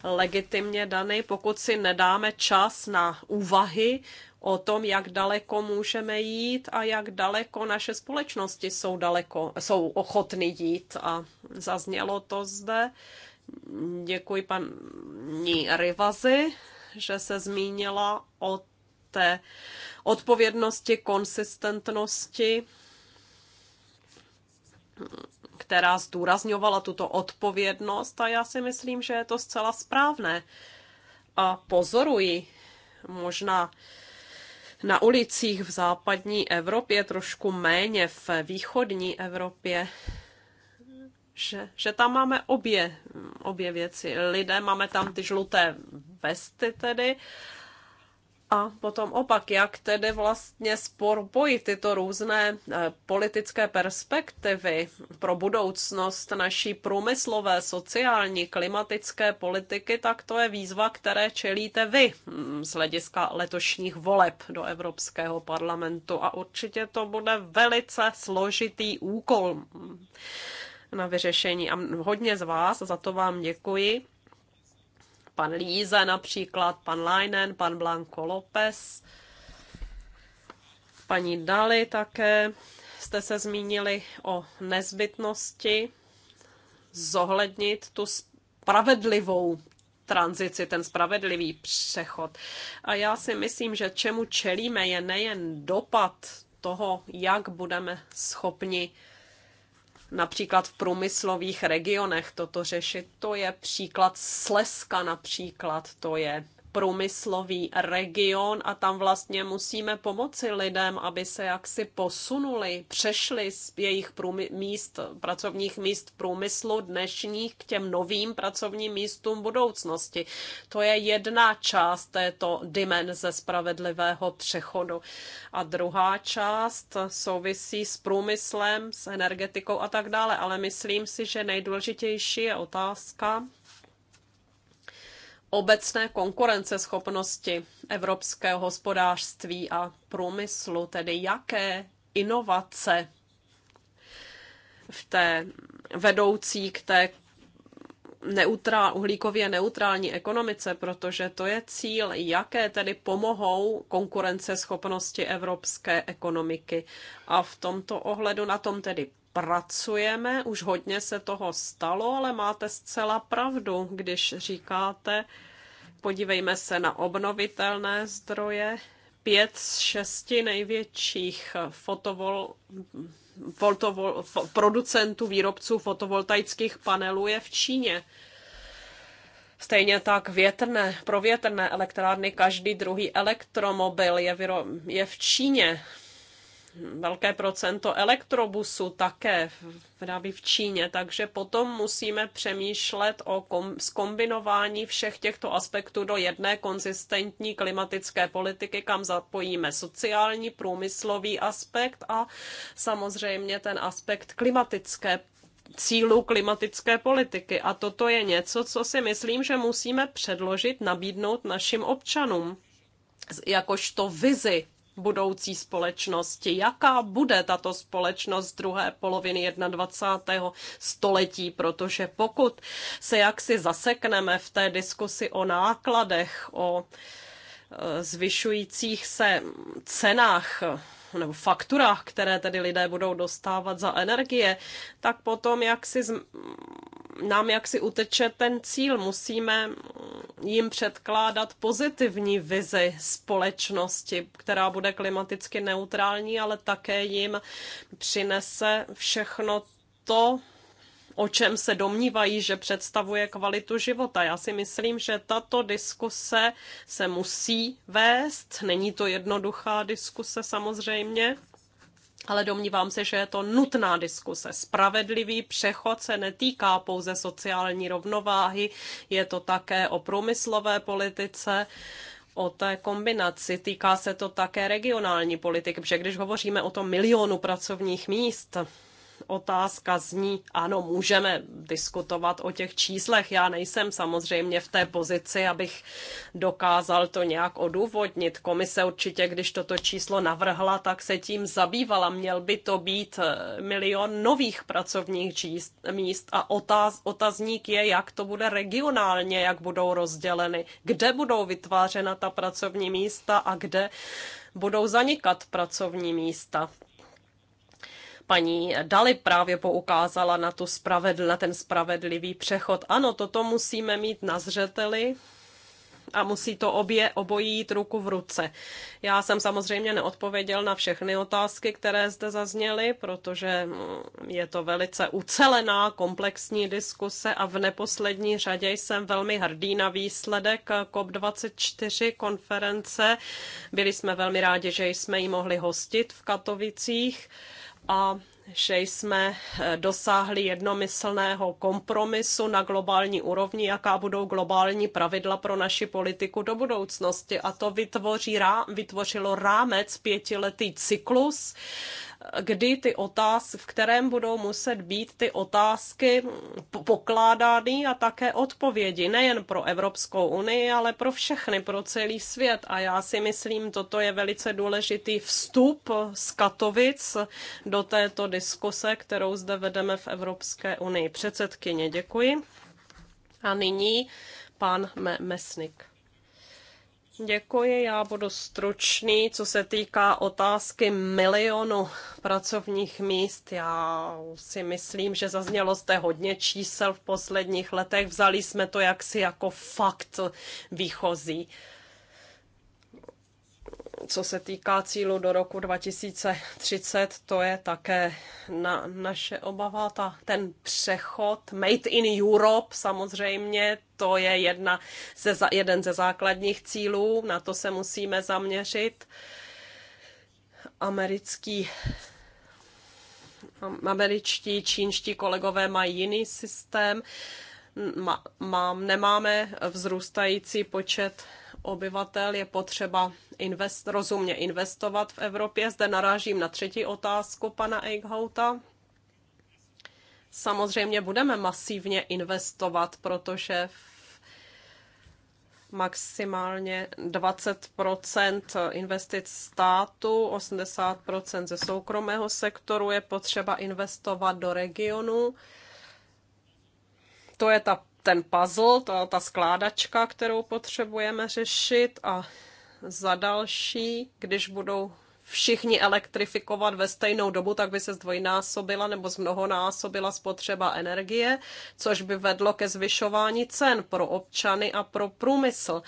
legitimně dany, pokud si nedáme čas na úvahy o tom, jak daleko můžeme jít a jak daleko naše společnosti jsou, daleko, jsou ochotny jít. A zaznělo to zde Děkuji paní Rivazi, že se zmínila o té odpovědnosti, konsistentnosti, která zdůrazňovala tuto odpovědnost a já si myslím, že je to zcela správné. A pozoruji možná na ulicích v západní Evropě, trošku méně v východní Evropě, že, že tam máme obě, obě věci. Lidé, máme tam ty žluté vesty tedy, a potom opak, jak tedy vlastně bojí tyto různé eh, politické perspektivy pro budoucnost naší průmyslové, sociální, klimatické politiky, tak to je výzva, které čelíte vy mm, z hlediska letošních voleb do Evropského parlamentu. A určitě to bude velice složitý úkol na vyřešení. A hodně z vás, za to vám děkuji. Pan Líze například, pan Leinen, pan Blanco López, paní Dali také. Jste se zmínili o nezbytnosti zohlednit tu spravedlivou tranzici, ten spravedlivý přechod. A já si myslím, že čemu čelíme je nejen dopad toho, jak budeme schopni například v průmyslových regionech toto řešit. To je příklad Slezska například, to je průmyslový region a tam vlastně musíme pomoci lidem, aby se jaksi posunuli, přešli z jejich průmy- míst, pracovních míst průmyslu dnešních k těm novým pracovním místům budoucnosti. To je jedna část této dimenze spravedlivého přechodu. A druhá část souvisí s průmyslem, s energetikou a tak dále, ale myslím si, že nejdůležitější je otázka, obecné konkurenceschopnosti evropského hospodářství a průmyslu, tedy jaké inovace v té vedoucí k té neutrál, uhlíkově neutrální ekonomice, protože to je cíl, jaké tedy pomohou konkurenceschopnosti evropské ekonomiky. A v tomto ohledu na tom tedy pracujeme, už hodně se toho stalo, ale máte zcela pravdu, když říkáte, podívejme se na obnovitelné zdroje, pět z šesti největších fotovol, fotovol, producentů, výrobců fotovoltaických panelů je v Číně. Stejně tak větrné, pro větrné elektrárny každý druhý elektromobil je, vyro, je v Číně velké procento elektrobusu také vyrábí v Číně, takže potom musíme přemýšlet o kom- skombinování všech těchto aspektů do jedné konzistentní klimatické politiky, kam zapojíme sociální, průmyslový aspekt a samozřejmě ten aspekt klimatické cílů klimatické politiky. A toto je něco, co si myslím, že musíme předložit, nabídnout našim občanům jakožto vizi budoucí společnosti. Jaká bude tato společnost druhé poloviny 21. století, protože pokud se jaksi zasekneme v té diskusi o nákladech, o e, zvyšujících se cenách nebo fakturách, které tedy lidé budou dostávat za energie, tak potom jak si z, nám jak si uteče ten cíl. Musíme jim předkládat pozitivní vizi společnosti, která bude klimaticky neutrální, ale také jim přinese všechno to, o čem se domnívají, že představuje kvalitu života. Já si myslím, že tato diskuse se musí vést. Není to jednoduchá diskuse samozřejmě, ale domnívám se, že je to nutná diskuse. Spravedlivý přechod se netýká pouze sociální rovnováhy, je to také o průmyslové politice, o té kombinaci. Týká se to také regionální politiky, protože když hovoříme o tom milionu pracovních míst, otázka zní, ano, můžeme diskutovat o těch číslech. Já nejsem samozřejmě v té pozici, abych dokázal to nějak odůvodnit. Komise určitě, když toto číslo navrhla, tak se tím zabývala. Měl by to být eh, milion nových pracovních číst, míst a otáz, otazník je, jak to bude regionálně, jak budou rozděleny, kde budou vytvářena ta pracovní místa a kde budou zanikat pracovní místa paní Dali právě poukázala na, tu spravedl, na ten spravedlivý přechod. Ano, toto musíme mít na zřeteli a musí to obě obojí jít ruku v ruce. Já jsem samozřejmě neodpověděl na všechny otázky, které zde zazněly, protože mm, je to velice ucelená, komplexní diskuse a v neposlední řadě jsem velmi hrdý na výsledek COP24 konference. Byli jsme velmi rádi, že jsme ji mohli hostit v Katovicích a že jsme eh, dosáhli jednomyslného kompromisu na globální úrovni, jaká budou globální pravidla pro naši politiku do budoucnosti. A to vytvoří, vytvořilo rámec pětiletý cyklus, kdy ty otázky, v kterém budou muset být ty otázky pokládány a také odpovědi, nejen pro Evropskou unii, ale pro všechny, pro celý svět. A já si myslím, toto je velice důležitý vstup z Katovic do této diskuse, kterou zde vedeme v Evropské unii. Předsedkyně, děkuji. A nyní pan Mesnik. Děkuji, já budu stručný. Co se týká otázky milionu pracovních míst, já si myslím, že zaznělo zde hodně čísel v posledních letech. Vzali jsme to jaksi jako fakt výchozí co se týká cílu do roku 2030, to je také na naše obava, ta, ten přechod. Made in Europe samozřejmě, to je jedna ze, jeden ze základních cílů, na to se musíme zaměřit. Americký američtí, čínští kolegové mají jiný systém. Má, mám, nemáme vzrůstající počet obyvatel je potřeba invest, rozumně investovat v Evropě. Zde narážím na třetí otázku pana Eichhouta. Samozřejmě budeme masivně investovat, protože maximálně 20 investic státu, 80 ze soukromého sektoru je potřeba investovat do regionu. To je ta ten puzzle, ta, ta skládačka, kterou potřebujeme řešit a za další, když budou všichni elektrifikovat ve stejnou dobu, tak by se zdvojnásobila nebo zmnohonásobila spotřeba energie, což by vedlo ke zvyšování cen pro občany a pro průmysl.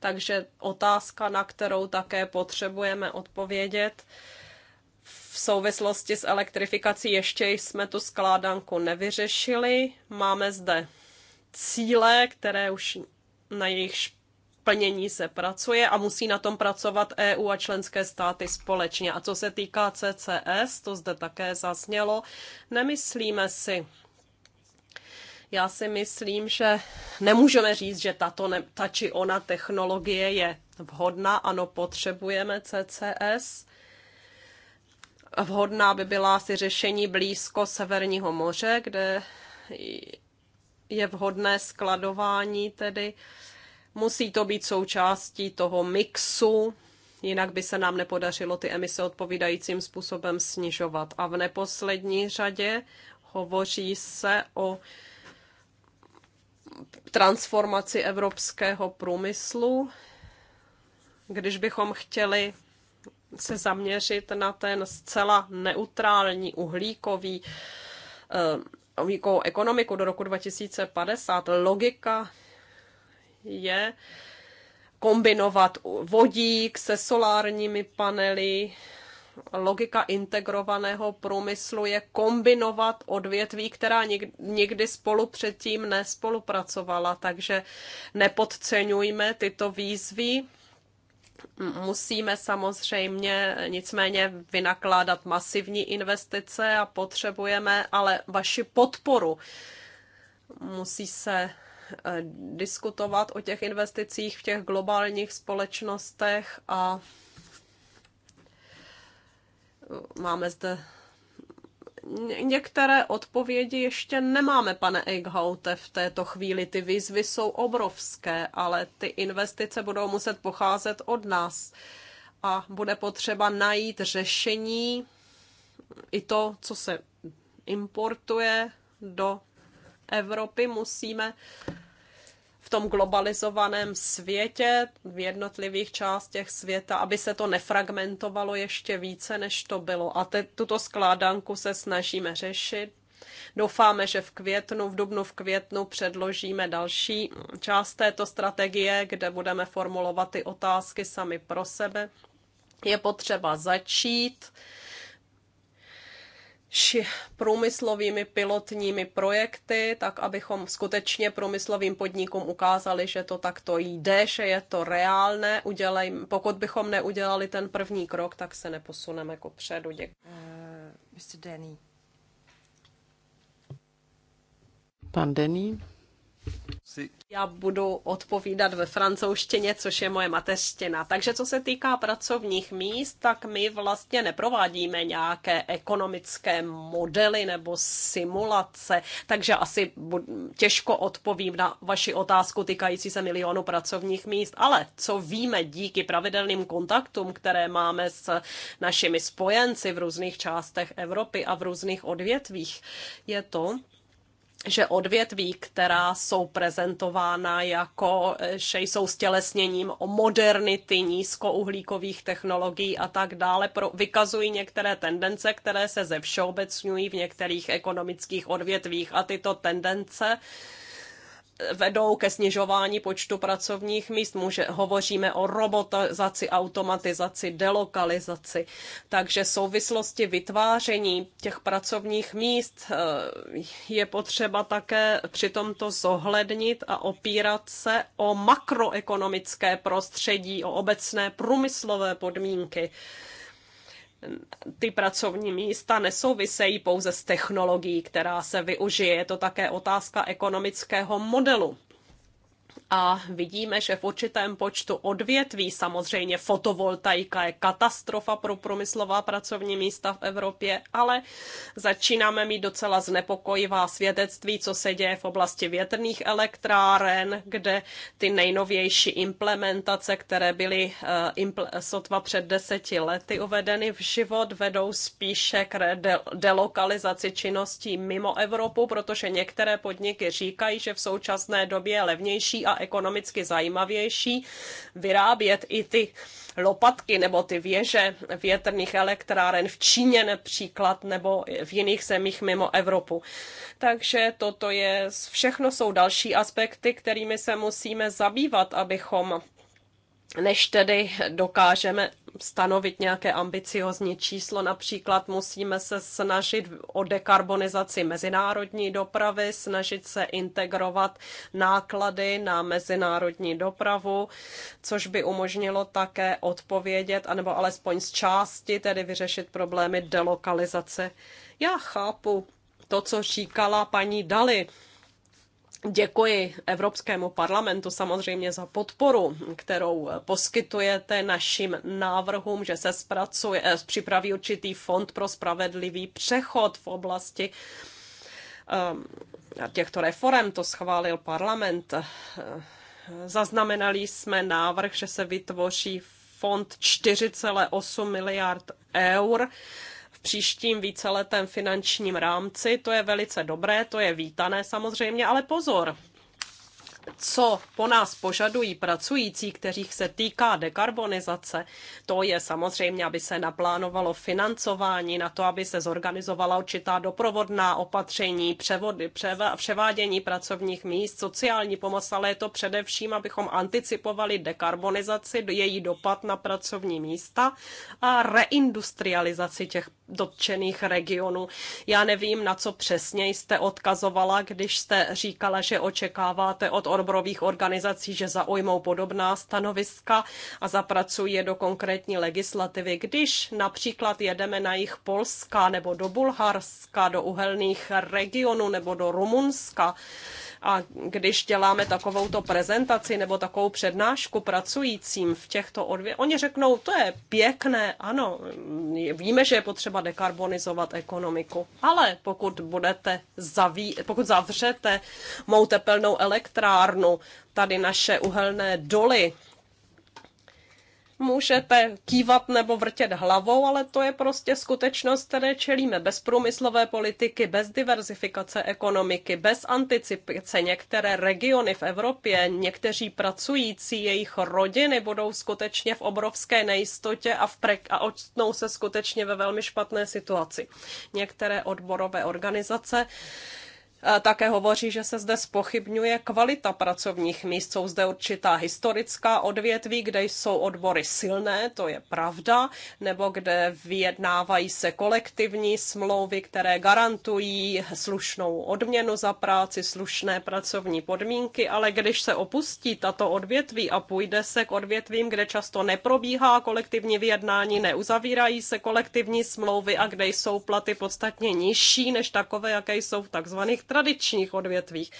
Takže otázka, na kterou také potřebujeme odpovědět, v souvislosti s elektrifikací ještě jsme tu skládanku nevyřešili. Máme zde cíle, které už na jejich plnění se pracuje a musí na tom pracovat EU a členské státy společně. A co se týká CCS, to zde také zasnělo, nemyslíme si, já si myslím, že nemůžeme říct, že tato ne, ta či ona technologie je vhodná. Ano, potřebujeme CCS. Vhodná by byla asi řešení blízko Severního moře, kde je vhodné skladování tedy. Musí to být součástí toho mixu, jinak by se nám nepodařilo ty emise odpovídajícím způsobem snižovat. A v neposlední řadě hovoří se o transformaci evropského průmyslu. Když bychom chtěli se zaměřit na ten zcela neutrální uhlíkový eh, uhlíkovou ekonomiku do roku 2050, logika je kombinovat vodík se solárními panely. Logika integrovaného průmyslu je kombinovat odvětví, která nikdy spolu předtím nespolupracovala, takže nepodceňujme tyto výzvy musíme samozřejmě nicméně vynakládat masivní investice a potřebujeme ale vaši podporu. Musí se eh, diskutovat o těch investicích v těch globálních společnostech a eh, máme zde některé odpovědi ještě nemáme, pane Eichhaute, v této chvíli. Ty výzvy jsou obrovské, ale ty investice budou muset pocházet od nás a bude potřeba najít řešení i to, co se importuje do Evropy, musíme v tom globalizovaném světě, v jednotlivých částech světa, aby se to nefragmentovalo ještě více, než to bylo. A te, tuto skládanku se snažíme řešit. Doufáme, že v květnu, v dubnu, v květnu předložíme další část této strategie, kde budeme formulovat ty otázky sami pro sebe. Je potřeba začít ši, průmyslovými pilotními projekty, tak abychom skutečně průmyslovým podnikům ukázali, že to takto jde, že je to reálné. Udělej, pokud bychom neudělali ten první krok, tak se neposuneme ku předu. Děkuji. Uh, eh, Mr. Denny. Pan Denny. Já budu odpovídat ve francouzštině, což je moje mateřština. Takže co se týká pracovních míst, tak my vlastně neprovádíme nějaké ekonomické modely nebo simulace, takže asi těžko odpovím na vaši otázku týkající se milionu pracovních míst, ale co víme díky pravidelným kontaktům, které máme s našimi spojenci v různých částech Evropy a v různých odvětvích, je to, že odvětví, která jsou prezentována jako, že jsou stělesněním o modernity nízkouhlíkových technologií a tak dále, pro, vykazují některé tendence, které se zevšeobecňují v některých ekonomických odvětvích a tyto tendence vedou ke snižování počtu pracovních míst. Může, hovoříme o robotizaci, automatizaci, delokalizaci. Takže souvislosti vytváření těch pracovních míst eh, je potřeba také při tomto zohlednit a opírat se o makroekonomické prostředí, o obecné průmyslové podmínky ty pracovní místa nesouvisejí pouze s technologií, která se využije. Je to také otázka ekonomického modelu a vidíme, že v určitém počtu odvětví, samozřejmě fotovoltaika je katastrofa pro průmyslová pracovní místa v Evropě, ale začínáme mít docela znepokojivá svědectví, co se děje v oblasti větrných elektráren, kde ty nejnovější implementace, které byly eh, sotva před deseti lety uvedeny v život, vedou spíše k delokalizaci činností mimo Evropu, protože některé podniky říkají, že v současné době je levnější a ekonomicky zajímavější vyrábět i ty lopatky nebo ty věže větrných elektráren v Číně například nebo v jiných zemích mimo Evropu. Takže toto je, všechno jsou další aspekty, kterými se musíme zabývat, abychom než tedy dokážeme stanovit nějaké ambiciozní číslo, například musíme se snažit o dekarbonizaci mezinárodní dopravy, snažit se integrovat náklady na mezinárodní dopravu, což by umožnilo také odpovědět, anebo alespoň z části tedy vyřešit problémy delokalizace. Já chápu to, co říkala paní Dali Děkuji Evropskému parlamentu samozřejmě za podporu, kterou poskytujete našim návrhům, že se zpracuje, eh, připraví určitý fond pro spravedlivý přechod v oblasti eh, těchto reform. To schválil parlament. Eh, zaznamenali jsme návrh, že se vytvoří fond 4,8 miliard eur v příštím víceletém finančním rámci. To je velice dobré, to je vítané samozřejmě, ale pozor, co po nás požadují pracující, kterých se týká dekarbonizace, to je samozřejmě, aby se naplánovalo financování, na to, aby se zorganizovala určitá doprovodná opatření, převody, převa, převádění pracovních míst, sociální pomoc, ale je to především, abychom anticipovali dekarbonizaci, její dopad na pracovní místa a reindustrializaci těch dotčených regionů. Já nevím, na co přesně jste odkazovala, když jste říkala, že očekáváte od odborových organizací, že zaujmou podobná stanoviska a zapracují je do konkrétní legislativy. Když například jedeme na jich Polska nebo do Bulharska, do uhelných regionů nebo do Rumunska, a když děláme takovouto prezentaci nebo takovou přednášku pracujícím v těchto odvě, oni řeknou, to je pěkné, ano, víme, že je potřeba dekarbonizovat ekonomiku, ale pokud budete zaví, pokud zavřete mou tepelnou elektrárnu, tady naše uhelné doly, můžete kývat nebo vrtět hlavou, ale to je prostě skutečnost, které čelíme. Bez průmyslové politiky, bez diverzifikace ekonomiky, bez anticipace některé regiony v Evropě, někteří pracující, jejich rodiny budou skutečně v obrovské nejistotě a, v a odstnou se skutečně ve velmi špatné situaci. Některé odborové organizace Eh, také hovoří, že se zde spochybňuje kvalita pracovních míst. Jsou zde určitá historická odvětví, kde jsou odbory silné, to je pravda, nebo kde vyjednávají se kolektivní smlouvy, které garantují slušnou odměnu za práci, slušné pracovní podmínky, ale když se opustí tato odvětví a půjde se k odvětvím, kde často neprobíhá kolektivní vyjednání, neuzavírají se kolektivní smlouvy a kde jsou platy podstatně nižší než takové, jaké jsou v takzvaných tradičních odvětvích.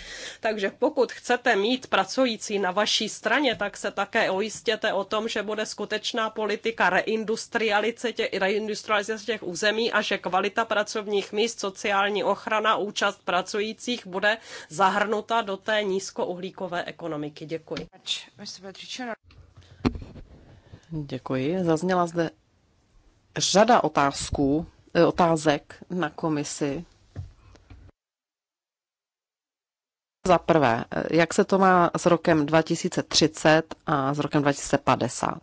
Takže pokud chcete mít pracující na vaší straně, tak se také ojistěte o tom, že bude skutečná politika reindustrializace těch, reindustrializace těch území a že kvalita pracovních míst, sociální ochrana, účast pracujících bude zahrnuta do té nízkouhlíkové ekonomiky. Děkuji. Děkuji. Zazněla zde řada otázků, eh, otázek na komisi. Za prvé, jak se to má s rokem 2030 a s rokem 2050?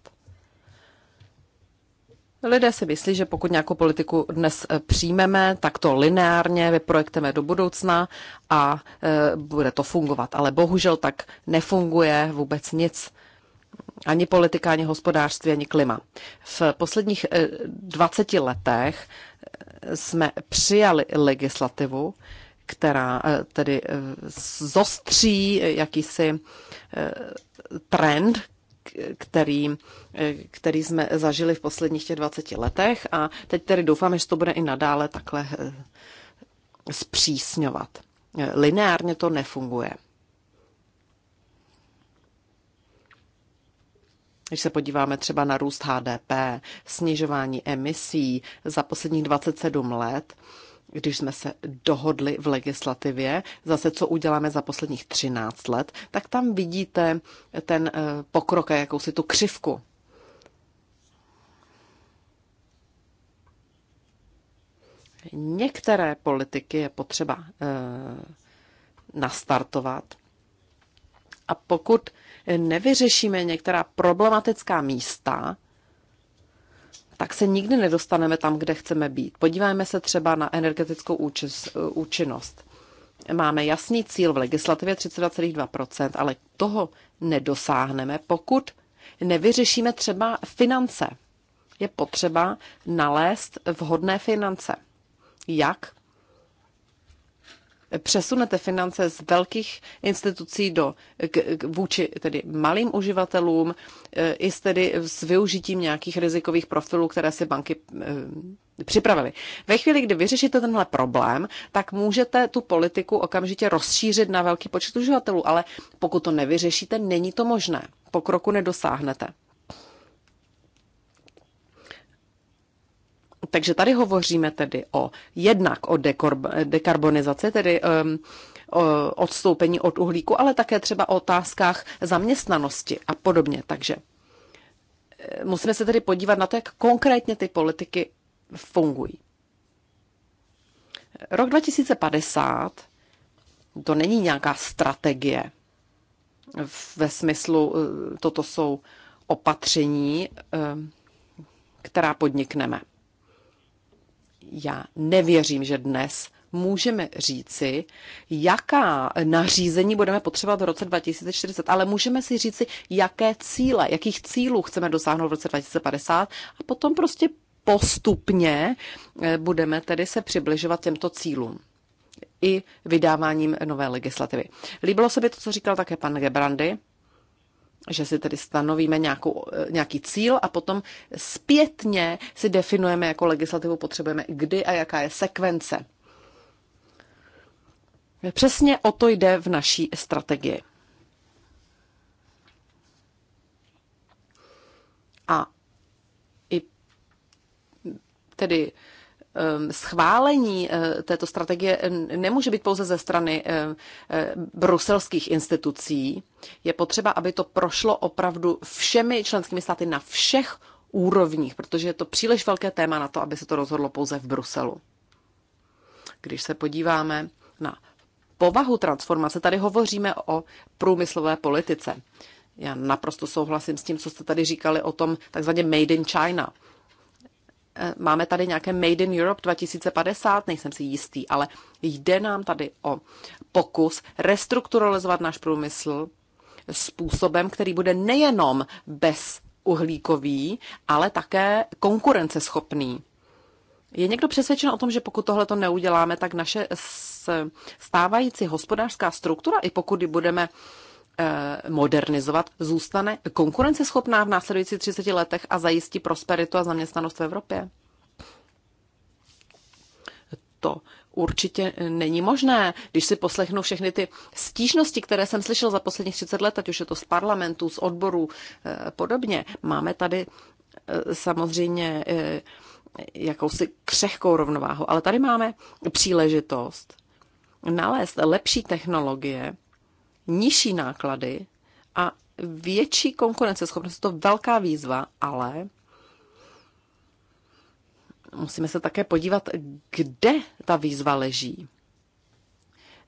Lidé si myslí, že pokud nějakou politiku dnes eh, přijmeme, tak to lineárně vyprojekteme do budoucna a e, bude to fungovat. Ale bohužel tak nefunguje vůbec nic. Ani politika, ani hospodářství, ani klima. V posledních 20 eh, letech jsme přijali legislativu, která eh, tedy eh, zostří jakýsi eh, trend, který, který jsme zažili v posledních těch 20 letech a teď tedy doufáme, že to bude i nadále takhle zpřísňovat. Lineárně to nefunguje. Když se podíváme třeba na růst HDP, snižování emisí za posledních 27 let, když jsme se dohodli v legislativě, zase co uděláme za posledních 13 let, tak tam vidíte ten eh, pokrok a jakousi tu křivku. Některé politiky je potřeba eh, nastartovat. A pokud nevyřešíme některá problematická místa, tak se nikdy nedostaneme tam, kde chceme být. Podívejme se třeba na energetickou eh, účinnost. Máme jasný cíl v legislativě 32,2%, ale toho nedosáhneme, pokud nevyřešíme třeba finance. Je potřeba nalézt vhodné finance. Jak přesunete finance z velkých institucí do, k, k, vůči tedy malým uživatelům, eh, i s tedy s využitím nějakých rizikových profilů, které si banky eh, připravili. Ve chvíli, kdy vyřešíte tenhle problém, tak můžete tu politiku okamžitě rozšířit na velký počet uživatelů, ale pokud to nevyřešíte, není to možné. kroku nedosáhnete. Takže tady hovoříme tedy o jednak o dekarbonizaci, tedy um, o odstoupení od uhlíku, ale také třeba o otázkách zaměstnanosti a podobně. Takže e, musíme se tedy podívat na to, jak konkrétně ty politiky fungují. Rok 2050 to není nějaká strategie ve smyslu, e, toto jsou opatření, e, která podnikneme já nevěřím, že dnes můžeme říci, jaká nařízení budeme potřebovat v roce 2040, ale můžeme si říci, jaké cíle, jakých cílů chceme dosáhnout v roce 2050 a potom prostě postupně eh, budeme tedy se přibližovat těmto cílům i vydáváním nové legislativy. Líbilo se mi to, co říkal také pan Gebrandy, že si tedy stanovíme nějakou, eh, nějaký cíl a potom zpětně si definujeme, jako legislativu potřebujeme, kdy a jaká je sekvence. Přesně o to jde v naší strategii. A i tedy Ehm, schválení eh, této strategie eh, nemůže být pouze ze strany eh, bruselských institucí. Je potřeba, aby to prošlo opravdu všemi členskými státy na všech úrovních, protože je to příliš velké téma na to, aby se to rozhodlo pouze v Bruselu. Když se podíváme na povahu transformace, tady hovoříme o průmyslové politice. Já naprosto souhlasím s tím, co jste tady říkali o tom takzvaně Made in China – máme tady nějaké Made in Europe 2050, nejsem si jistý, ale jde nám tady o pokus restrukturalizovat náš průmysl způsobem, který bude nejenom bez uhlíkový, ale také konkurenceschopný. Je někdo přesvědčen o tom, že pokud tohle to neuděláme, tak naše stávající hospodářská struktura, i pokud ji budeme Eh, modernizovat, zůstane konkurenceschopná v následujících 30 letech a zajistí prosperitu a zaměstnanost v Evropě? To určitě není možné. Když si poslechnu všechny ty stížnosti, které jsem slyšel za posledních 30 let, ať už je to z parlamentu, z odborů eh, podobně, máme tady eh, samozřejmě jakousi křehkou rovnováhu, ale tady máme příležitost nalézt lepší technologie, nižší náklady a větší konkurenceschopnost. je to velká výzva, ale musíme se také podívat, kde ta výzva leží.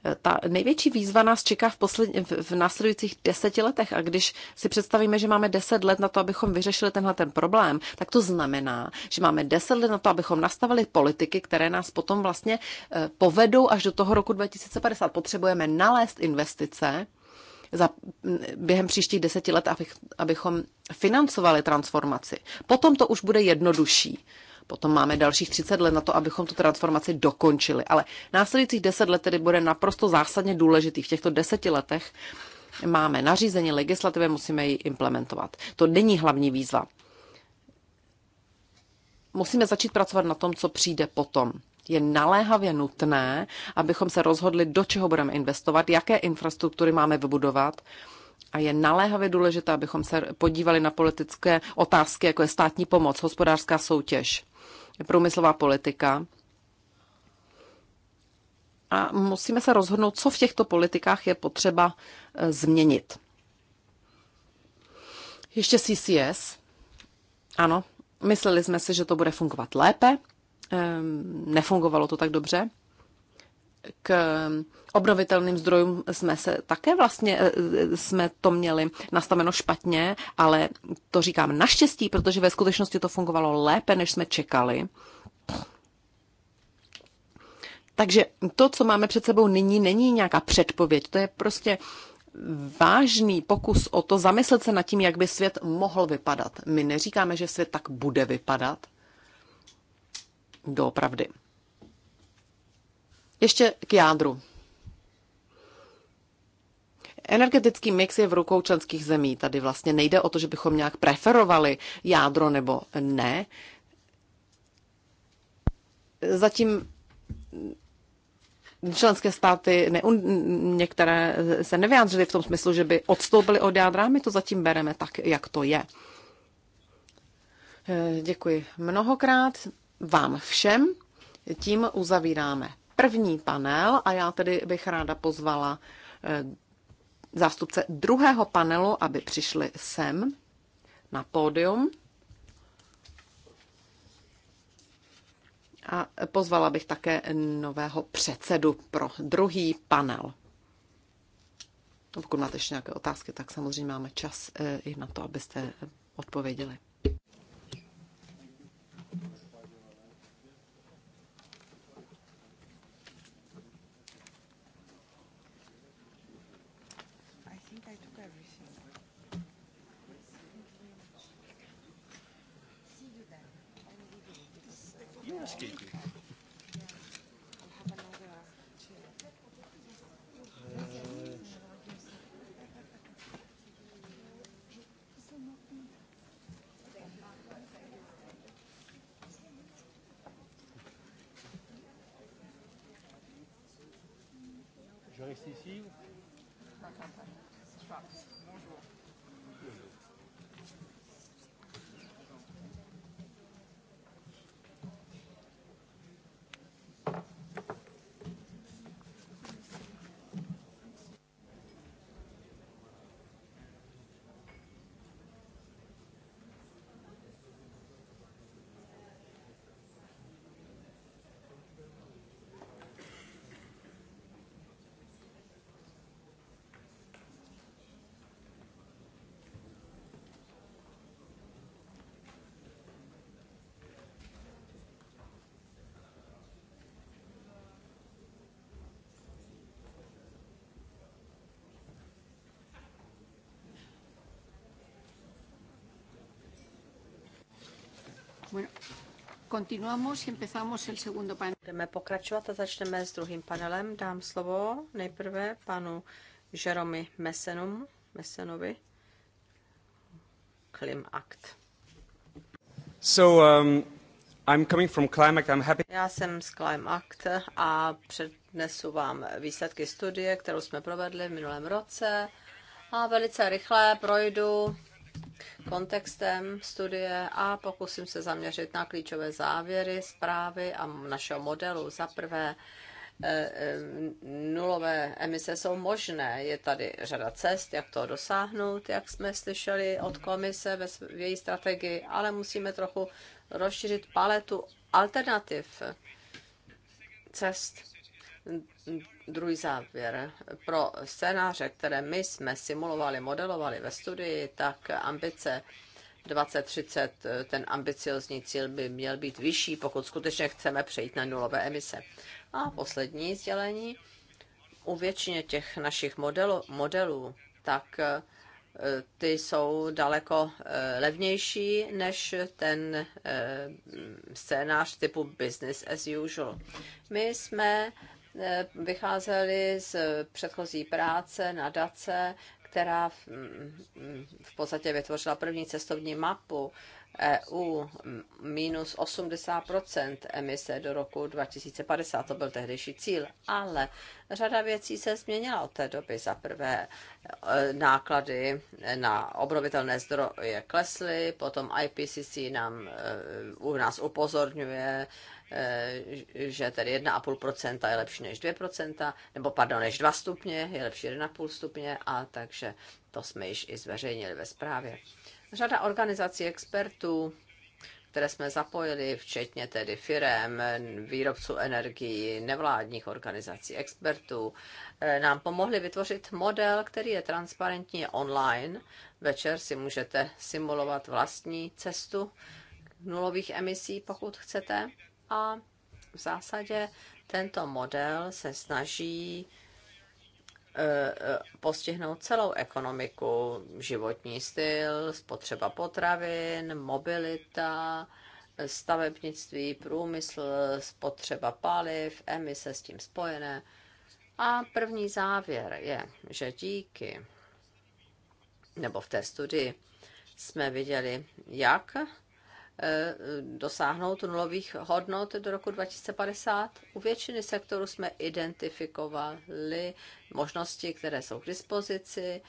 Eh, ta největší výzva nás čeká v, posled, v následujících deseti letech a když si představíme, že máme deset let na to, abychom vyřešili tenhle ten problém, tak to znamená, že máme deset let na to, abychom nastavili politiky, které nás potom vlastně eh, povedou až do toho roku 2050. Potřebujeme nalézt investice, za, mm, během příštích deseti let, abych, abychom financovali transformaci. Potom to už bude jednodušší. Potom máme dalších 30 let na to, abychom tu transformaci dokončili. Ale následujících 10 let tedy bude naprosto zásadně důležitý. V těchto deseti letech máme nařízení legislativy, musíme ji implementovat. To není hlavní výzva. Musíme začít pracovat na tom, co přijde potom. Je naléhavě nutné, abychom se rozhodli, do čeho budeme investovat, jaké infrastruktury máme vybudovat. A je naléhavě důležité, abychom se podívali na politické otázky, jako je státní pomoc, hospodářská soutěž průmyslová politika. A musíme se rozhodnout, co v těchto politikách je potřeba eh, změnit. Ještě CCS. Ano, mysleli jsme si, že to bude fungovat lépe. Ehm, nefungovalo to tak dobře k obnovitelným zdrojům jsme se také vlastně e, jsme to měli nastaveno špatně, ale to říkám naštěstí, protože ve skutečnosti to fungovalo lépe, než jsme čekali. Takže to, co máme před sebou nyní, není nějaká předpověď. To je prostě vážný pokus o to zamyslet se nad tím, jak by svět mohl vypadat. My neříkáme, že svět tak bude vypadat. Doopravdy. Ještě k jádru. Energetický mix je v rukou členských zemí. Tady vlastně nejde o to, že bychom nějak preferovali jádro nebo ne. Zatím členské státy ne, některé se nevyjádřily v tom smyslu, že by odstoupily od jádra. My to zatím bereme tak, jak to je. Děkuji mnohokrát vám všem. Tím uzavíráme první panel a já tedy bych ráda pozvala eh, zástupce druhého panelu, aby přišli sem na pódium. A pozvala bych také nového předsedu pro druhý panel. Pokud máte ještě nějaké otázky, tak samozřejmě máme čas eh, i na to, abyste odpověděli. Bueno, continuamos y empezamos el segundo panel. Budeme pokračovat a začneme s druhým panelem. Dám slovo nejprve panu Jeromy Mesenum, Mesenovi. Klim Act. So, um, I'm coming from Climate. I'm happy. Já jsem z Climact a přednesu vám výsledky studie, kterou jsme provedli v minulém roce. A velice rychle projdu kontextem studie a pokusím se zaměřit na klíčové závěry zprávy a našeho modelu. Za prvé, eh, eh, nulové emise jsou možné. Je tady řada cest, jak to dosáhnout, jak jsme slyšeli od komise ve v její strategii, ale musíme trochu rozšířit paletu alternativ cest druhý závěr. Pro scénáře, které my jsme simulovali, modelovali ve studii, tak ambice 2030, ten ambiciozní cíl by měl být vyšší, pokud skutečně chceme přejít na nulové emise. A poslední sdělení. U většině těch našich modelu, modelů, tak eh, ty jsou daleko eh, levnější než ten eh, scénář typu business as usual. My jsme Eh, vycházeli z předchozí práce na DACE, která v, v podstatě vytvořila první cestovní mapu EU minus 80 emise do roku 2050, to byl tehdejší cíl. Ale řada věcí se změnila od té doby. Za prvé eh, náklady na obnovitelné zdroje klesly, potom IPCC nám, eh, u nás upozorňuje Eh, že tedy 1,5% je lepší než 2%, nebo pardon, než 2 stupně, je lepší 1,5 stupně a takže to jsme již i zveřejnili ve zprávě. Řada organizací expertů, které jsme zapojili, včetně tedy firem, výrobců energií, nevládních organizací, expertů, eh, nám pomohli vytvořit model, který je transparentní online. Večer si můžete simulovat vlastní cestu nulových emisí, pokud chcete a v zásadě tento model se snaží e, e, postihnout celou ekonomiku, životní styl, spotřeba potravin, mobilita, stavebnictví, průmysl, spotřeba paliv, emise s tím spojené. A první závěr je, že díky, nebo v té studii jsme viděli, jak Eh, dosáhnout nulových hodnot do roku 2050. U většiny sektorů jsme identifikovali možnosti, které jsou k dispozici.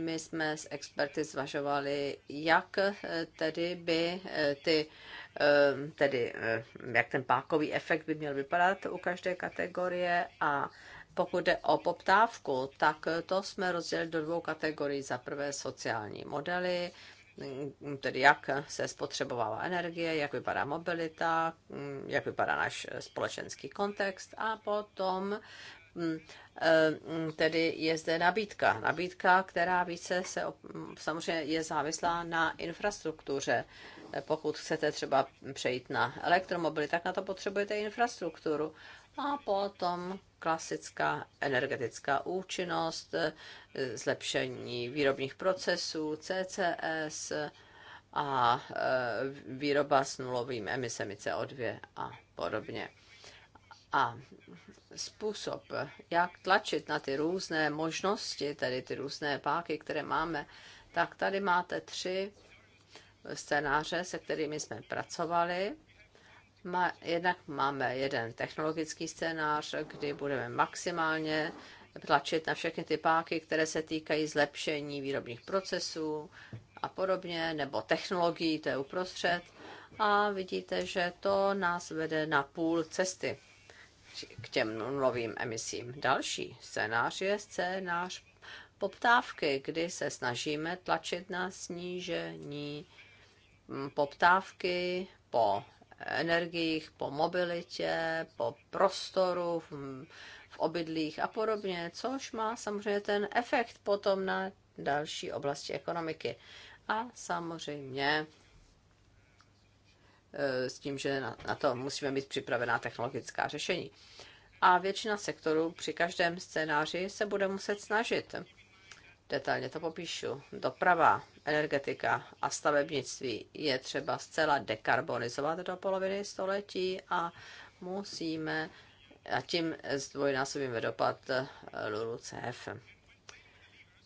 My jsme s experty zvažovali, jak eh, tedy by eh, ty, tedy jak ten pákový efekt by měl vypadat u každé kategorie a pokud jde o poptávku, tak to jsme rozdělili do dvou kategorií. Za prvé sociální modely, tedy jak se spotřebovala energie, jak vypadá mobilita, jak vypadá náš společenský kontext a potom mm, eh, tedy je zde nabídka. Nabídka, která více se samozřejmě je závislá na infrastruktuře. Pokud chcete třeba přejít na elektromobily, tak na to potřebujete infrastrukturu. A potom klasická energetická účinnost, e, zlepšení výrobních procesů, CCS a e, výroba s nulovými emisemi CO2 a podobně. A způsob, jak tlačit na ty různé možnosti, tedy ty různé páky, které máme, tak tady máte tři scénáře, se kterými jsme pracovali Ma, jednak máme jeden technologický scénář, kdy budeme maximálně tlačit na všechny ty páky, které se týkají zlepšení výrobních procesů a podobně, nebo technologií, to je uprostřed. A vidíte, že to nás vede na půl cesty k těm novým emisím. Další scénář je scénář poptávky, kdy se snažíme tlačit na snížení poptávky po energiích, po mobilitě, po prostoru, v obydlích a podobně, což má samozřejmě ten efekt potom na další oblasti ekonomiky. A samozřejmě eh, s tím, že na to musíme mít připravená technologická řešení. A většina sektorů při každém scénáři se bude muset snažit detailně to popíšu. Doprava, energetika a stavebnictví je třeba zcela dekarbonizovat do poloviny století a musíme a tím zdvojnásobíme dopad eh, LULUCF.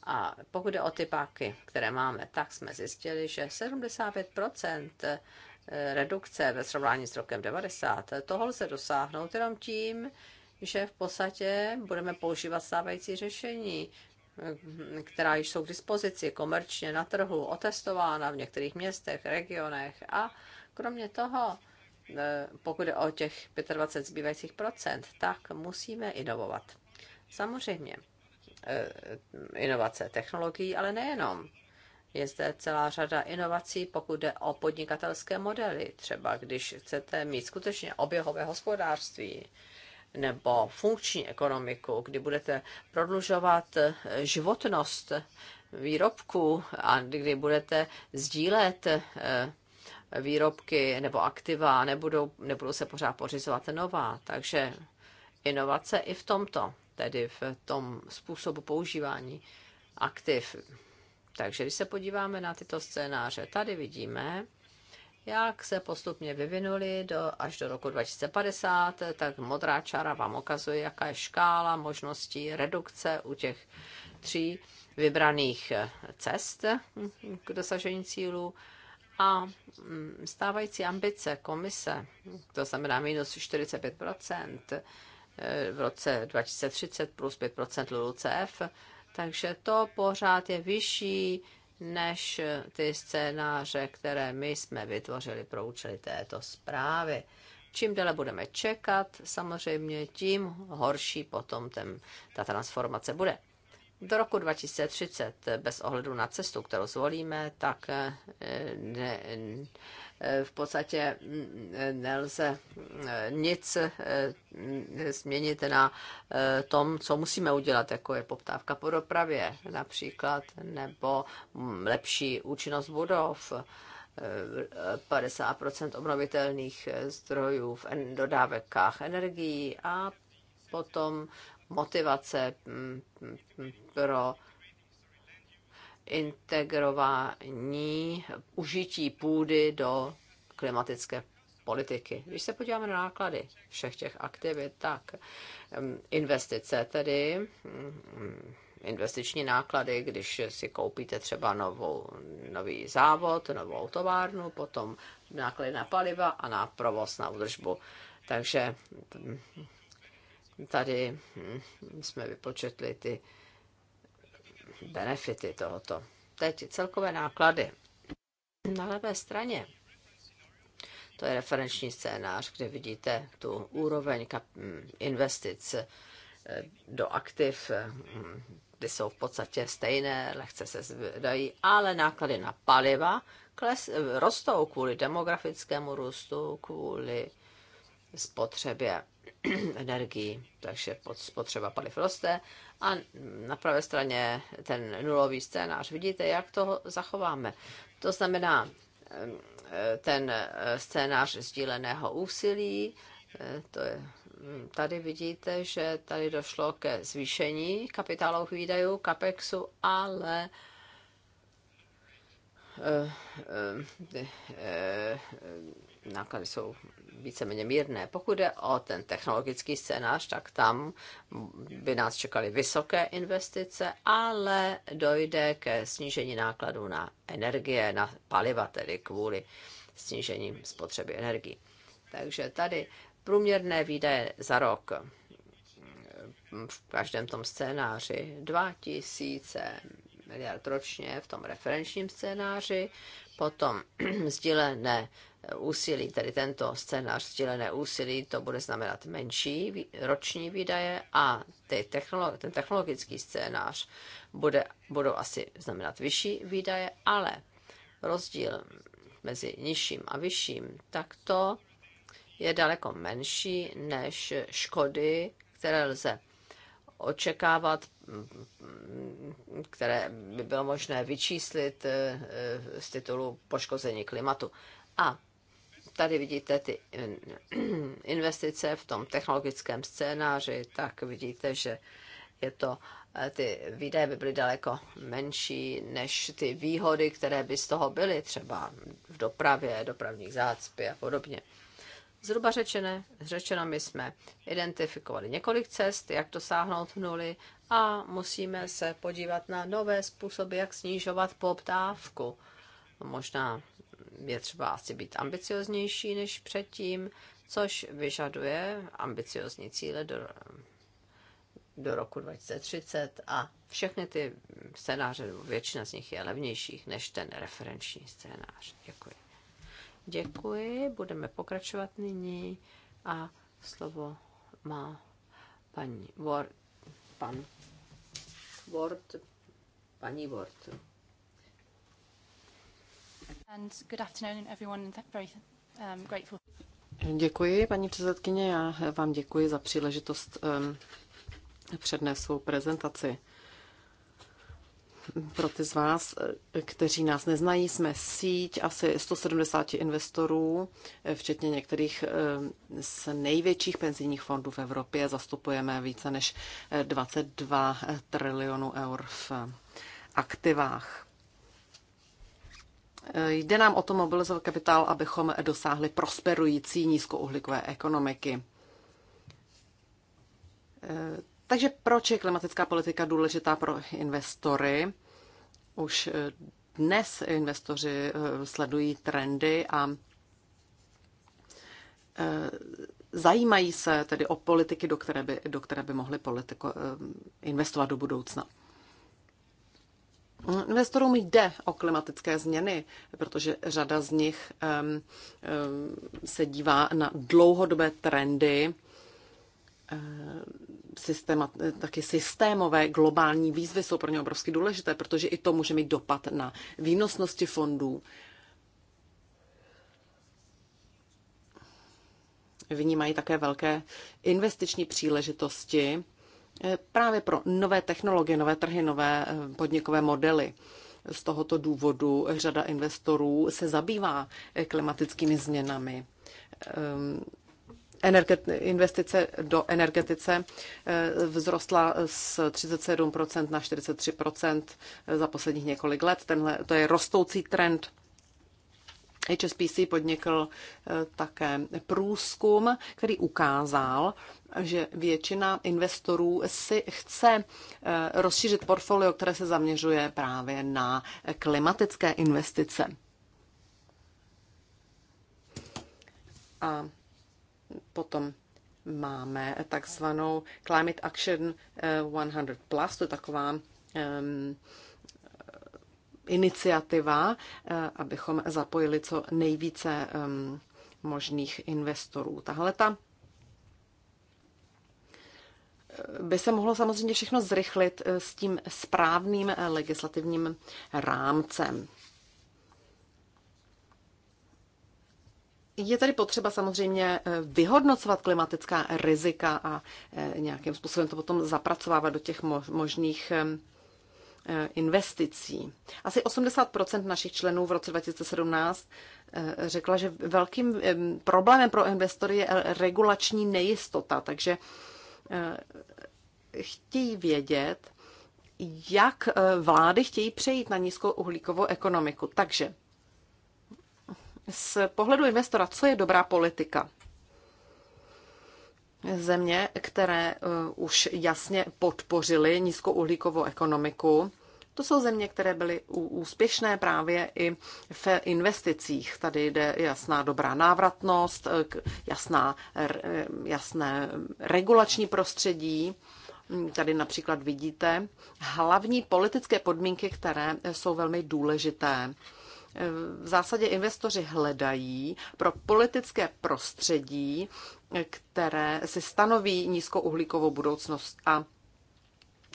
A pokud jde o ty páky, které máme, tak jsme zjistili, že 75% eh, redukce ve srovnání s rokem 90, eh, toho lze dosáhnout jenom tím, že v podstatě budeme používat stávající řešení, která již jsou k dispozici komerčně na trhu, otestována v některých městech, regionech a kromě toho, eh, pokud je o těch 25 zbývajících procent, tak musíme inovovat. Samozřejmě eh, inovace technologií, ale nejenom. Je zde celá řada inovací, pokud jde o podnikatelské modely. Třeba když chcete mít skutečně oběhové hospodářství, nebo funkční ekonomiku, kdy budete prodlužovat eh, životnost výrobků a kdy budete sdílet eh, výrobky nebo aktiva, nebudou, nebudou se pořád pořizovat nová. Takže inovace i v tomto, tedy v tom způsobu používání aktiv. Takže když se podíváme na tyto scénáře, tady vidíme, jak se postupně vyvinuli do, až do roku 2050, tak modrá čára vám ukazuje, jaká je škála možností redukce u těch tří vybraných eh, cest hm, k dosažení cílů. A hm, stávající ambice komise, to znamená minus 45 eh, v roce 2030 plus 5 LULCF, takže to pořád je vyšší než ty scénáře, které my jsme vytvořili pro účely této zprávy. Čím déle budeme čekat, samozřejmě, tím horší potom ten, ta transformace bude do roku 2030, bez ohledu na cestu, kterou zvolíme, tak eh, ne, eh, v podstatě mm, nelze eh, nic změnit na tom, co musíme udělat, jako je poptávka po dopravě například, nebo mm, lepší účinnost budov, 50 obnovitelných zdrojů v dodávekách energií a potom motivace mm, mm, pro integrování užití půdy do klimatické politiky. Když se podíváme na náklady všech těch aktivit, tak mm, investice tedy, investiční náklady, když si koupíte třeba novou, nový závod, novou továrnu, potom náklady na paliva a na provoz, na údržbu. Takže Tady hm, jsme vypočetli ty benefity tohoto. Teď celkové náklady. Na levé straně to je referenční scénář, kde vidíte tu úroveň investic eh, do aktiv, eh, ty jsou v podstatě stejné, lehce se zvedají, ale náklady na paliva kles, rostou kvůli demografickému růstu, kvůli spotřebě <clears throat> energii, takže spotřeba paliv roste. A na pravé straně ten nulový scénář. Vidíte, jak to zachováme. To znamená, e, ten e, scénář sdíleného úsilí, e, to je, mm, tady vidíte, že tady došlo ke zvýšení kapitálových výdajů, CAPEXu, ale náklady jsou víceméně mírné. Pokud je o ten technologický scénář, tak tam by nás čekaly vysoké investice, ale dojde ke snížení nákladů na energie, na paliva, tedy kvůli snížení spotřeby energii. Takže tady průměrné výdaje za rok v každém tom scénáři 2000 miliard ročně v tom referenčním scénáři, potom <clears throat> sdílené úsilí, tedy tento scénář sdílené úsilí, to bude znamenat menší roční výdaje a ty technolo- ten technologický scénář bude, budou asi znamenat vyšší výdaje, ale rozdíl mezi nižším a vyšším, tak to je daleko menší než škody, které lze očekávat, které by bylo možné vyčíslit eh, z titulu poškození klimatu. A tady vidíte ty <clears throat> investice v tom technologickém scénáři, tak vidíte, že je to, eh, ty výdaje by byly daleko menší než ty výhody, které by z toho byly třeba v dopravě, dopravních zácpy a podobně. Zhruba řečeno, řečeno my jsme identifikovali několik cest, jak dosáhnout nuly a musíme se podívat na nové způsoby, jak snižovat poptávku. Možná je třeba asi být ambicioznější než předtím, což vyžaduje ambiciozní cíle do, do roku 2030 a všechny ty scénáře, většina z nich je levnějších než ten referenční scénář. Děkuji. Děkuji, budeme pokračovat nyní a slovo má paní Ward, pan Ward, paní Ward. Um, děkuji, paní předsedkyně. Já vám děkuji za příležitost um, přednést svou prezentaci. Pro ty z vás, kteří nás neznají, jsme síť asi 170 investorů, včetně některých um, z největších penzijních fondů v Evropě. Zastupujeme více než 22 eh, trilionů eur v eh, aktivách. Jde nám o to mobilizovat kapitál, abychom dosáhli prosperující nízkouhlíkové ekonomiky. Eh, takže proč je klimatická politika důležitá pro investory? Už eh, dnes investoři eh, sledují trendy a zajímají se tedy o politiky, do které by, do které by mohli politiko, investovat do budoucna. Investorům jde o klimatické změny, protože řada z nich um, um, se dívá na dlouhodobé trendy, systéma, taky systémové globální výzvy jsou pro ně obrovsky důležité, protože i to může mít dopad na výnosnosti fondů. Vnímají také velké investiční příležitosti Eh, právě pro nové technologie, nové trhy, nové eh, podnikové modely. Z tohoto důvodu řada investorů se zabývá eh, klimatickými změnami. Ehm, Energeti- investice do energetice vzrostla z 37% na 43% za posledních několik let. Tenhle, to je rostoucí trend HSBC podnikl eh, také průzkum, který ukázal, že většina investorů si chce eh, rozšířit portfolio, které se zaměřuje právě na klimatické investice. A potom máme takzvanou Climate Action 100+, eh, to je taková ehm, iniciativa, eh, abychom zapojili co nejvíce ehm, možných investorů. Tahle ta eh, by se mohlo samozřejmě všechno zrychlit eh, s tím správným legislativním rámcem. Je tady potřeba samozřejmě vyhodnocovat klimatická rizika a nějakým způsobem to potom zapracovávat do těch možných ehm, Eh, investicí. Asi 80 našich členů v roce 2017 eh, řekla, že velkým problémem pro investory je regulační nejistota, takže eh, chtějí vědět, jak vlády chtějí přejít na nízkou uhlíkovou ekonomiku. Takže z pohledu investora, co je dobrá politika? země, které eh, už jasně podpořily nízkouhlíkovou ekonomiku. To jsou země, které byly úspěšné právě i v investicích. Tady jde jasná dobrá návratnost, eh, jasná, eh, jasné regulační prostředí. Hm, tady například vidíte hlavní politické podmínky, které jsou velmi důležité. V zásadě investoři hledají pro politické prostředí které si stanoví nízkouhlíkovou budoucnost a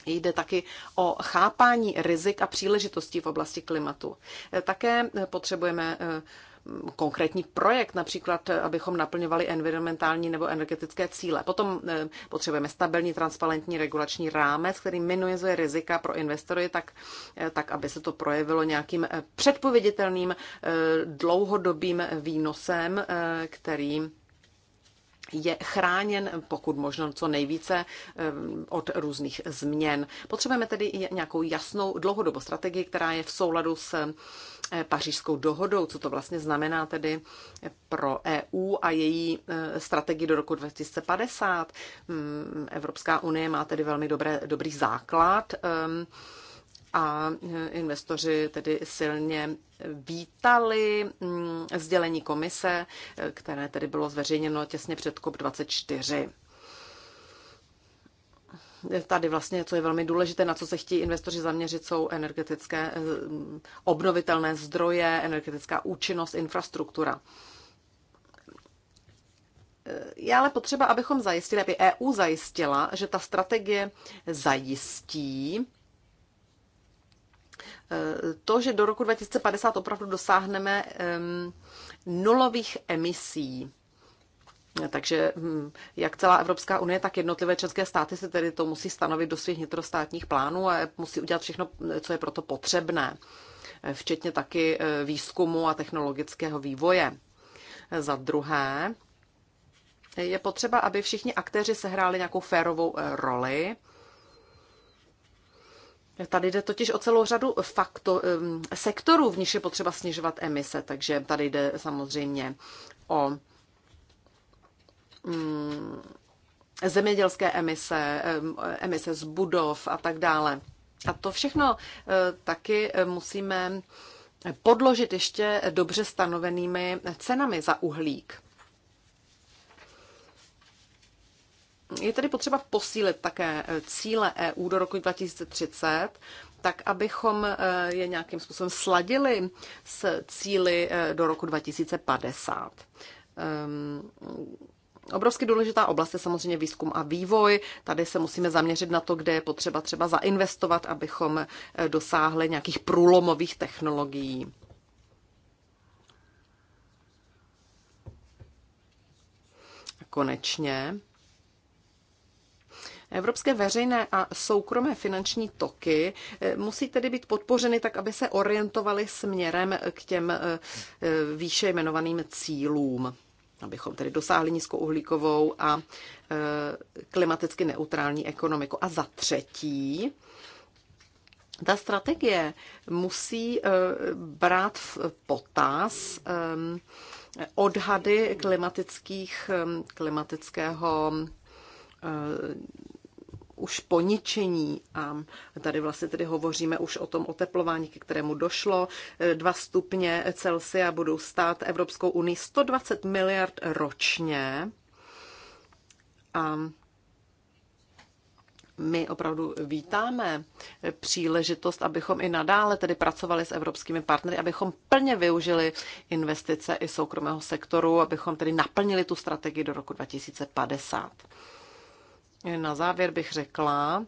Jde taky o chápání rizik a příležitostí v oblasti klimatu. Také potřebujeme eh, konkrétní projekt, například abychom naplňovali environmentální nebo energetické cíle. Potom eh, potřebujeme stabilní, transparentní regulační rámec, který minimizuje rizika pro investory, tak, eh, tak aby se to projevilo nějakým předpověditelným dlouhodobým výnosem, který je chráněn pokud možno co nejvíce eh, od různých změn. Potřebujeme tedy nějakou jasnou dlouhodobou strategii, která je v souladu s eh, pařížskou dohodou, co to vlastně znamená tedy eh, pro EU a její strategii do roku 2050. Hmm, Evropská unie má tedy velmi dobré, dobrý základ ehm, a e, investoři tedy silně vítali mm, sdělení komise, e, které tedy bylo zveřejněno těsně před COP24 tady vlastně, co je velmi důležité, na co se chtějí investoři zaměřit, jsou energetické e, obnovitelné zdroje, energetická účinnost, infrastruktura. Je ale potřeba, abychom zajistili, aby EU zajistila, že ta strategie zajistí Eh, to, že do roku 2050 opravdu dosáhneme nulových emisí. Takže hm, jak celá Evropská unie, tak jednotlivé české státy se tedy to musí stanovit do svých vnitrostátních plánů a musí udělat všechno, co je proto potřebné, eh, včetně taky eh, výzkumu a technologického vývoje. Za druhé, je potřeba, aby všichni aktéři sehráli nějakou férovou roli Tady jde totiž o celou řadu faktor, sektorů, v nich je potřeba snižovat emise, takže tady jde samozřejmě o mm, zemědělské emise, emise z budov a tak dále. A to všechno e, taky e, musíme podložit ještě dobře stanovenými cenami za uhlík. Je tedy potřeba posílit také eh, cíle EU do roku 2030, tak abychom eh, je nějakým způsobem sladili s cíly eh, do roku 2050. Ehm, obrovsky důležitá oblast je samozřejmě výzkum a vývoj. Tady se musíme zaměřit na to, kde je potřeba třeba zainvestovat, abychom dosáhli nějakých průlomových technologií. Konečně Evropské veřejné a soukromé finanční toky eh, musí tedy být podpořeny tak, aby se orientovaly směrem k těm eh, eh, výše jmenovaným cílům abychom tedy dosáhli nízkouhlíkovou a klimaticky neutrální ekonomiku. A za třetí, ta strategie musí brát v potaz odhady klimatických, klimatického už poničení a tady vlastně tedy hovoříme už o tom oteplování, ke kterému došlo. 2 e, stupně Celsia budou stát Evropskou unii 120 miliard ročně a my opravdu vítáme příležitost, abychom i nadále tedy pracovali s evropskými partnery, abychom plně využili investice i soukromého sektoru, abychom tedy naplnili tu strategii do roku 2050. Na závěr bych řekla,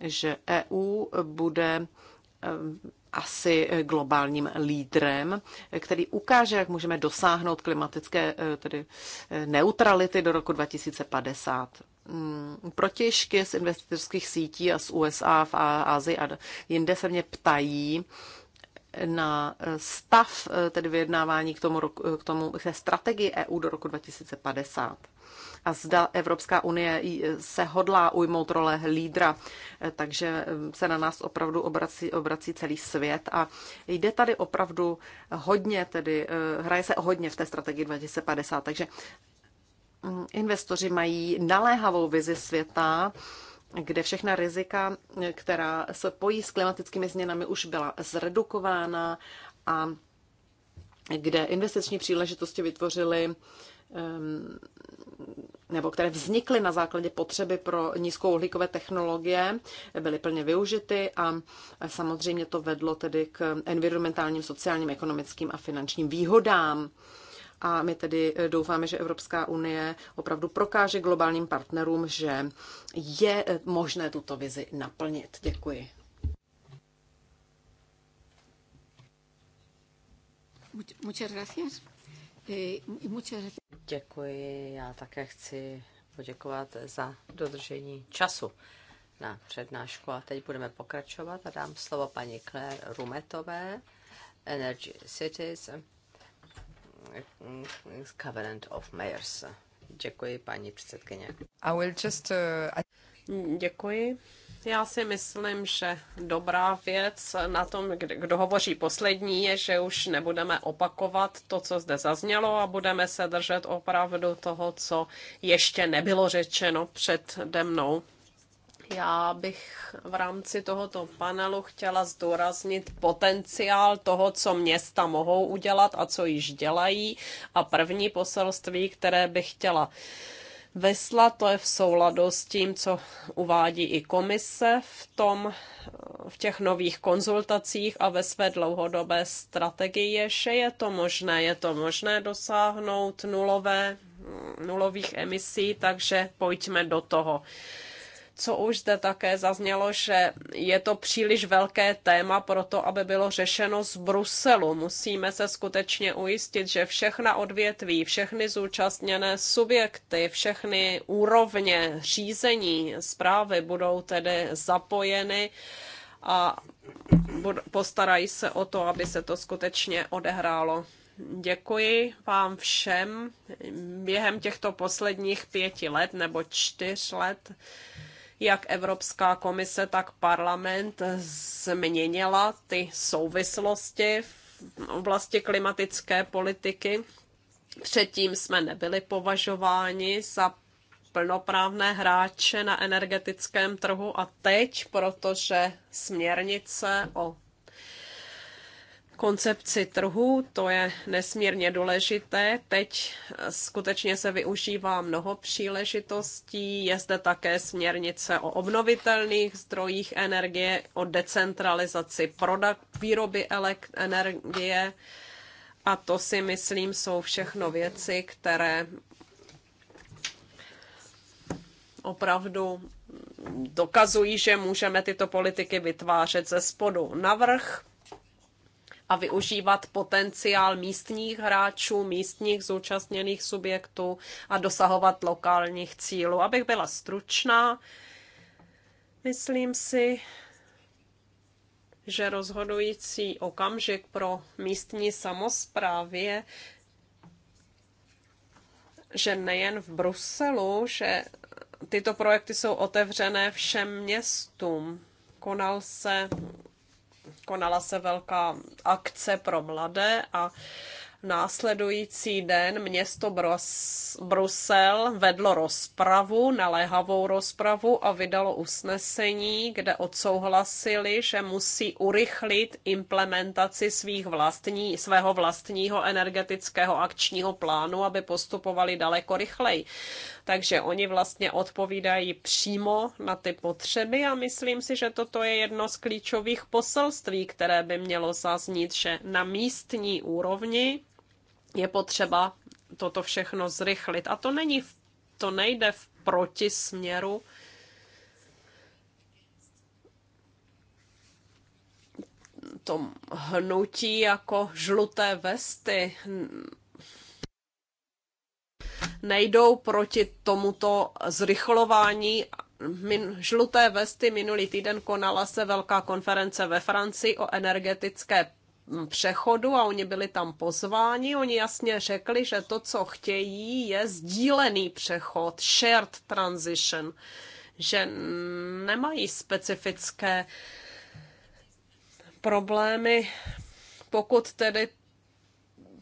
že EU bude eh, asi globálním lídrem, který ukáže, jak můžeme dosáhnout klimatické eh, tedy eh, neutrality do roku 2050. Mm, protěžky z investorských sítí a z USA v Ázii a jinde se mě ptají na stav tedy vyjednávání k tomu, k tomu k té strategii EU do roku 2050 a zda Evropská unie e, se hodlá ujmout role lídra. E, takže e, se na nás opravdu obrací, obrací celý svět a jde tady opravdu hodně, tedy hraje se hodně v té strategii 2050. Takže mm, investoři mají naléhavou vizi světa, kde všechna rizika, která se pojí s klimatickými změnami, už byla zredukována a kde investiční příležitosti vytvořily nebo které vznikly na základě potřeby pro nízkouhlíkové technologie, byly plně využity a samozřejmě to vedlo tedy k environmentálním, sociálním, ekonomickým a finančním výhodám. A my tedy eh, doufáme, že Evropská unie opravdu prokáže globálním partnerům, že je eh, možné tuto vizi naplnit. Děkuji. Muchas gracias. Eh, Děkuji, já také chci poděkovat za dodržení času na přednášku a teď budeme pokračovat a dám slovo paní Claire Rumetové, Energy Cities, eh, Covenant of Mayors. Děkuji, paní předsedkyně. I will just, uh, I... Děkuji. Já si myslím, že dobrá věc na tom, kdo hovoří poslední, je, že už nebudeme opakovat to, co zde zaznělo a budeme se držet opravdu toho, co ještě nebylo řečeno přede mnou. Já bych v rámci tohoto panelu chtěla zdůraznit potenciál toho, co města mohou udělat a co již dělají. A první poselství, které bych chtěla uh, Vesla To je v souladu s tím, co uvádí i komise v, tom, v těch nových konzultacích a ve své dlouhodobé strategii. Že je to možné, je to možné dosáhnout nulové, nulových emisí, takže pojďme do toho co už zde také zaznělo, že je to příliš velké téma pro to, aby bylo řešeno z Bruselu. Musíme se skutečně ujistit, že všechna odvětví, všechny zúčastněné subjekty, všechny úrovně řízení zprávy budou tedy zapojeny a postarají se o to, aby se to skutečně odehrálo. Děkuji vám všem. Během těchto posledních pěti let nebo čtyř let jak Evropská komise, tak parlament změnila ty souvislosti v oblasti klimatické politiky. Předtím jsme nebyli považováni za plnoprávné hráče na energetickém trhu a teď, protože směrnice o koncepci trhu, to je nesmírně důležité. Teď eh, skutečně se využívá mnoho příležitostí. Je zde také směrnice o obnovitelných zdrojích energie, o decentralizaci produkt, výroby energie. A to si myslím jsou všechno věci, které opravdu dokazují, že můžeme tyto politiky vytvářet ze spodu navrh a využívat potenciál místních hráčů, místních zúčastněných subjektů a dosahovat lokálních cílů. Abych byla stručná, myslím si, že rozhodující okamžik pro místní samozprávy je, že nejen v Bruselu, že tyto projekty jsou otevřené všem městům. Konal se konala se velká akce pro mladé a Následující den město Brus- Brusel vedlo rozpravu, naléhavou rozpravu a vydalo usnesení, kde odsouhlasili, že musí urychlit implementaci svých vlastní, svého vlastního energetického akčního plánu, aby postupovali daleko rychleji takže oni vlastně odpovídají přímo na ty potřeby a myslím si, že toto je jedno z klíčových poselství, které by mělo zaznít, že na místní úrovni je potřeba toto všechno zrychlit. A to není, to nejde v protisměru tom hnutí jako žluté vesty nejdou proti tomuto zrychlování. Min, žluté vesty minulý týden konala se velká konference ve Francii o energetické mm, přechodu a oni byli tam pozváni. Oni jasně řekli, že to, co chtějí, je sdílený přechod, shared transition, že nemají specifické problémy, pokud tedy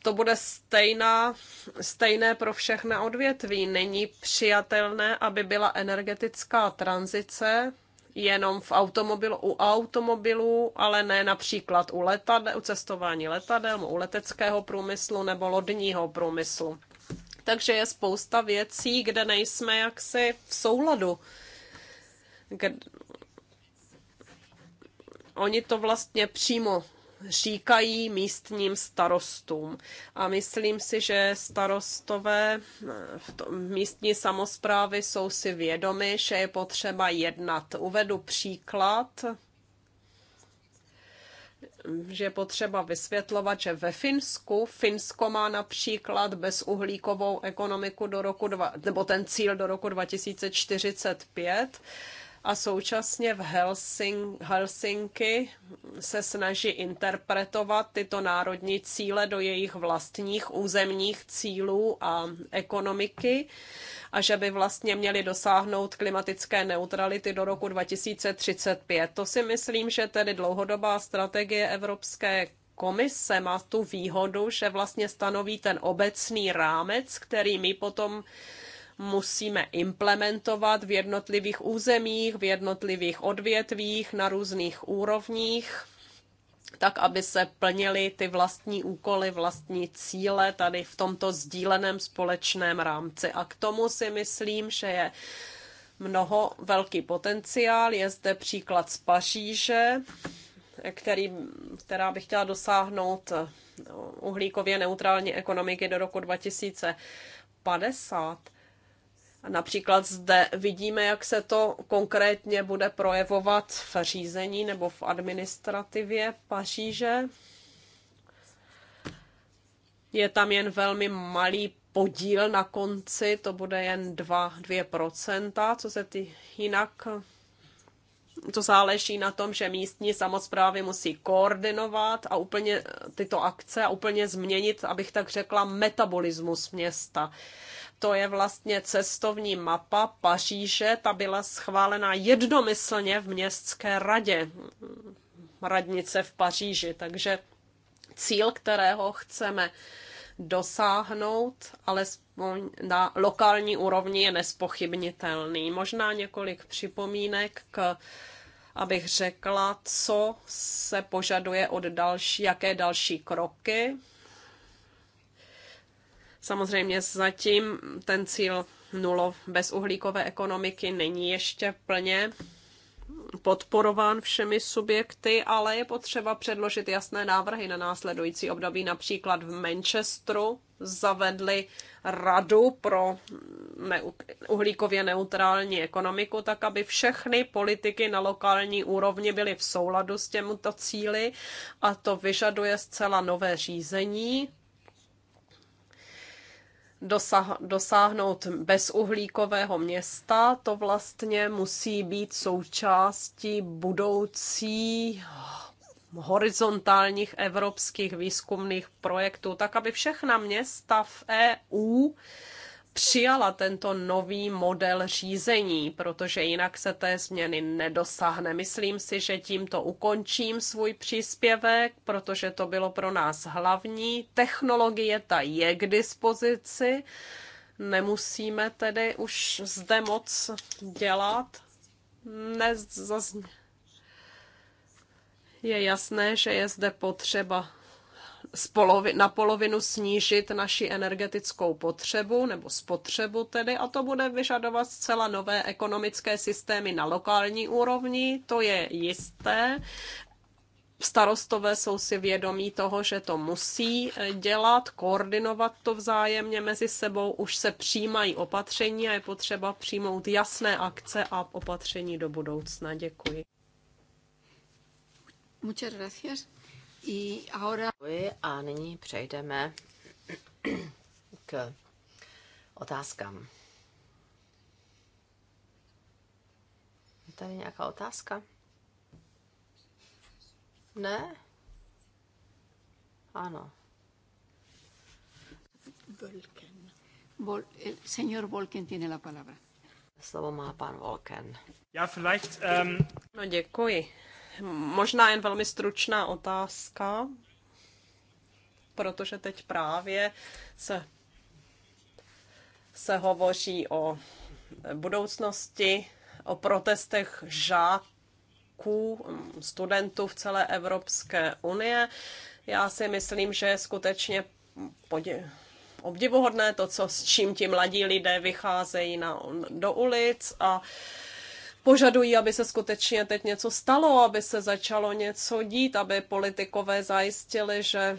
to bude stejná, stejné pro všechna odvětví. Není přijatelné, aby byla energetická tranzice jenom v automobilu, u automobilů, ale ne například u, letadel, u cestování letadel, u leteckého průmyslu nebo lodního průmyslu. Takže je spousta věcí, kde nejsme jaksi v souladu. Kde... Oni to vlastně přímo říkají místním starostům. A myslím si, že starostové eh, v místní samozprávy jsou si vědomi, že je potřeba jednat. Uvedu příklad že je potřeba vysvětlovat, že ve Finsku, Finsko má například bezuhlíkovou ekonomiku do roku, dva, nebo ten cíl do roku 2045, a současně v Helsing, Helsinki se snaží interpretovat tyto národní cíle do jejich vlastních územních cílů a ekonomiky a že by vlastně měli dosáhnout klimatické neutrality do roku 2035. To si myslím, že tedy dlouhodobá strategie Evropské komise má tu výhodu, že vlastně stanoví ten obecný rámec, který my potom musíme implementovat v jednotlivých územích, v jednotlivých odvětvích, na různých úrovních, tak aby se plnily ty vlastní úkoly, vlastní cíle tady v tomto sdíleném společném rámci. A k tomu si myslím, že je mnoho velký potenciál. Je zde příklad z Paříže, který, která by chtěla dosáhnout eh, uhlíkově neutrální ekonomiky do roku 2050. Například zde vidíme, jak se to konkrétně bude projevovat v řízení nebo v administrativě Paříže. Je tam jen velmi malý podíl na konci, to bude jen 2, 2%, co se ty jinak to záleží na tom, že místní samozprávy musí koordinovat a úplně tyto akce a úplně změnit, abych tak řekla, metabolismus města to je vlastně cestovní mapa Paříže, ta byla schválena jednomyslně v městské radě radnice v Paříži, takže cíl, kterého chceme dosáhnout, alespoň na lokální úrovni, je nespochybnitelný. Možná několik připomínek k abych řekla, co se požaduje od další, jaké další kroky Samozřejmě zatím ten cíl nulo bezuhlíkové ekonomiky není ještě plně podporován všemi subjekty, ale je potřeba předložit jasné návrhy na následující období. Například v Manchesteru zavedli radu pro uhlíkově neutrální ekonomiku, tak aby všechny politiky na lokální úrovni byly v souladu s těmito cíly a to vyžaduje zcela nové řízení dosáhnout bezuhlíkového města, to vlastně musí být součástí budoucí horizontálních evropských výzkumných projektů, tak aby všechna města v EU přijala tento nový model řízení, protože jinak se té změny nedosáhne. Myslím si, že tímto ukončím svůj příspěvek, protože to bylo pro nás hlavní. Technologie ta je k dispozici, nemusíme tedy už zde moc dělat. Je jasné, že je zde potřeba na polovinu snížit naši energetickou potřebu nebo spotřebu tedy a to bude vyžadovat zcela nové ekonomické systémy na lokální úrovni, to je jisté starostové jsou si vědomí toho, že to musí eh, dělat, koordinovat to vzájemně mezi sebou, už se přijímají opatření a je potřeba přijmout jasné akce a opatření do budoucna. Děkuji. Muchas gracias. Y ahora... A nyní přejdeme <clears throat> k otázkám. Je tady nějaká otázka? Ne? Ano. Volken. Vol, el eh, señor Volken tiene la palabra. Slovo má pan Volken. Já vielleicht... Um... No děkuji. Možná jen velmi stručná otázka, protože teď právě se, se hovoří o budoucnosti, o protestech žáků, studentů v celé Evropské unie. Já si myslím, že je skutečně podě- obdivuhodné to, co, s čím ti mladí lidé vycházejí na, do ulic a uh, požadují, aby se skutečně teď něco stalo, aby se začalo něco dít, aby politikové zajistili, že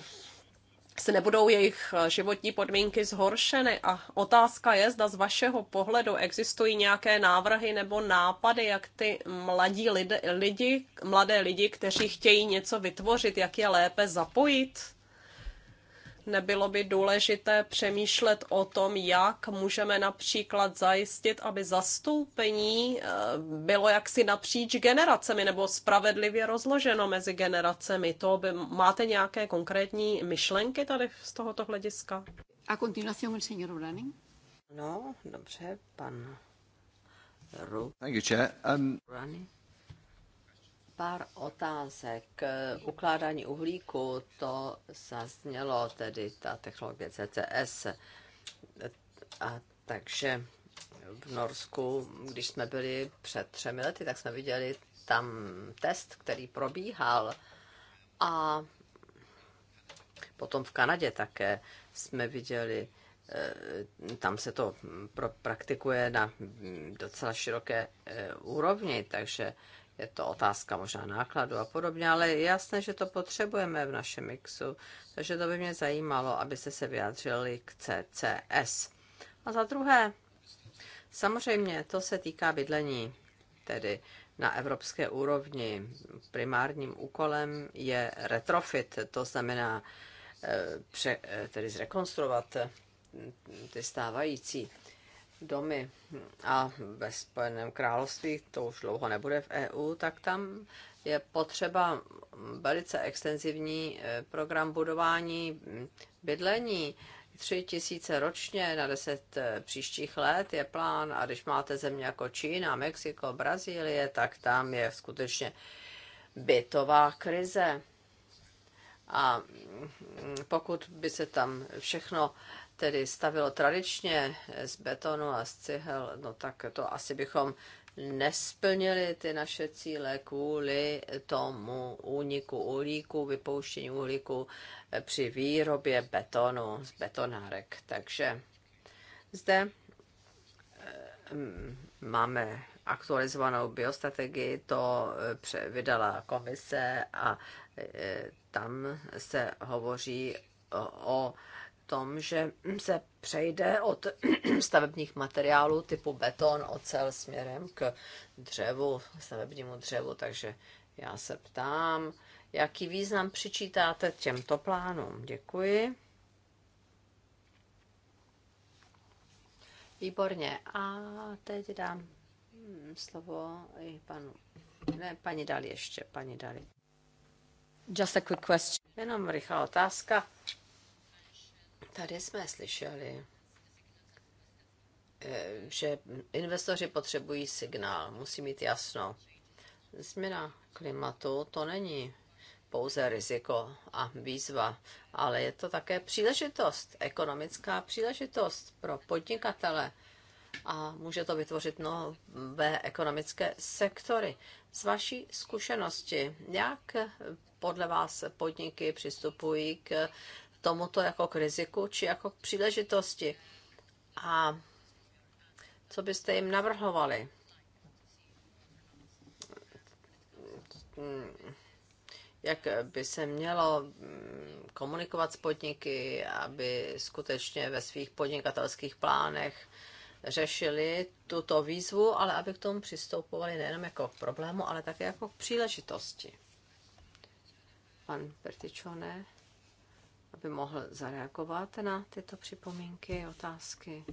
se nebudou jejich životní podmínky zhoršeny. A otázka je, zda z vašeho pohledu existují nějaké návrhy nebo nápady, jak ty mladí lidi, lidi, mladé lidi, kteří chtějí něco vytvořit, jak je lépe zapojit nebylo by důležité přemýšlet o tom, jak můžeme například zajistit, aby zastoupení eh, bylo jaksi napříč generacemi nebo spravedlivě rozloženo mezi generacemi. To by, máte nějaké konkrétní myšlenky tady z tohoto hlediska? A continuación el señor Running. No, dobře, pan Ru. Thank you, chair. Um pár otázek. Ukládání uhlíku, to zaznělo tedy ta technologie CCS. A takže v Norsku, když jsme byli před třemi lety, tak jsme viděli tam test, který probíhal. A potom v Kanadě také jsme viděli, eh, tam se to praktikuje na docela široké eh, úrovni, takže je to otázka možná nákladu a podobně, ale je jasné, že to potřebujeme v našem mixu, takže to by mě zajímalo, abyste se vyjádřili k CCS. A za druhé, samozřejmě to se týká bydlení, tedy na evropské úrovni. Primárním úkolem je retrofit, to znamená eh, pře, eh, tedy zrekonstruovat mm, ty stávající domy a ve Spojeném království, to už dlouho nebude v EU, tak tam je potřeba velice extenzivní eh, program budování hm, bydlení. Tři tisíce ročně na deset eh, příštích let je plán a když máte země jako Čína, Mexiko, Brazílie, tak tam je skutečně bytová krize. A hm, pokud by se tam všechno tedy stavilo tradičně z betonu a z cihel, no tak to asi bychom nesplnili ty naše cíle kvůli tomu úniku uhlíku, vypouštění uhlíku při výrobě betonu z betonárek. Takže zde eh, mm, máme aktualizovanou biostrategii, to eh, vydala komise a eh, tam se hovoří o tom, že se přejde od <clears throat> stavebních materiálů typu beton, ocel směrem k dřevu, stavebnímu dřevu, takže já se ptám, jaký význam přičítáte těmto plánům. Děkuji. Výborně. A teď dám hm, slovo i panu. Ne, paní Dali ještě, paní Dali. Just a quick question. Jenom rychlá otázka Tady jsme slyšeli, eh, že investoři potřebují signál, musí mít jasno. Změna klimatu to není pouze riziko a výzva, ale je to také příležitost, ekonomická příležitost pro podnikatele a může to vytvořit nové ekonomické sektory. Z vaší zkušenosti, jak podle vás podniky přistupují k tomuto jako k riziku či jako k příležitosti. A co byste jim navrhovali? Jak by se mělo mm, komunikovat s podniky, aby skutečně ve svých podnikatelských plánech řešili tuto výzvu, ale aby k tomu přistoupovali nejenom jako k problému, ale také jako k příležitosti. Pan Pertičone aby mohl zareagovat na tyto připomínky, otázky.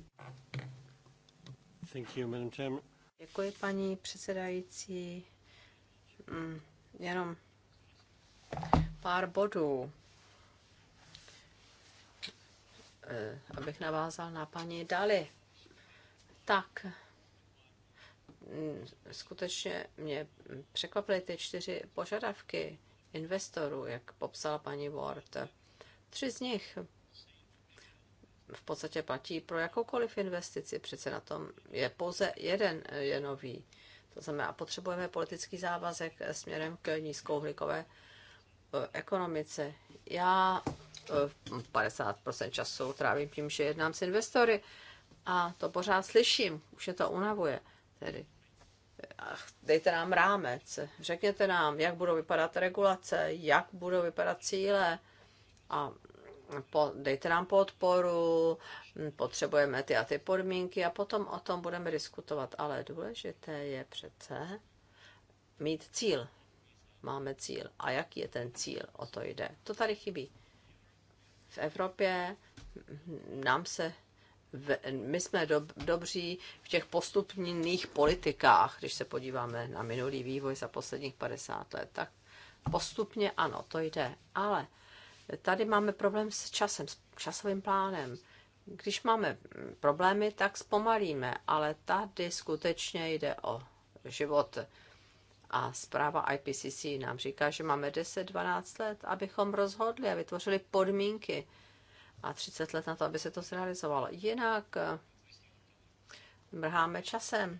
Thank you, Madam Chairman. Děkuji, paní předsedající. Mm, jenom pár bodů, e, abych navázal na paní Dali. Tak, mm, skutečně mě překvapily ty čtyři požadavky investorů, jak popsala paní Ward. Tři z nich v podstatě platí pro jakoukoliv investici. Přece na tom je pouze jeden eh, je nový. To znamená, potřebujeme politický závazek eh, směrem k nízkouhlíkové eh, ekonomice. Já 50% času trávím tím, že jednám s investory a to pořád slyším, už je to unavuje. Tedy Ach, dejte nám rámec, řekněte nám, jak budou vypadat regulace, jak budou vypadat cíle, a po, dejte nám podporu, potřebujeme ty a ty podmínky a potom o tom budeme diskutovat. Ale důležité je přece mít cíl. Máme cíl. A jaký je ten cíl? O to jde. To tady chybí. V Evropě nám se my jsme dob, dobří v těch postupných politikách, když se podíváme na minulý vývoj za posledních 50 let, tak postupně ano, to jde, ale Tady máme problém s časem, s časovým plánem. Když máme problémy, tak zpomalíme, ale tady skutečně jde o život. A zpráva IPCC nám říká, že máme 10-12 let, abychom rozhodli a vytvořili podmínky a 30 let na to, aby se to zrealizovalo. Jinak eh, mrháme časem.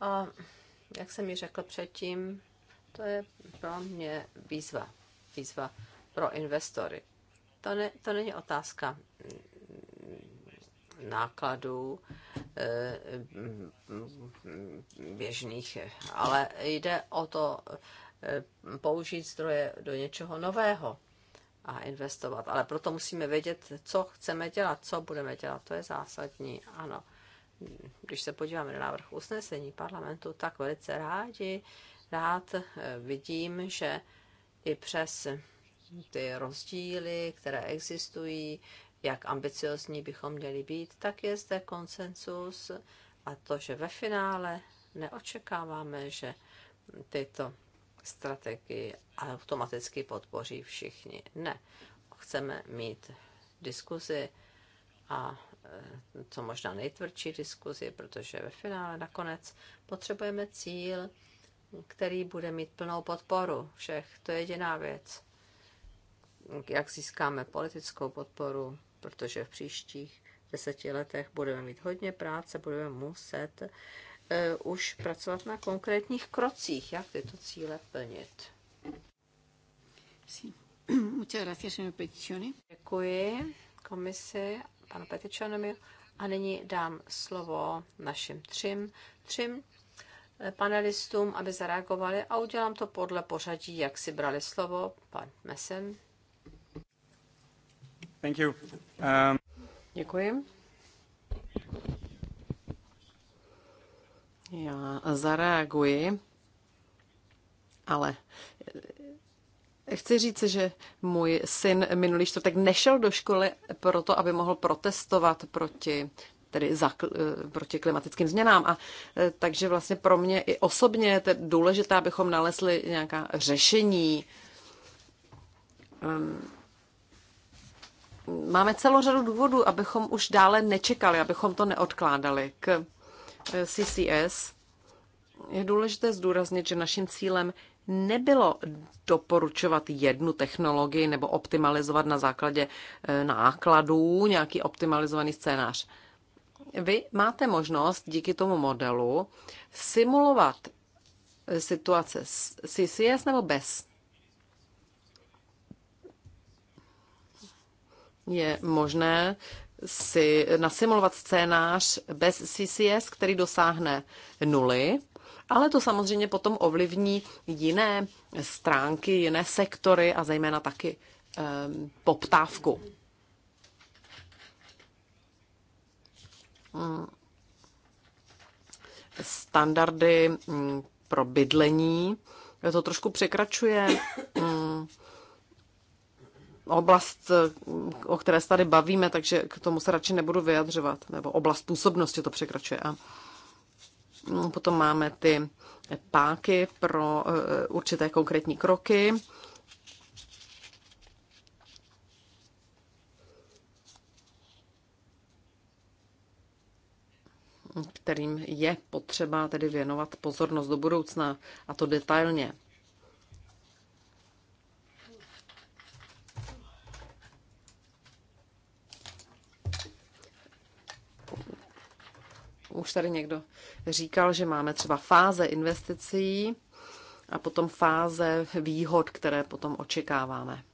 A jak jsem ji řekl předtím, to je pro mě výzva. Výzva pro investory. To, ne, to není otázka mm, nákladů eh, mm, běžných, ale jde o to eh, použít zdroje do něčeho nového a investovat. Ale proto musíme vědět, co chceme dělat, co budeme dělat. To je zásadní, ano. Když se podíváme na návrh usnesení parlamentu, tak velice rádi, rád eh, vidím, že i přes ty rozdíly, které existují, jak ambiciozní bychom měli být, tak je zde konsensus a to, že ve finále neočekáváme, že tyto strategii automaticky podpoří všichni. Ne, chceme mít diskuzi a e, co možná nejtvrdší diskuzi, protože ve finále nakonec potřebujeme cíl, který bude mít plnou podporu všech. To je jediná věc jak získáme politickou podporu, protože v příštích deseti letech budeme mít hodně práce, budeme muset eh, už pracovat na konkrétních krocích, jak tyto cíle plnit. <clears throat> Děkuji komisi, panu Peticionovi. A nyní dám slovo našim třim, třim eh, panelistům, aby zareagovali a udělám to podle pořadí, jak si brali slovo pan Mesen. Um, Děkuji. Já zareaguji, ale chci říct, že můj syn minulý čtvrtek nešel do školy proto, aby mohl protestovat proti tedy za, eh, proti klimatickým změnám. A eh, takže vlastně pro mě i osobně je důležité, abychom nalezli nějaká řešení. Um, máme celou řadu důvodů, abychom už dále nečekali, abychom to neodkládali k eh, CCS. Je důležité zdůraznit, že naším cílem nebylo doporučovat jednu technologii nebo optimalizovat na základě eh, nákladů nějaký optimalizovaný scénář. Vy máte možnost díky tomu modelu simulovat eh, situace s CCS nebo bez je možné si nasimulovat scénář bez CCS, který dosáhne nuly, ale to samozřejmě potom ovlivní jiné stránky, jiné sektory a zejména taky um, poptávku. Hmm. Standardy hmm, pro bydlení to trošku překračuje hmm, oblast, o které se tady bavíme, takže k tomu se radši nebudu vyjadřovat, nebo oblast působnosti to překračuje. A mm, potom máme ty páky pro eh, určité konkrétní kroky. kterým je potřeba tedy věnovat pozornost do budoucna, a to detailně. Už tady někdo říkal, že máme třeba fáze investicí a potom fáze výhod, které potom očekáváme.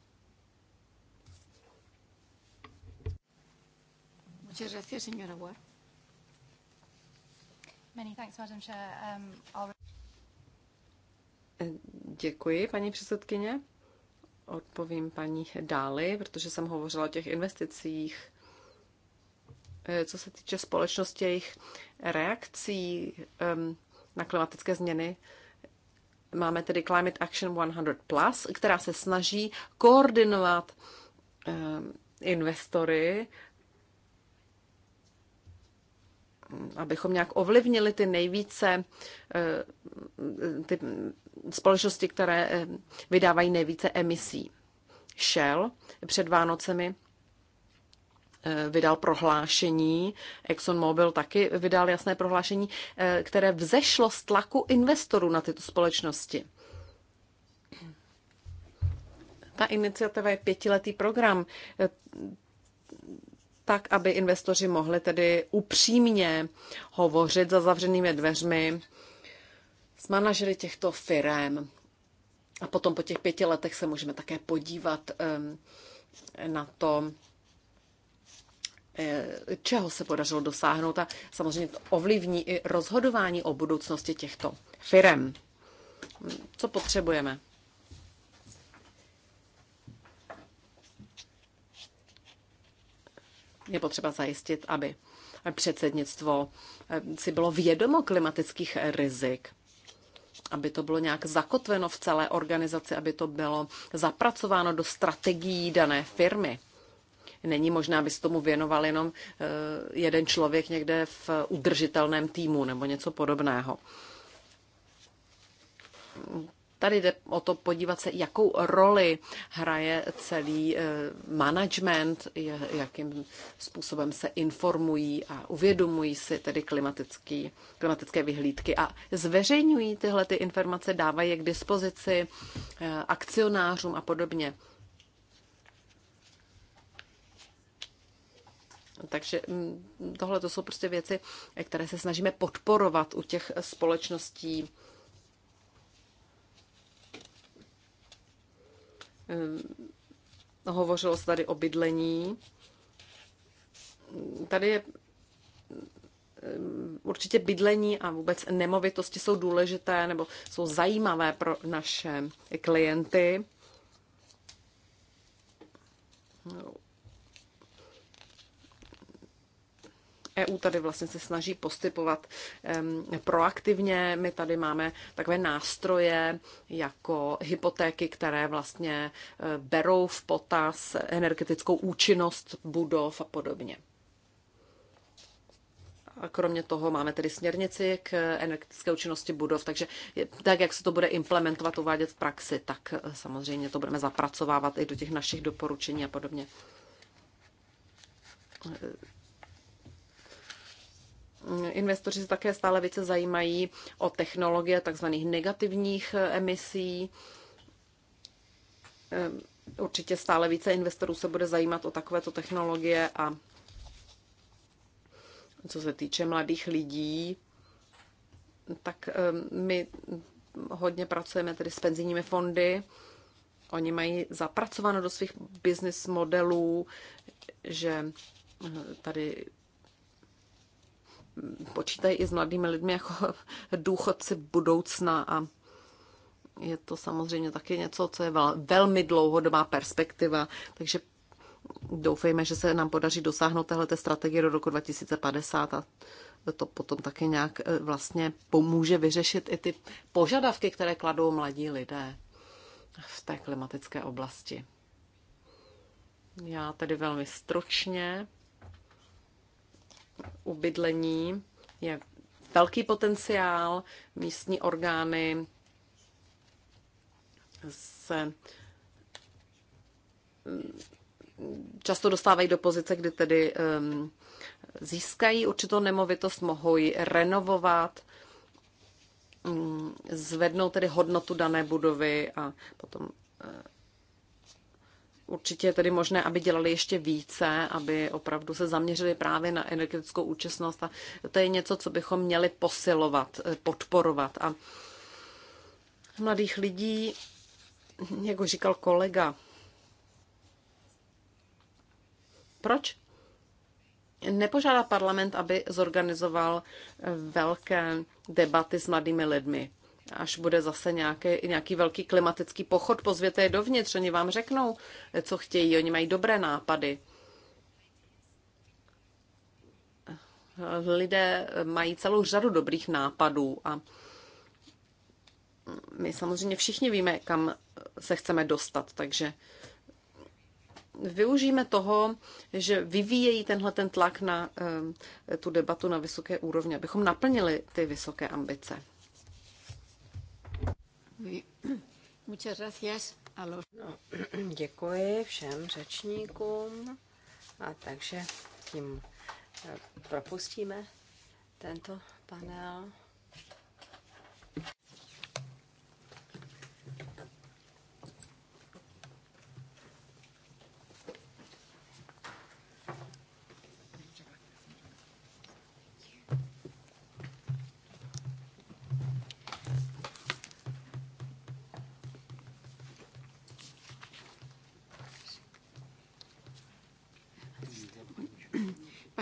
Um, Děkuji, paní předsedkyně. Odpovím paní Dáli, protože jsem hovořila o těch investicích Eh, co se týče společnosti, jejich reakcí na klimatické změny, máme tedy Climate Action 100+, Plus, která se snaží koordinovat investory, abychom nějak ovlivnili ty nejvíce eh, ty společnosti, které vydávají nejvíce emisí. Shell před Vánocemi Eh, vydal prohlášení, ExxonMobil taky vydal jasné prohlášení, eh, které vzešlo z tlaku investorů na tyto společnosti. Ta iniciativa je pětiletý program, eh, tak, aby investoři mohli tedy upřímně hovořit za zavřenými dveřmi s manažery těchto firm. A potom po těch pěti letech se můžeme také podívat na to, Eh, čeho se podařilo dosáhnout a samozřejmě to ovlivní i rozhodování o budoucnosti těchto firem. Co potřebujeme? Je potřeba zajistit, aby předsednictvo eh, si bylo vědomo klimatických rizik, aby to bylo nějak zakotveno v celé organizaci, aby to bylo zapracováno do strategií dané firmy není možné, aby se tomu věnoval jenom eh, jeden člověk někde v udržitelném týmu nebo něco podobného. Tady jde o to podívat se, jakou roli hraje celý eh, management, jakým způsobem se informují a uvědomují si tedy klimatický, klimatické vyhlídky a zveřejňují tyhle ty informace, dávají je k dispozici eh, akcionářům a podobně. Takže mm, tohle to jsou prostě věci, které se snažíme podporovat u těch společností. Ehm, hovořilo se tady o bydlení. Tady je ehm, určitě bydlení a vůbec nemovitosti jsou důležité nebo jsou zajímavé pro naše klienty EU tady vlastně se snaží postupovat proaktivně. My tady máme takové nástroje jako hypotéky, které vlastně e, berou v potaz energetickou účinnost budov a podobně. A kromě toho máme tedy směrnici k energetické účinnosti budov, takže tak, jak se to bude implementovat, uvádět v praxi, tak e, samozřejmě to budeme zapracovávat i do těch našich doporučení a podobně investoři se také stále více zajímají o technologie tzv. negativních emisí. Ehm, určitě stále více investorů se bude zajímat o takovéto technologie a co se týče mladých lidí, tak ehm, my hodně pracujeme tedy s penzijními fondy. Oni mají zapracováno do svých business modelů, že ehm, tady počítají i s mladými lidmi jako <laughs> důchodci budoucna a je to samozřejmě taky něco, co je velmi dlouhodobá perspektiva, takže doufejme, že se nám podaří dosáhnout téhle strategie do roku 2050 a to potom také nějak e, vlastně pomůže vyřešit i ty požadavky, které kladou mladí lidé v té klimatické oblasti. Já tedy velmi stručně ubydlení je velký potenciál. Místní orgány se mm, často dostávají do pozice, kdy tedy um, získají určitou nemovitost, mohou ji renovovat, um, zvednou tedy hodnotu dané budovy a potom uh, Určitě je tedy možné, aby dělali ještě více, aby opravdu se zaměřili právě na energetickou účastnost a to je něco, co bychom měli posilovat, eh, podporovat. A mladých lidí, jako říkal kolega, proč nepožádá parlament, aby zorganizoval eh, velké debaty s mladými lidmi? až bude zase nějaký, nějaký velký klimatický pochod, pozvěte je dovnitř, oni vám řeknou, co chtějí, oni mají dobré nápady. Lidé mají celou řadu dobrých nápadů a my samozřejmě všichni víme, kam se chceme dostat, takže využijeme toho, že vyvíjejí tenhle ten tlak na eh, tu debatu na vysoké úrovni, abychom naplnili ty vysoké ambice. No, <clears throat> děkuji všem řečníkům. A takže tím eh, propustíme tento panel.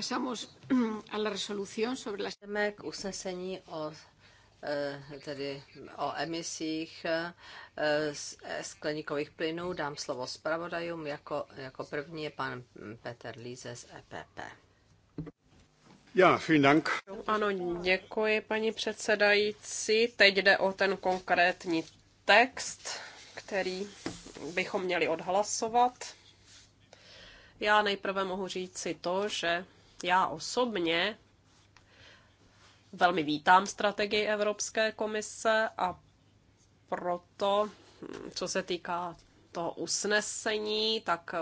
Pasamos <clears throat> a la resolución sobre las... k usnesení o eh, tedy o emisích eh, z eh, skleníkových plynů. Dám slovo zpravodajům. Jako, jako první je pan Peter Líze z EPP. Já, vielen Dank. Ano, děkuji, paní předsedající. Teď jde o ten konkrétní text, který bychom měli odhlasovat. Já nejprve mohu říci to, že já osobně velmi vítám strategii Evropské komise a proto, hm, co se týká toho usnesení, tak eh,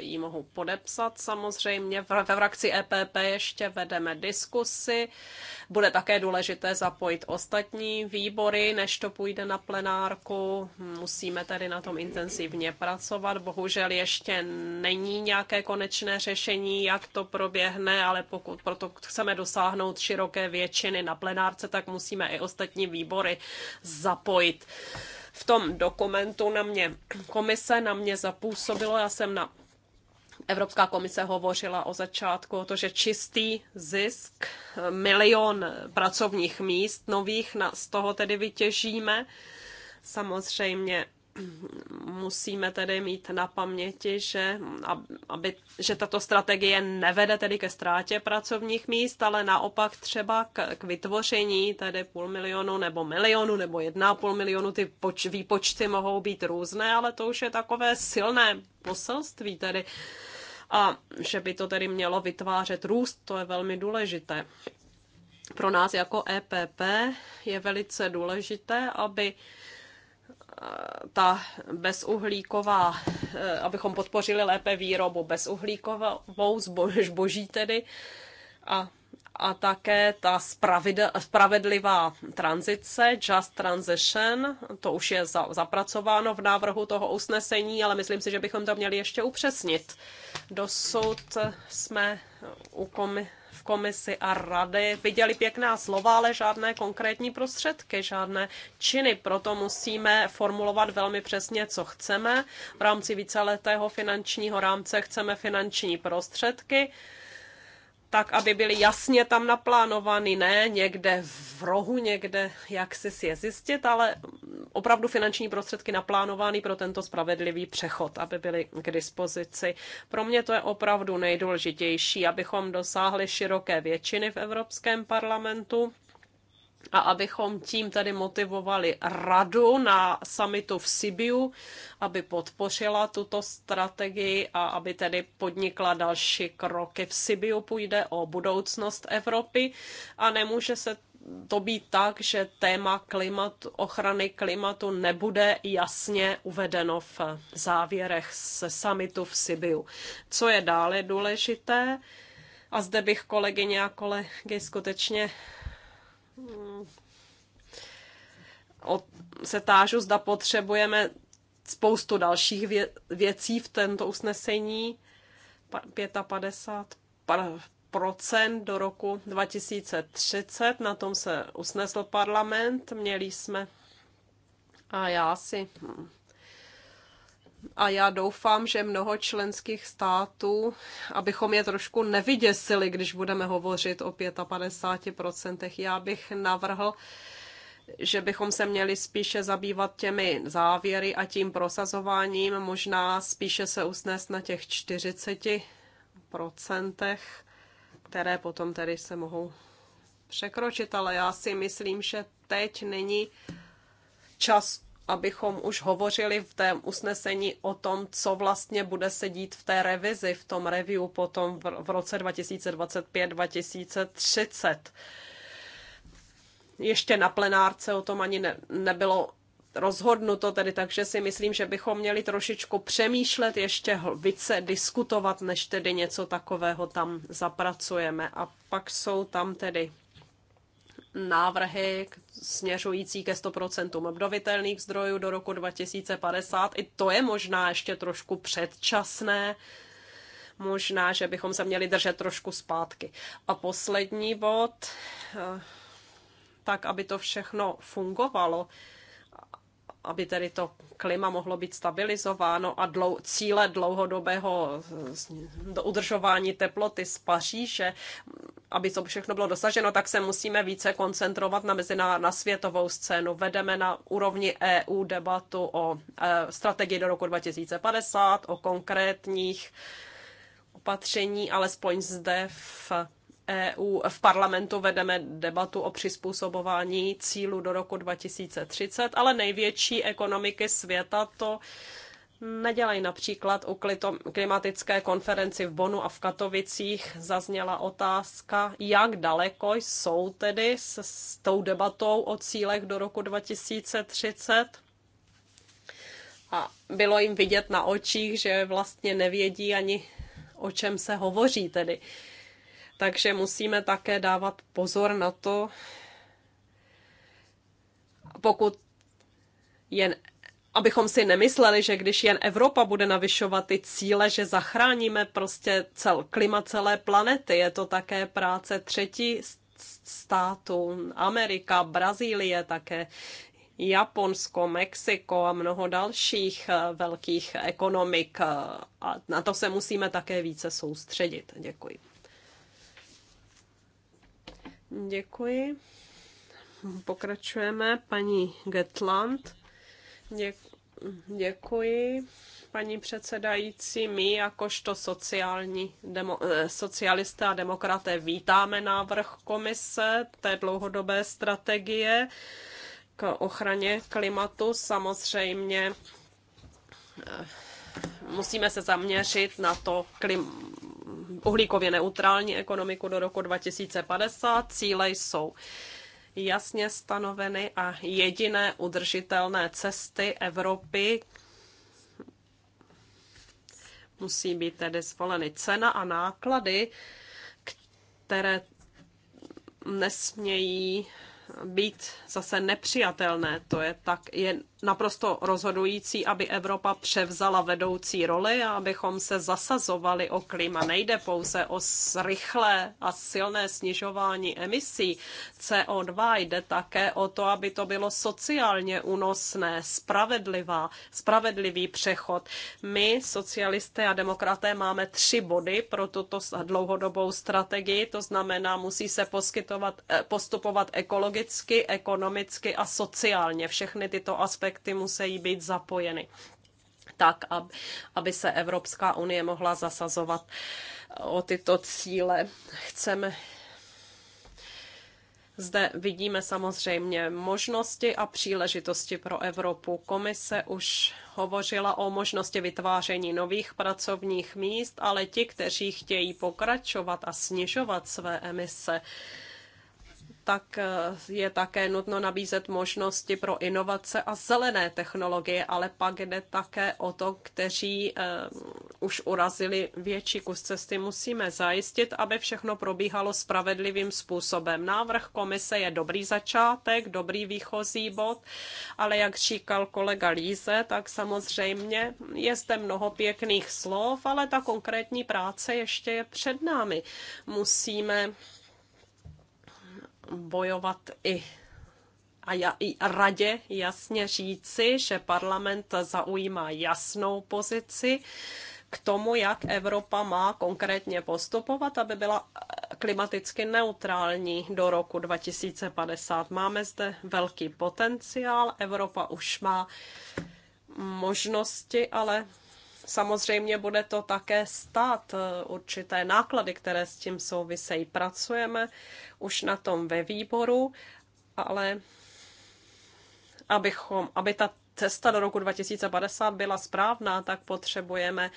ji mohu podepsat samozřejmě. Ve frakci EPP ještě vedeme diskusy. Bude také důležité zapojit ostatní výbory, než to půjde na plenárku. Musíme tedy na tom intenzivně pracovat. Bohužel ještě není nějaké konečné řešení, jak to proběhne, ale pokud proto chceme dosáhnout široké většiny na plenárce, tak musíme i ostatní výbory zapojit v tom dokumentu na mě komise na mě zapůsobilo. Já jsem na Evropská komise hovořila o začátku o to, že čistý zisk, milion pracovních míst nových, na, z toho tedy vytěžíme. Samozřejmě musíme tedy mít na paměti, že, aby, že tato strategie nevede tedy ke ztrátě pracovních míst, ale naopak třeba k, k vytvoření tedy půl milionu nebo milionu nebo jedna půl milionu, ty poč, výpočty mohou být různé, ale to už je takové silné poselství tedy. A že by to tedy mělo vytvářet růst, to je velmi důležité. Pro nás jako EPP je velice důležité, aby ta bezuhlíková, eh, abychom podpořili lépe výrobu bezuhlíkovou zboží tedy a, a také ta spravedlivá tranzice, just transition, to už je za, zapracováno v návrhu toho usnesení, ale myslím si, že bychom to měli ještě upřesnit. Dosud jsme u komi komisi a rady viděli pěkná slova, ale žádné konkrétní prostředky, žádné činy. Proto musíme formulovat velmi přesně, co chceme. V rámci víceletého finančního rámce chceme finanční prostředky tak, aby byly jasně tam naplánovány, ne někde v rohu, někde, jak si si je zjistit, ale opravdu finanční prostředky naplánovány pro tento spravedlivý přechod, aby byly k dispozici. Pro mě to je opravdu nejdůležitější, abychom dosáhli široké většiny v Evropském parlamentu a abychom tím tady motivovali radu na summitu v Sibiu, aby podpořila tuto strategii a aby tedy podnikla další kroky. V Sibiu půjde o budoucnost Evropy a nemůže se to být tak, že téma klimatu, ochrany klimatu nebude jasně uvedeno v závěrech se summitu v Sibiu. Co je dále důležité? A zde bych kolegyně a kolegy skutečně Hmm. se tážu, zda potřebujeme spoustu dalších vě, věcí v tento usnesení. 55 procent do roku 2030, na tom se usnesl parlament, měli jsme a já si hmm, a já doufám, že mnoho členských států, abychom je trošku nevyděsili, když budeme hovořit o 55%, já bych navrhl, že bychom se měli spíše zabývat těmi závěry a tím prosazováním, možná spíše se usnést na těch 40%, které potom tedy se mohou překročit, ale já si myslím, že teď není čas abychom už hovořili v tom usnesení o tom, co vlastně bude sedít v té revizi, v tom review potom v roce 2025-2030. Ještě na plenárce o tom ani ne, nebylo rozhodnuto tedy, takže si myslím, že bychom měli trošičku přemýšlet, ještě více diskutovat, než tedy něco takového tam zapracujeme. A pak jsou tam tedy návrhy směřující ke 100% obnovitelných zdrojů do roku 2050. I to je možná ještě trošku předčasné. Možná, že bychom se měli držet trošku zpátky. A poslední bod, eh, tak aby to všechno fungovalo, aby tedy to klima mohlo být stabilizováno a dlou, cíle dlouhodobého eh, do udržování teploty z Paříže, aby to všechno bylo dosaženo, tak se musíme více koncentrovat na, na, na světovou scénu. Vedeme na úrovni EU debatu o e, strategii do roku 2050, o konkrétních opatření, alespoň zde v EU v parlamentu vedeme debatu o přizpůsobování cílu do roku 2030, ale největší ekonomiky světa to nedělají. Například u klimatické konferenci v Bonu a v Katovicích zazněla otázka, jak daleko jsou tedy s, s tou debatou o cílech do roku 2030. A bylo jim vidět na očích, že vlastně nevědí ani o čem se hovoří tedy. Uh, takže musíme také dávat pozor na to, pokud jen abychom si nemysleli, že když jen Evropa bude navyšovat ty cíle, že zachráníme prostě cel, klima celé planety. Je to také práce třetí států, Amerika, Brazílie také. Japonsko, Mexiko a mnoho dalších eh, velkých ekonomik. A na to se musíme také více soustředit. Děkuji. Děkuji. Pokračujeme. Paní Getland. Děkuji. Paní předsedající, my jakožto sociální demo, eh, socialisté a demokraté vítáme návrh komise té dlouhodobé strategie k ochraně klimatu. Samozřejmě eh, musíme se zaměřit na to klim, uhlíkově neutrální ekonomiku do roku 2050. Cíle jsou jasně stanoveny a jediné udržitelné cesty Evropy musí být tedy zvoleny cena a náklady, které nesmějí být zase nepřijatelné. To je tak, je naprosto rozhodující, aby Evropa převzala vedoucí roli a abychom se zasazovali o klima. Nejde pouze o rychlé a silné snižování emisí CO2, jde také o to, aby to bylo sociálně unosné, spravedlivá, spravedlivý přechod. My, socialisté a demokraté, máme tři body pro tuto dlouhodobou strategii, to znamená, musí se poskytovat, eh, postupovat ekologicky, ekonomicky a sociálně. Všechny tyto aspekty aspekty musí být zapojeny tak, aby se Evropská unie mohla zasazovat eh, o tyto cíle. Chceme zde vidíme samozřejmě možnosti a příležitosti pro Evropu. Komise už hovořila o možnosti vytváření nových pracovních míst, ale ti, kteří chtějí pokračovat a snižovat své emise, tak eh, je také nutno nabízet možnosti pro inovace a zelené technologie, ale pak jde také o to, kteří eh, už urazili větší kus cesty. Musíme zajistit, aby všechno probíhalo spravedlivým způsobem. Návrh komise je dobrý začátek, dobrý výchozí bod, ale jak říkal kolega Líze, tak samozřejmě je zde mnoho pěkných slov, ale ta konkrétní práce ještě je před námi. Musíme bojovat i a ja, i radě jasně říci, že parlament zaujímá jasnou pozici k tomu, jak Evropa má konkrétně postupovat, aby byla eh, klimaticky neutrální do roku 2050. Máme zde velký potenciál, Evropa už má možnosti, ale Samozřejmě bude to také stát eh, určité náklady, které s tím souvisejí. Pracujeme už na tom ve výboru, ale abychom, aby ta cesta do roku 2050 byla správná, tak potřebujeme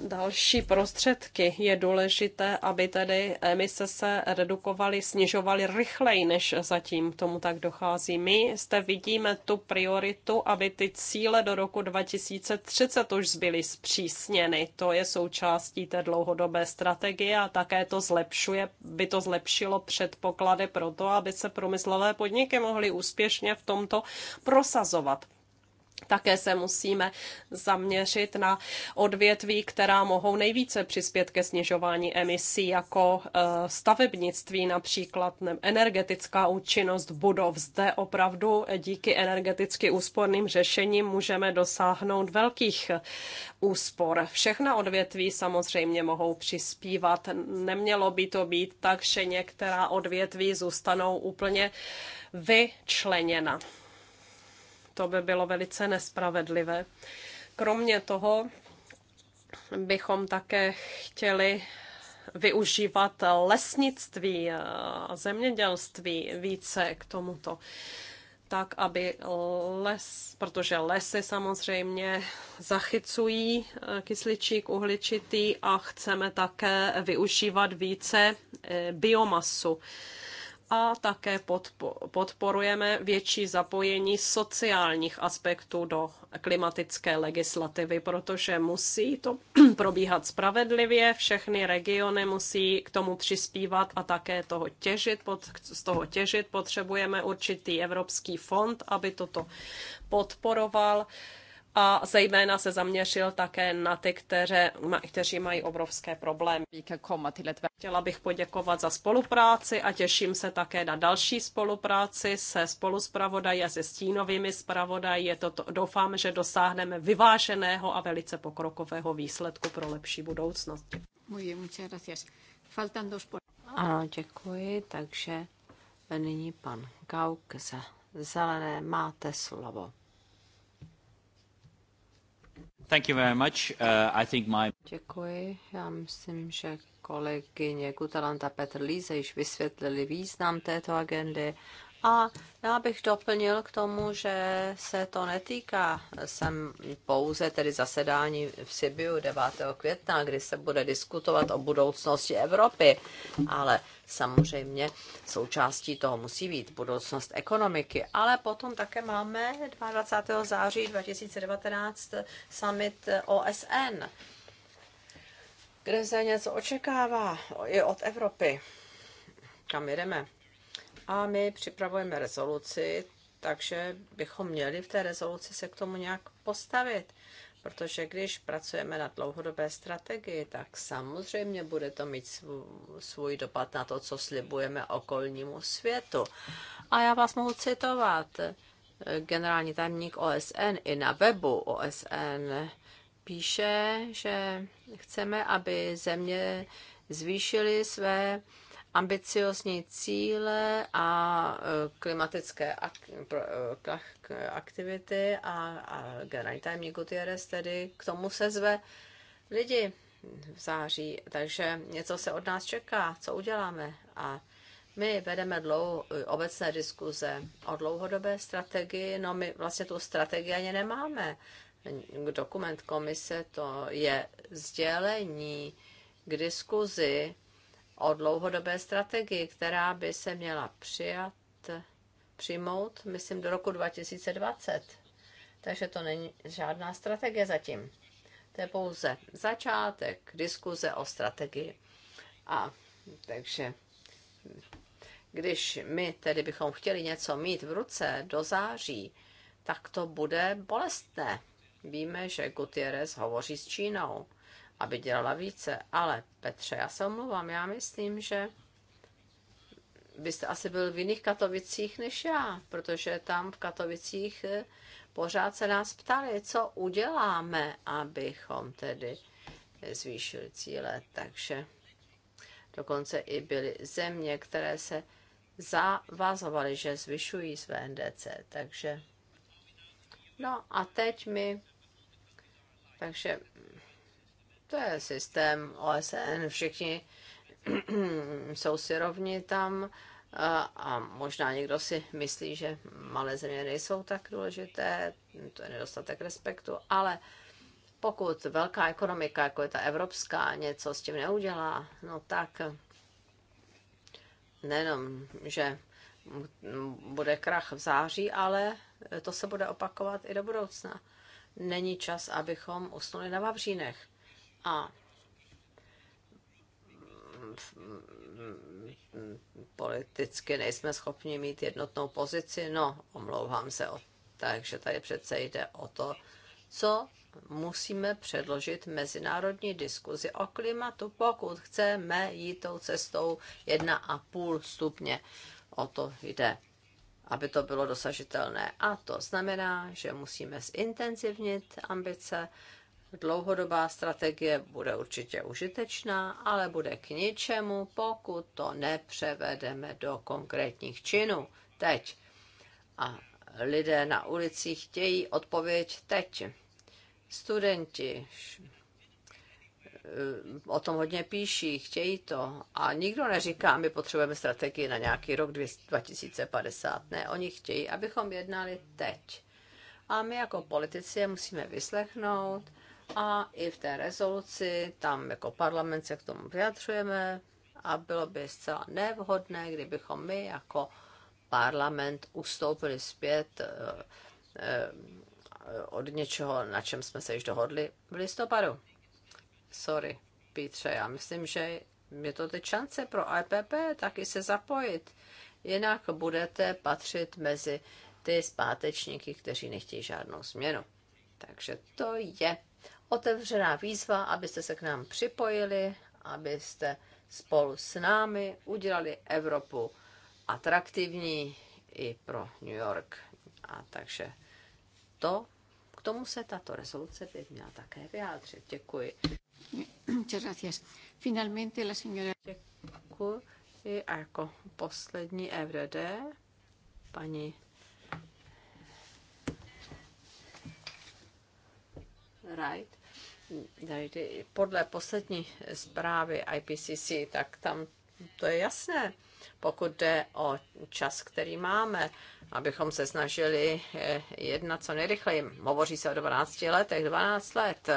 další prostředky. Je důležité, aby tedy emise se redukovaly, snižovaly rychleji, než zatím tomu tak dochází. My zde vidíme tu prioritu, aby ty cíle do roku 2030 už byly zpřísněny. To je součástí té dlouhodobé strategie a také to zlepšuje, by to zlepšilo předpoklady pro to, aby se průmyslové podniky mohly úspěšně v tomto prosazovat. Také se musíme zaměřit na odvětví, která mohou nejvíce přispět ke snižování emisí, jako eh, stavebnictví například, energetická účinnost budov. Zde opravdu díky energeticky úsporným řešením můžeme dosáhnout velkých eh, úspor. Všechna odvětví samozřejmě mohou přispívat. Nemělo by to být tak, že některá odvětví zůstanou úplně vyčleněna. To by bylo velice nespravedlivé. Kromě toho bychom také chtěli využívat lesnictví a zemědělství více k tomuto. Tak, aby les, protože lesy samozřejmě zachycují eh, kysličík uhličitý a chceme také využívat více eh, biomasu a také podporujeme větší zapojení sociálních aspektů do klimatické legislativy, protože musí to <clears throat> probíhat spravedlivě, všechny regiony musí k tomu přispívat a také toho těžit, pod, z toho těžit potřebujeme určitý evropský fond, aby toto podporoval a zejména se zaměřil také na ty, které, kteří mají obrovské problémy. Chtěla bych poděkovat za spolupráci a těším se také na další spolupráci se spoluspravodaji a se stínovými zpravodaji. Je to, to, doufám, že dosáhneme vyváženého a velice pokrokového výsledku pro lepší budoucnost. Ano, děkuji, takže nyní pan Gauk za zelené máte slovo. Thank you very much. Uh, I think my... Děkuji. Já myslím, že kolegyně Gutalanta Petr Líze již vysvětlili význam této agendy a já bych doplnil k tomu, že se to netýká sem pouze tedy zasedání v Sibiu 9. května, kdy se bude diskutovat o budoucnosti Evropy, ale samozřejmě součástí toho musí být budoucnost ekonomiky. Ale potom také máme 22. září 2019 summit OSN, kde se něco očekává i od Evropy. Kam jdeme? A my připravujeme rezoluci, takže bychom měli v té rezoluci se k tomu nějak postavit. Protože když pracujeme na dlouhodobé strategii, tak samozřejmě bude to mít svůj dopad na to, co slibujeme okolnímu světu. A já vás mohu citovat. Generální tajemník OSN i na webu OSN píše, že chceme, aby země zvýšily své ambiciozní cíle a e, klimatické ak- e, aktivity a, a generální tajemník Gutierrez tedy k tomu se zve lidi v září. Takže něco se od nás čeká, co uděláme. A my vedeme dlou, obecné diskuze o dlouhodobé strategii, no my vlastně tu strategii ani nemáme. Dokument komise to je sdělení k diskuzi o dlouhodobé strategii, která by se měla přijat, přijmout, myslím, do roku 2020. Takže to není žádná strategie zatím. To je pouze začátek diskuze o strategii. A takže když my tedy bychom chtěli něco mít v ruce do září, tak to bude bolestné. Víme, že Gutierrez hovoří s Čínou aby dělala více. Ale Petře, já se omlouvám, já myslím, že byste asi byl v jiných Katovicích než já, protože tam v Katovicích eh, pořád se nás ptali, co uděláme, abychom tedy zvýšili cíle. Takže dokonce i byly země, které se zavazovaly, že zvyšují své NDC. Takže no a teď my, takže to je systém OSN, všichni <clears throat> jsou si rovni tam a možná někdo si myslí, že malé země nejsou tak důležité, to je nedostatek respektu, ale pokud velká ekonomika, jako je ta evropská, něco s tím neudělá, no tak nejenom, že bude krach v září, ale to se bude opakovat i do budoucna. Není čas, abychom usnuli na Vavřínech a politicky nejsme schopni mít jednotnou pozici, no, omlouvám se. O, takže tady přece jde o to, co musíme předložit mezinárodní diskuzi o klimatu, pokud chceme jít tou cestou 1,5 stupně. O to jde, aby to bylo dosažitelné. A to znamená, že musíme zintenzivnit ambice dlouhodobá strategie bude určitě užitečná, ale bude k ničemu, pokud to nepřevedeme do konkrétních činů teď. A lidé na ulici chtějí odpověď teď. Studenti eh, o tom hodně píší, chtějí to. A nikdo neříká, my potřebujeme strategii na nějaký rok 2050. Ne, oni chtějí, abychom jednali teď. A my jako politici je musíme vyslechnout a i v té rezoluci, tam jako parlament se k tomu vyjadřujeme a bylo by zcela nevhodné, kdybychom my jako parlament ustoupili zpět eh, eh, od něčeho, na čem jsme se již dohodli v listopadu. Sorry, Pítře, já myslím, že je to teď šance pro IPP e taky se zapojit. Jinak budete patřit mezi ty zpátečníky, kteří nechtějí žádnou změnu. Takže to je otevřená výzva, abyste se k nám připojili, abyste spolu s námi udělali Evropu atraktivní i pro New York. A takže to, k tomu se tato rezoluce by měla také vyjádřit. Děkuji. Finalmente la señora... Děkuji. A jako poslední EVD, paní Right, podle poslední zprávy IPCC, tak tam to je jasné, pokud jde o čas, který máme, abychom se snažili eh, jednat co nejrychleji. Hovoří se o 12 letech, 12 let.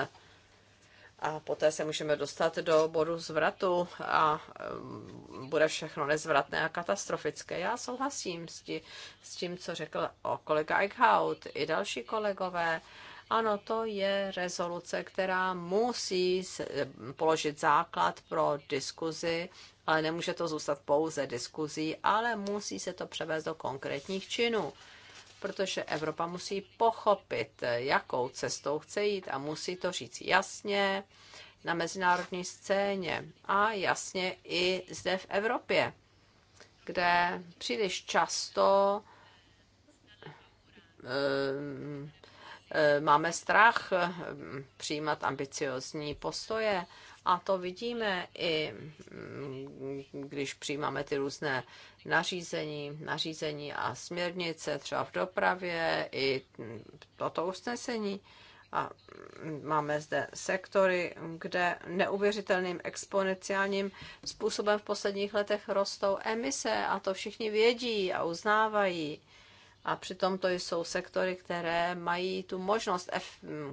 A poté se můžeme dostat do bodu zvratu a eh, bude všechno nezvratné a katastrofické. Já souhlasím s, s tím, co řekl o kolega Eichhout i další kolegové. Ano, to je rezoluce, která musí položit základ pro diskuzi, ale nemůže to zůstat pouze diskuzí, ale musí se to převést do konkrétních činů protože Evropa musí pochopit, jakou cestou chce jít a musí to říct jasně na mezinárodní scéně a jasně i zde v Evropě, kde příliš často um, E, máme strach e, přijímat ambiciozní postoje. A to vidíme i, mm, když přijímáme ty různé nařízení, nařízení a směrnice, třeba v dopravě, i mm, toto usnesení. A mm, máme zde sektory, kde neuvěřitelným exponenciálním způsobem v posledních letech rostou emise a to všichni vědí a uznávají. A přitom to jsou sektory, které mají tu možnost,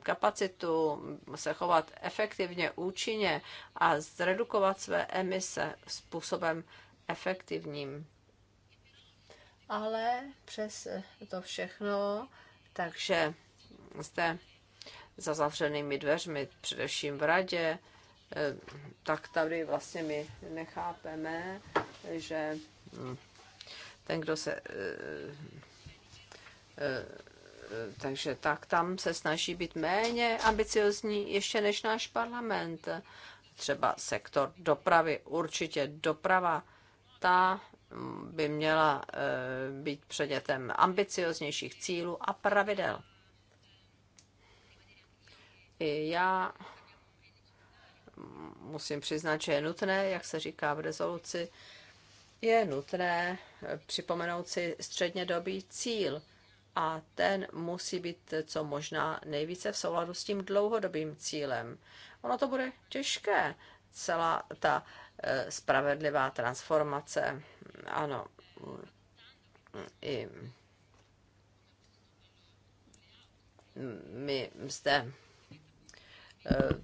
kapacitu se chovat efektivně, účinně a zredukovat své emise způsobem efektivním. Ale přes to všechno, takže zde za zavřenými dveřmi, především v radě, eh, tak tady vlastně my nechápeme, že hm, ten, kdo se eh, Eh, eh, takže tak tam se snaží být méně ambiciozní ještě než náš parlament. Třeba sektor dopravy, určitě doprava, ta mm, by měla eh, být předmětem ambicioznějších cílů a pravidel. I já musím přiznat, že je nutné, jak se říká v rezoluci, je nutné připomenout si střednědobý cíl – a ten musí být co možná nejvíce v souladu s tím dlouhodobým cílem. Ono to bude těžké, celá ta e, spravedlivá transformace. Ano, i my zde e,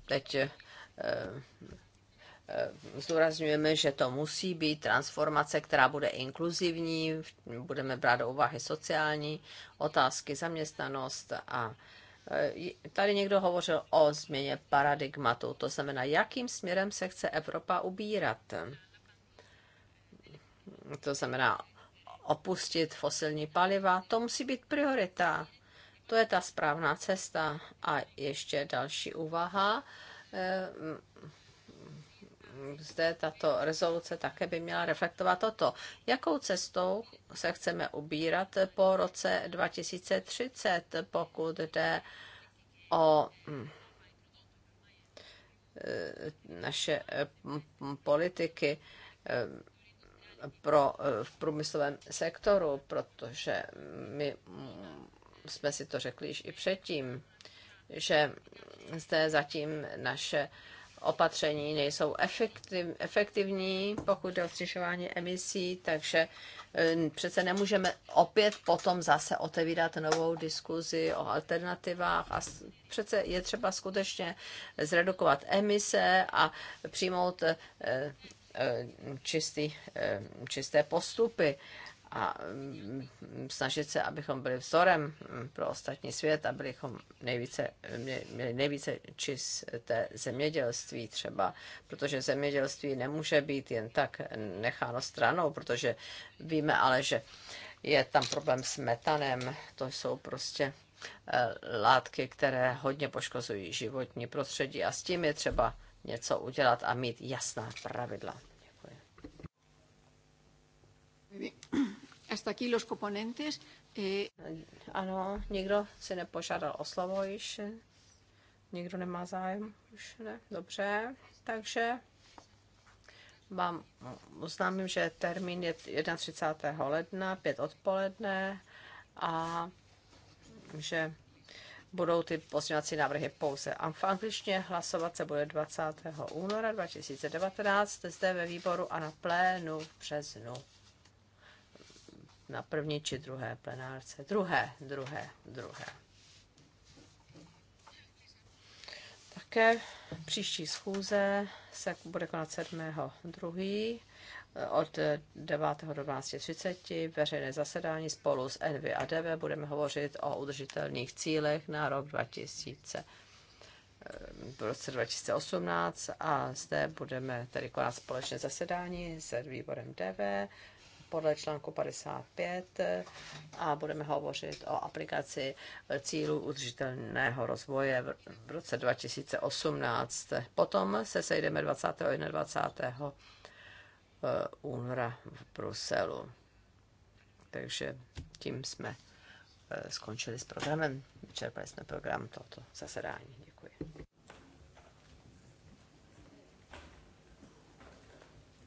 teď e, zdůrazňujeme, že to musí být transformace, která bude inkluzivní, budeme brát do úvahy sociální otázky, zaměstnanost a e, Tady někdo hovořil o změně paradigmatu, to znamená, jakým směrem se chce Evropa ubírat. To znamená, opustit fosilní paliva, to musí být priorita. To je ta správná cesta. A ještě další úvaha e, zde tato rezoluce také by měla reflektovat toto. Jakou cestou se chceme ubírat po roce 2030, pokud jde o hm, e, naše hm, politiky e, pro, e, v průmyslovém sektoru, protože my hm, jsme si to řekli již i předtím, že zde zatím naše opatření nejsou efektiv, efektivní, pokud jde o zřišování emisí, takže eh, přece nemůžeme opět potom zase otevírat novou diskuzi o alternativách a přece je třeba skutečně zredukovat emise a přijmout eh, eh, čistý, čisté postupy a mm, snažit se, abychom byli vzorem mm, pro ostatní svět, abychom nejvíce, měli nejvíce čisté zemědělství třeba, protože zemědělství nemůže být jen tak necháno stranou, protože víme ale, že je tam problém s metanem, to jsou prostě eh, látky, které hodně poškozují životní prostředí a s tím je třeba něco udělat a mít jasná pravidla. Děkuji. <coughs> Hasta aquí los componentes. Eh... Ano, nikdo si nepožádal o slovo již. Nikdo nemá zájem? Už ne? Dobře. Takže vám oznámím, že termín je 31. ledna, 5 odpoledne a že budou ty pozměňovací návrhy pouze a v angličtině. Hlasovat se bude 20. února 2019 zde ve výboru a na plénu v březnu na první či druhé plenárce. Druhé, druhé, druhé. Také příští schůze se bude konat druhý eh, od 9. do 12.30. Veřejné zasedání spolu s Envy a DV budeme hovořit o udržitelných cílech na rok 2000 eh, v roce 2018 a zde budeme tedy konat společné zasedání s výborem DV podle článku 55 eh, a budeme hovořit o aplikaci eh, cílů udržitelného rozvoje v roce 2018. Potom se sejdeme 20. Eh, února v Bruselu. Takže tím jsme skončili s programem. Vyčerpali jsme program tohoto zasedání.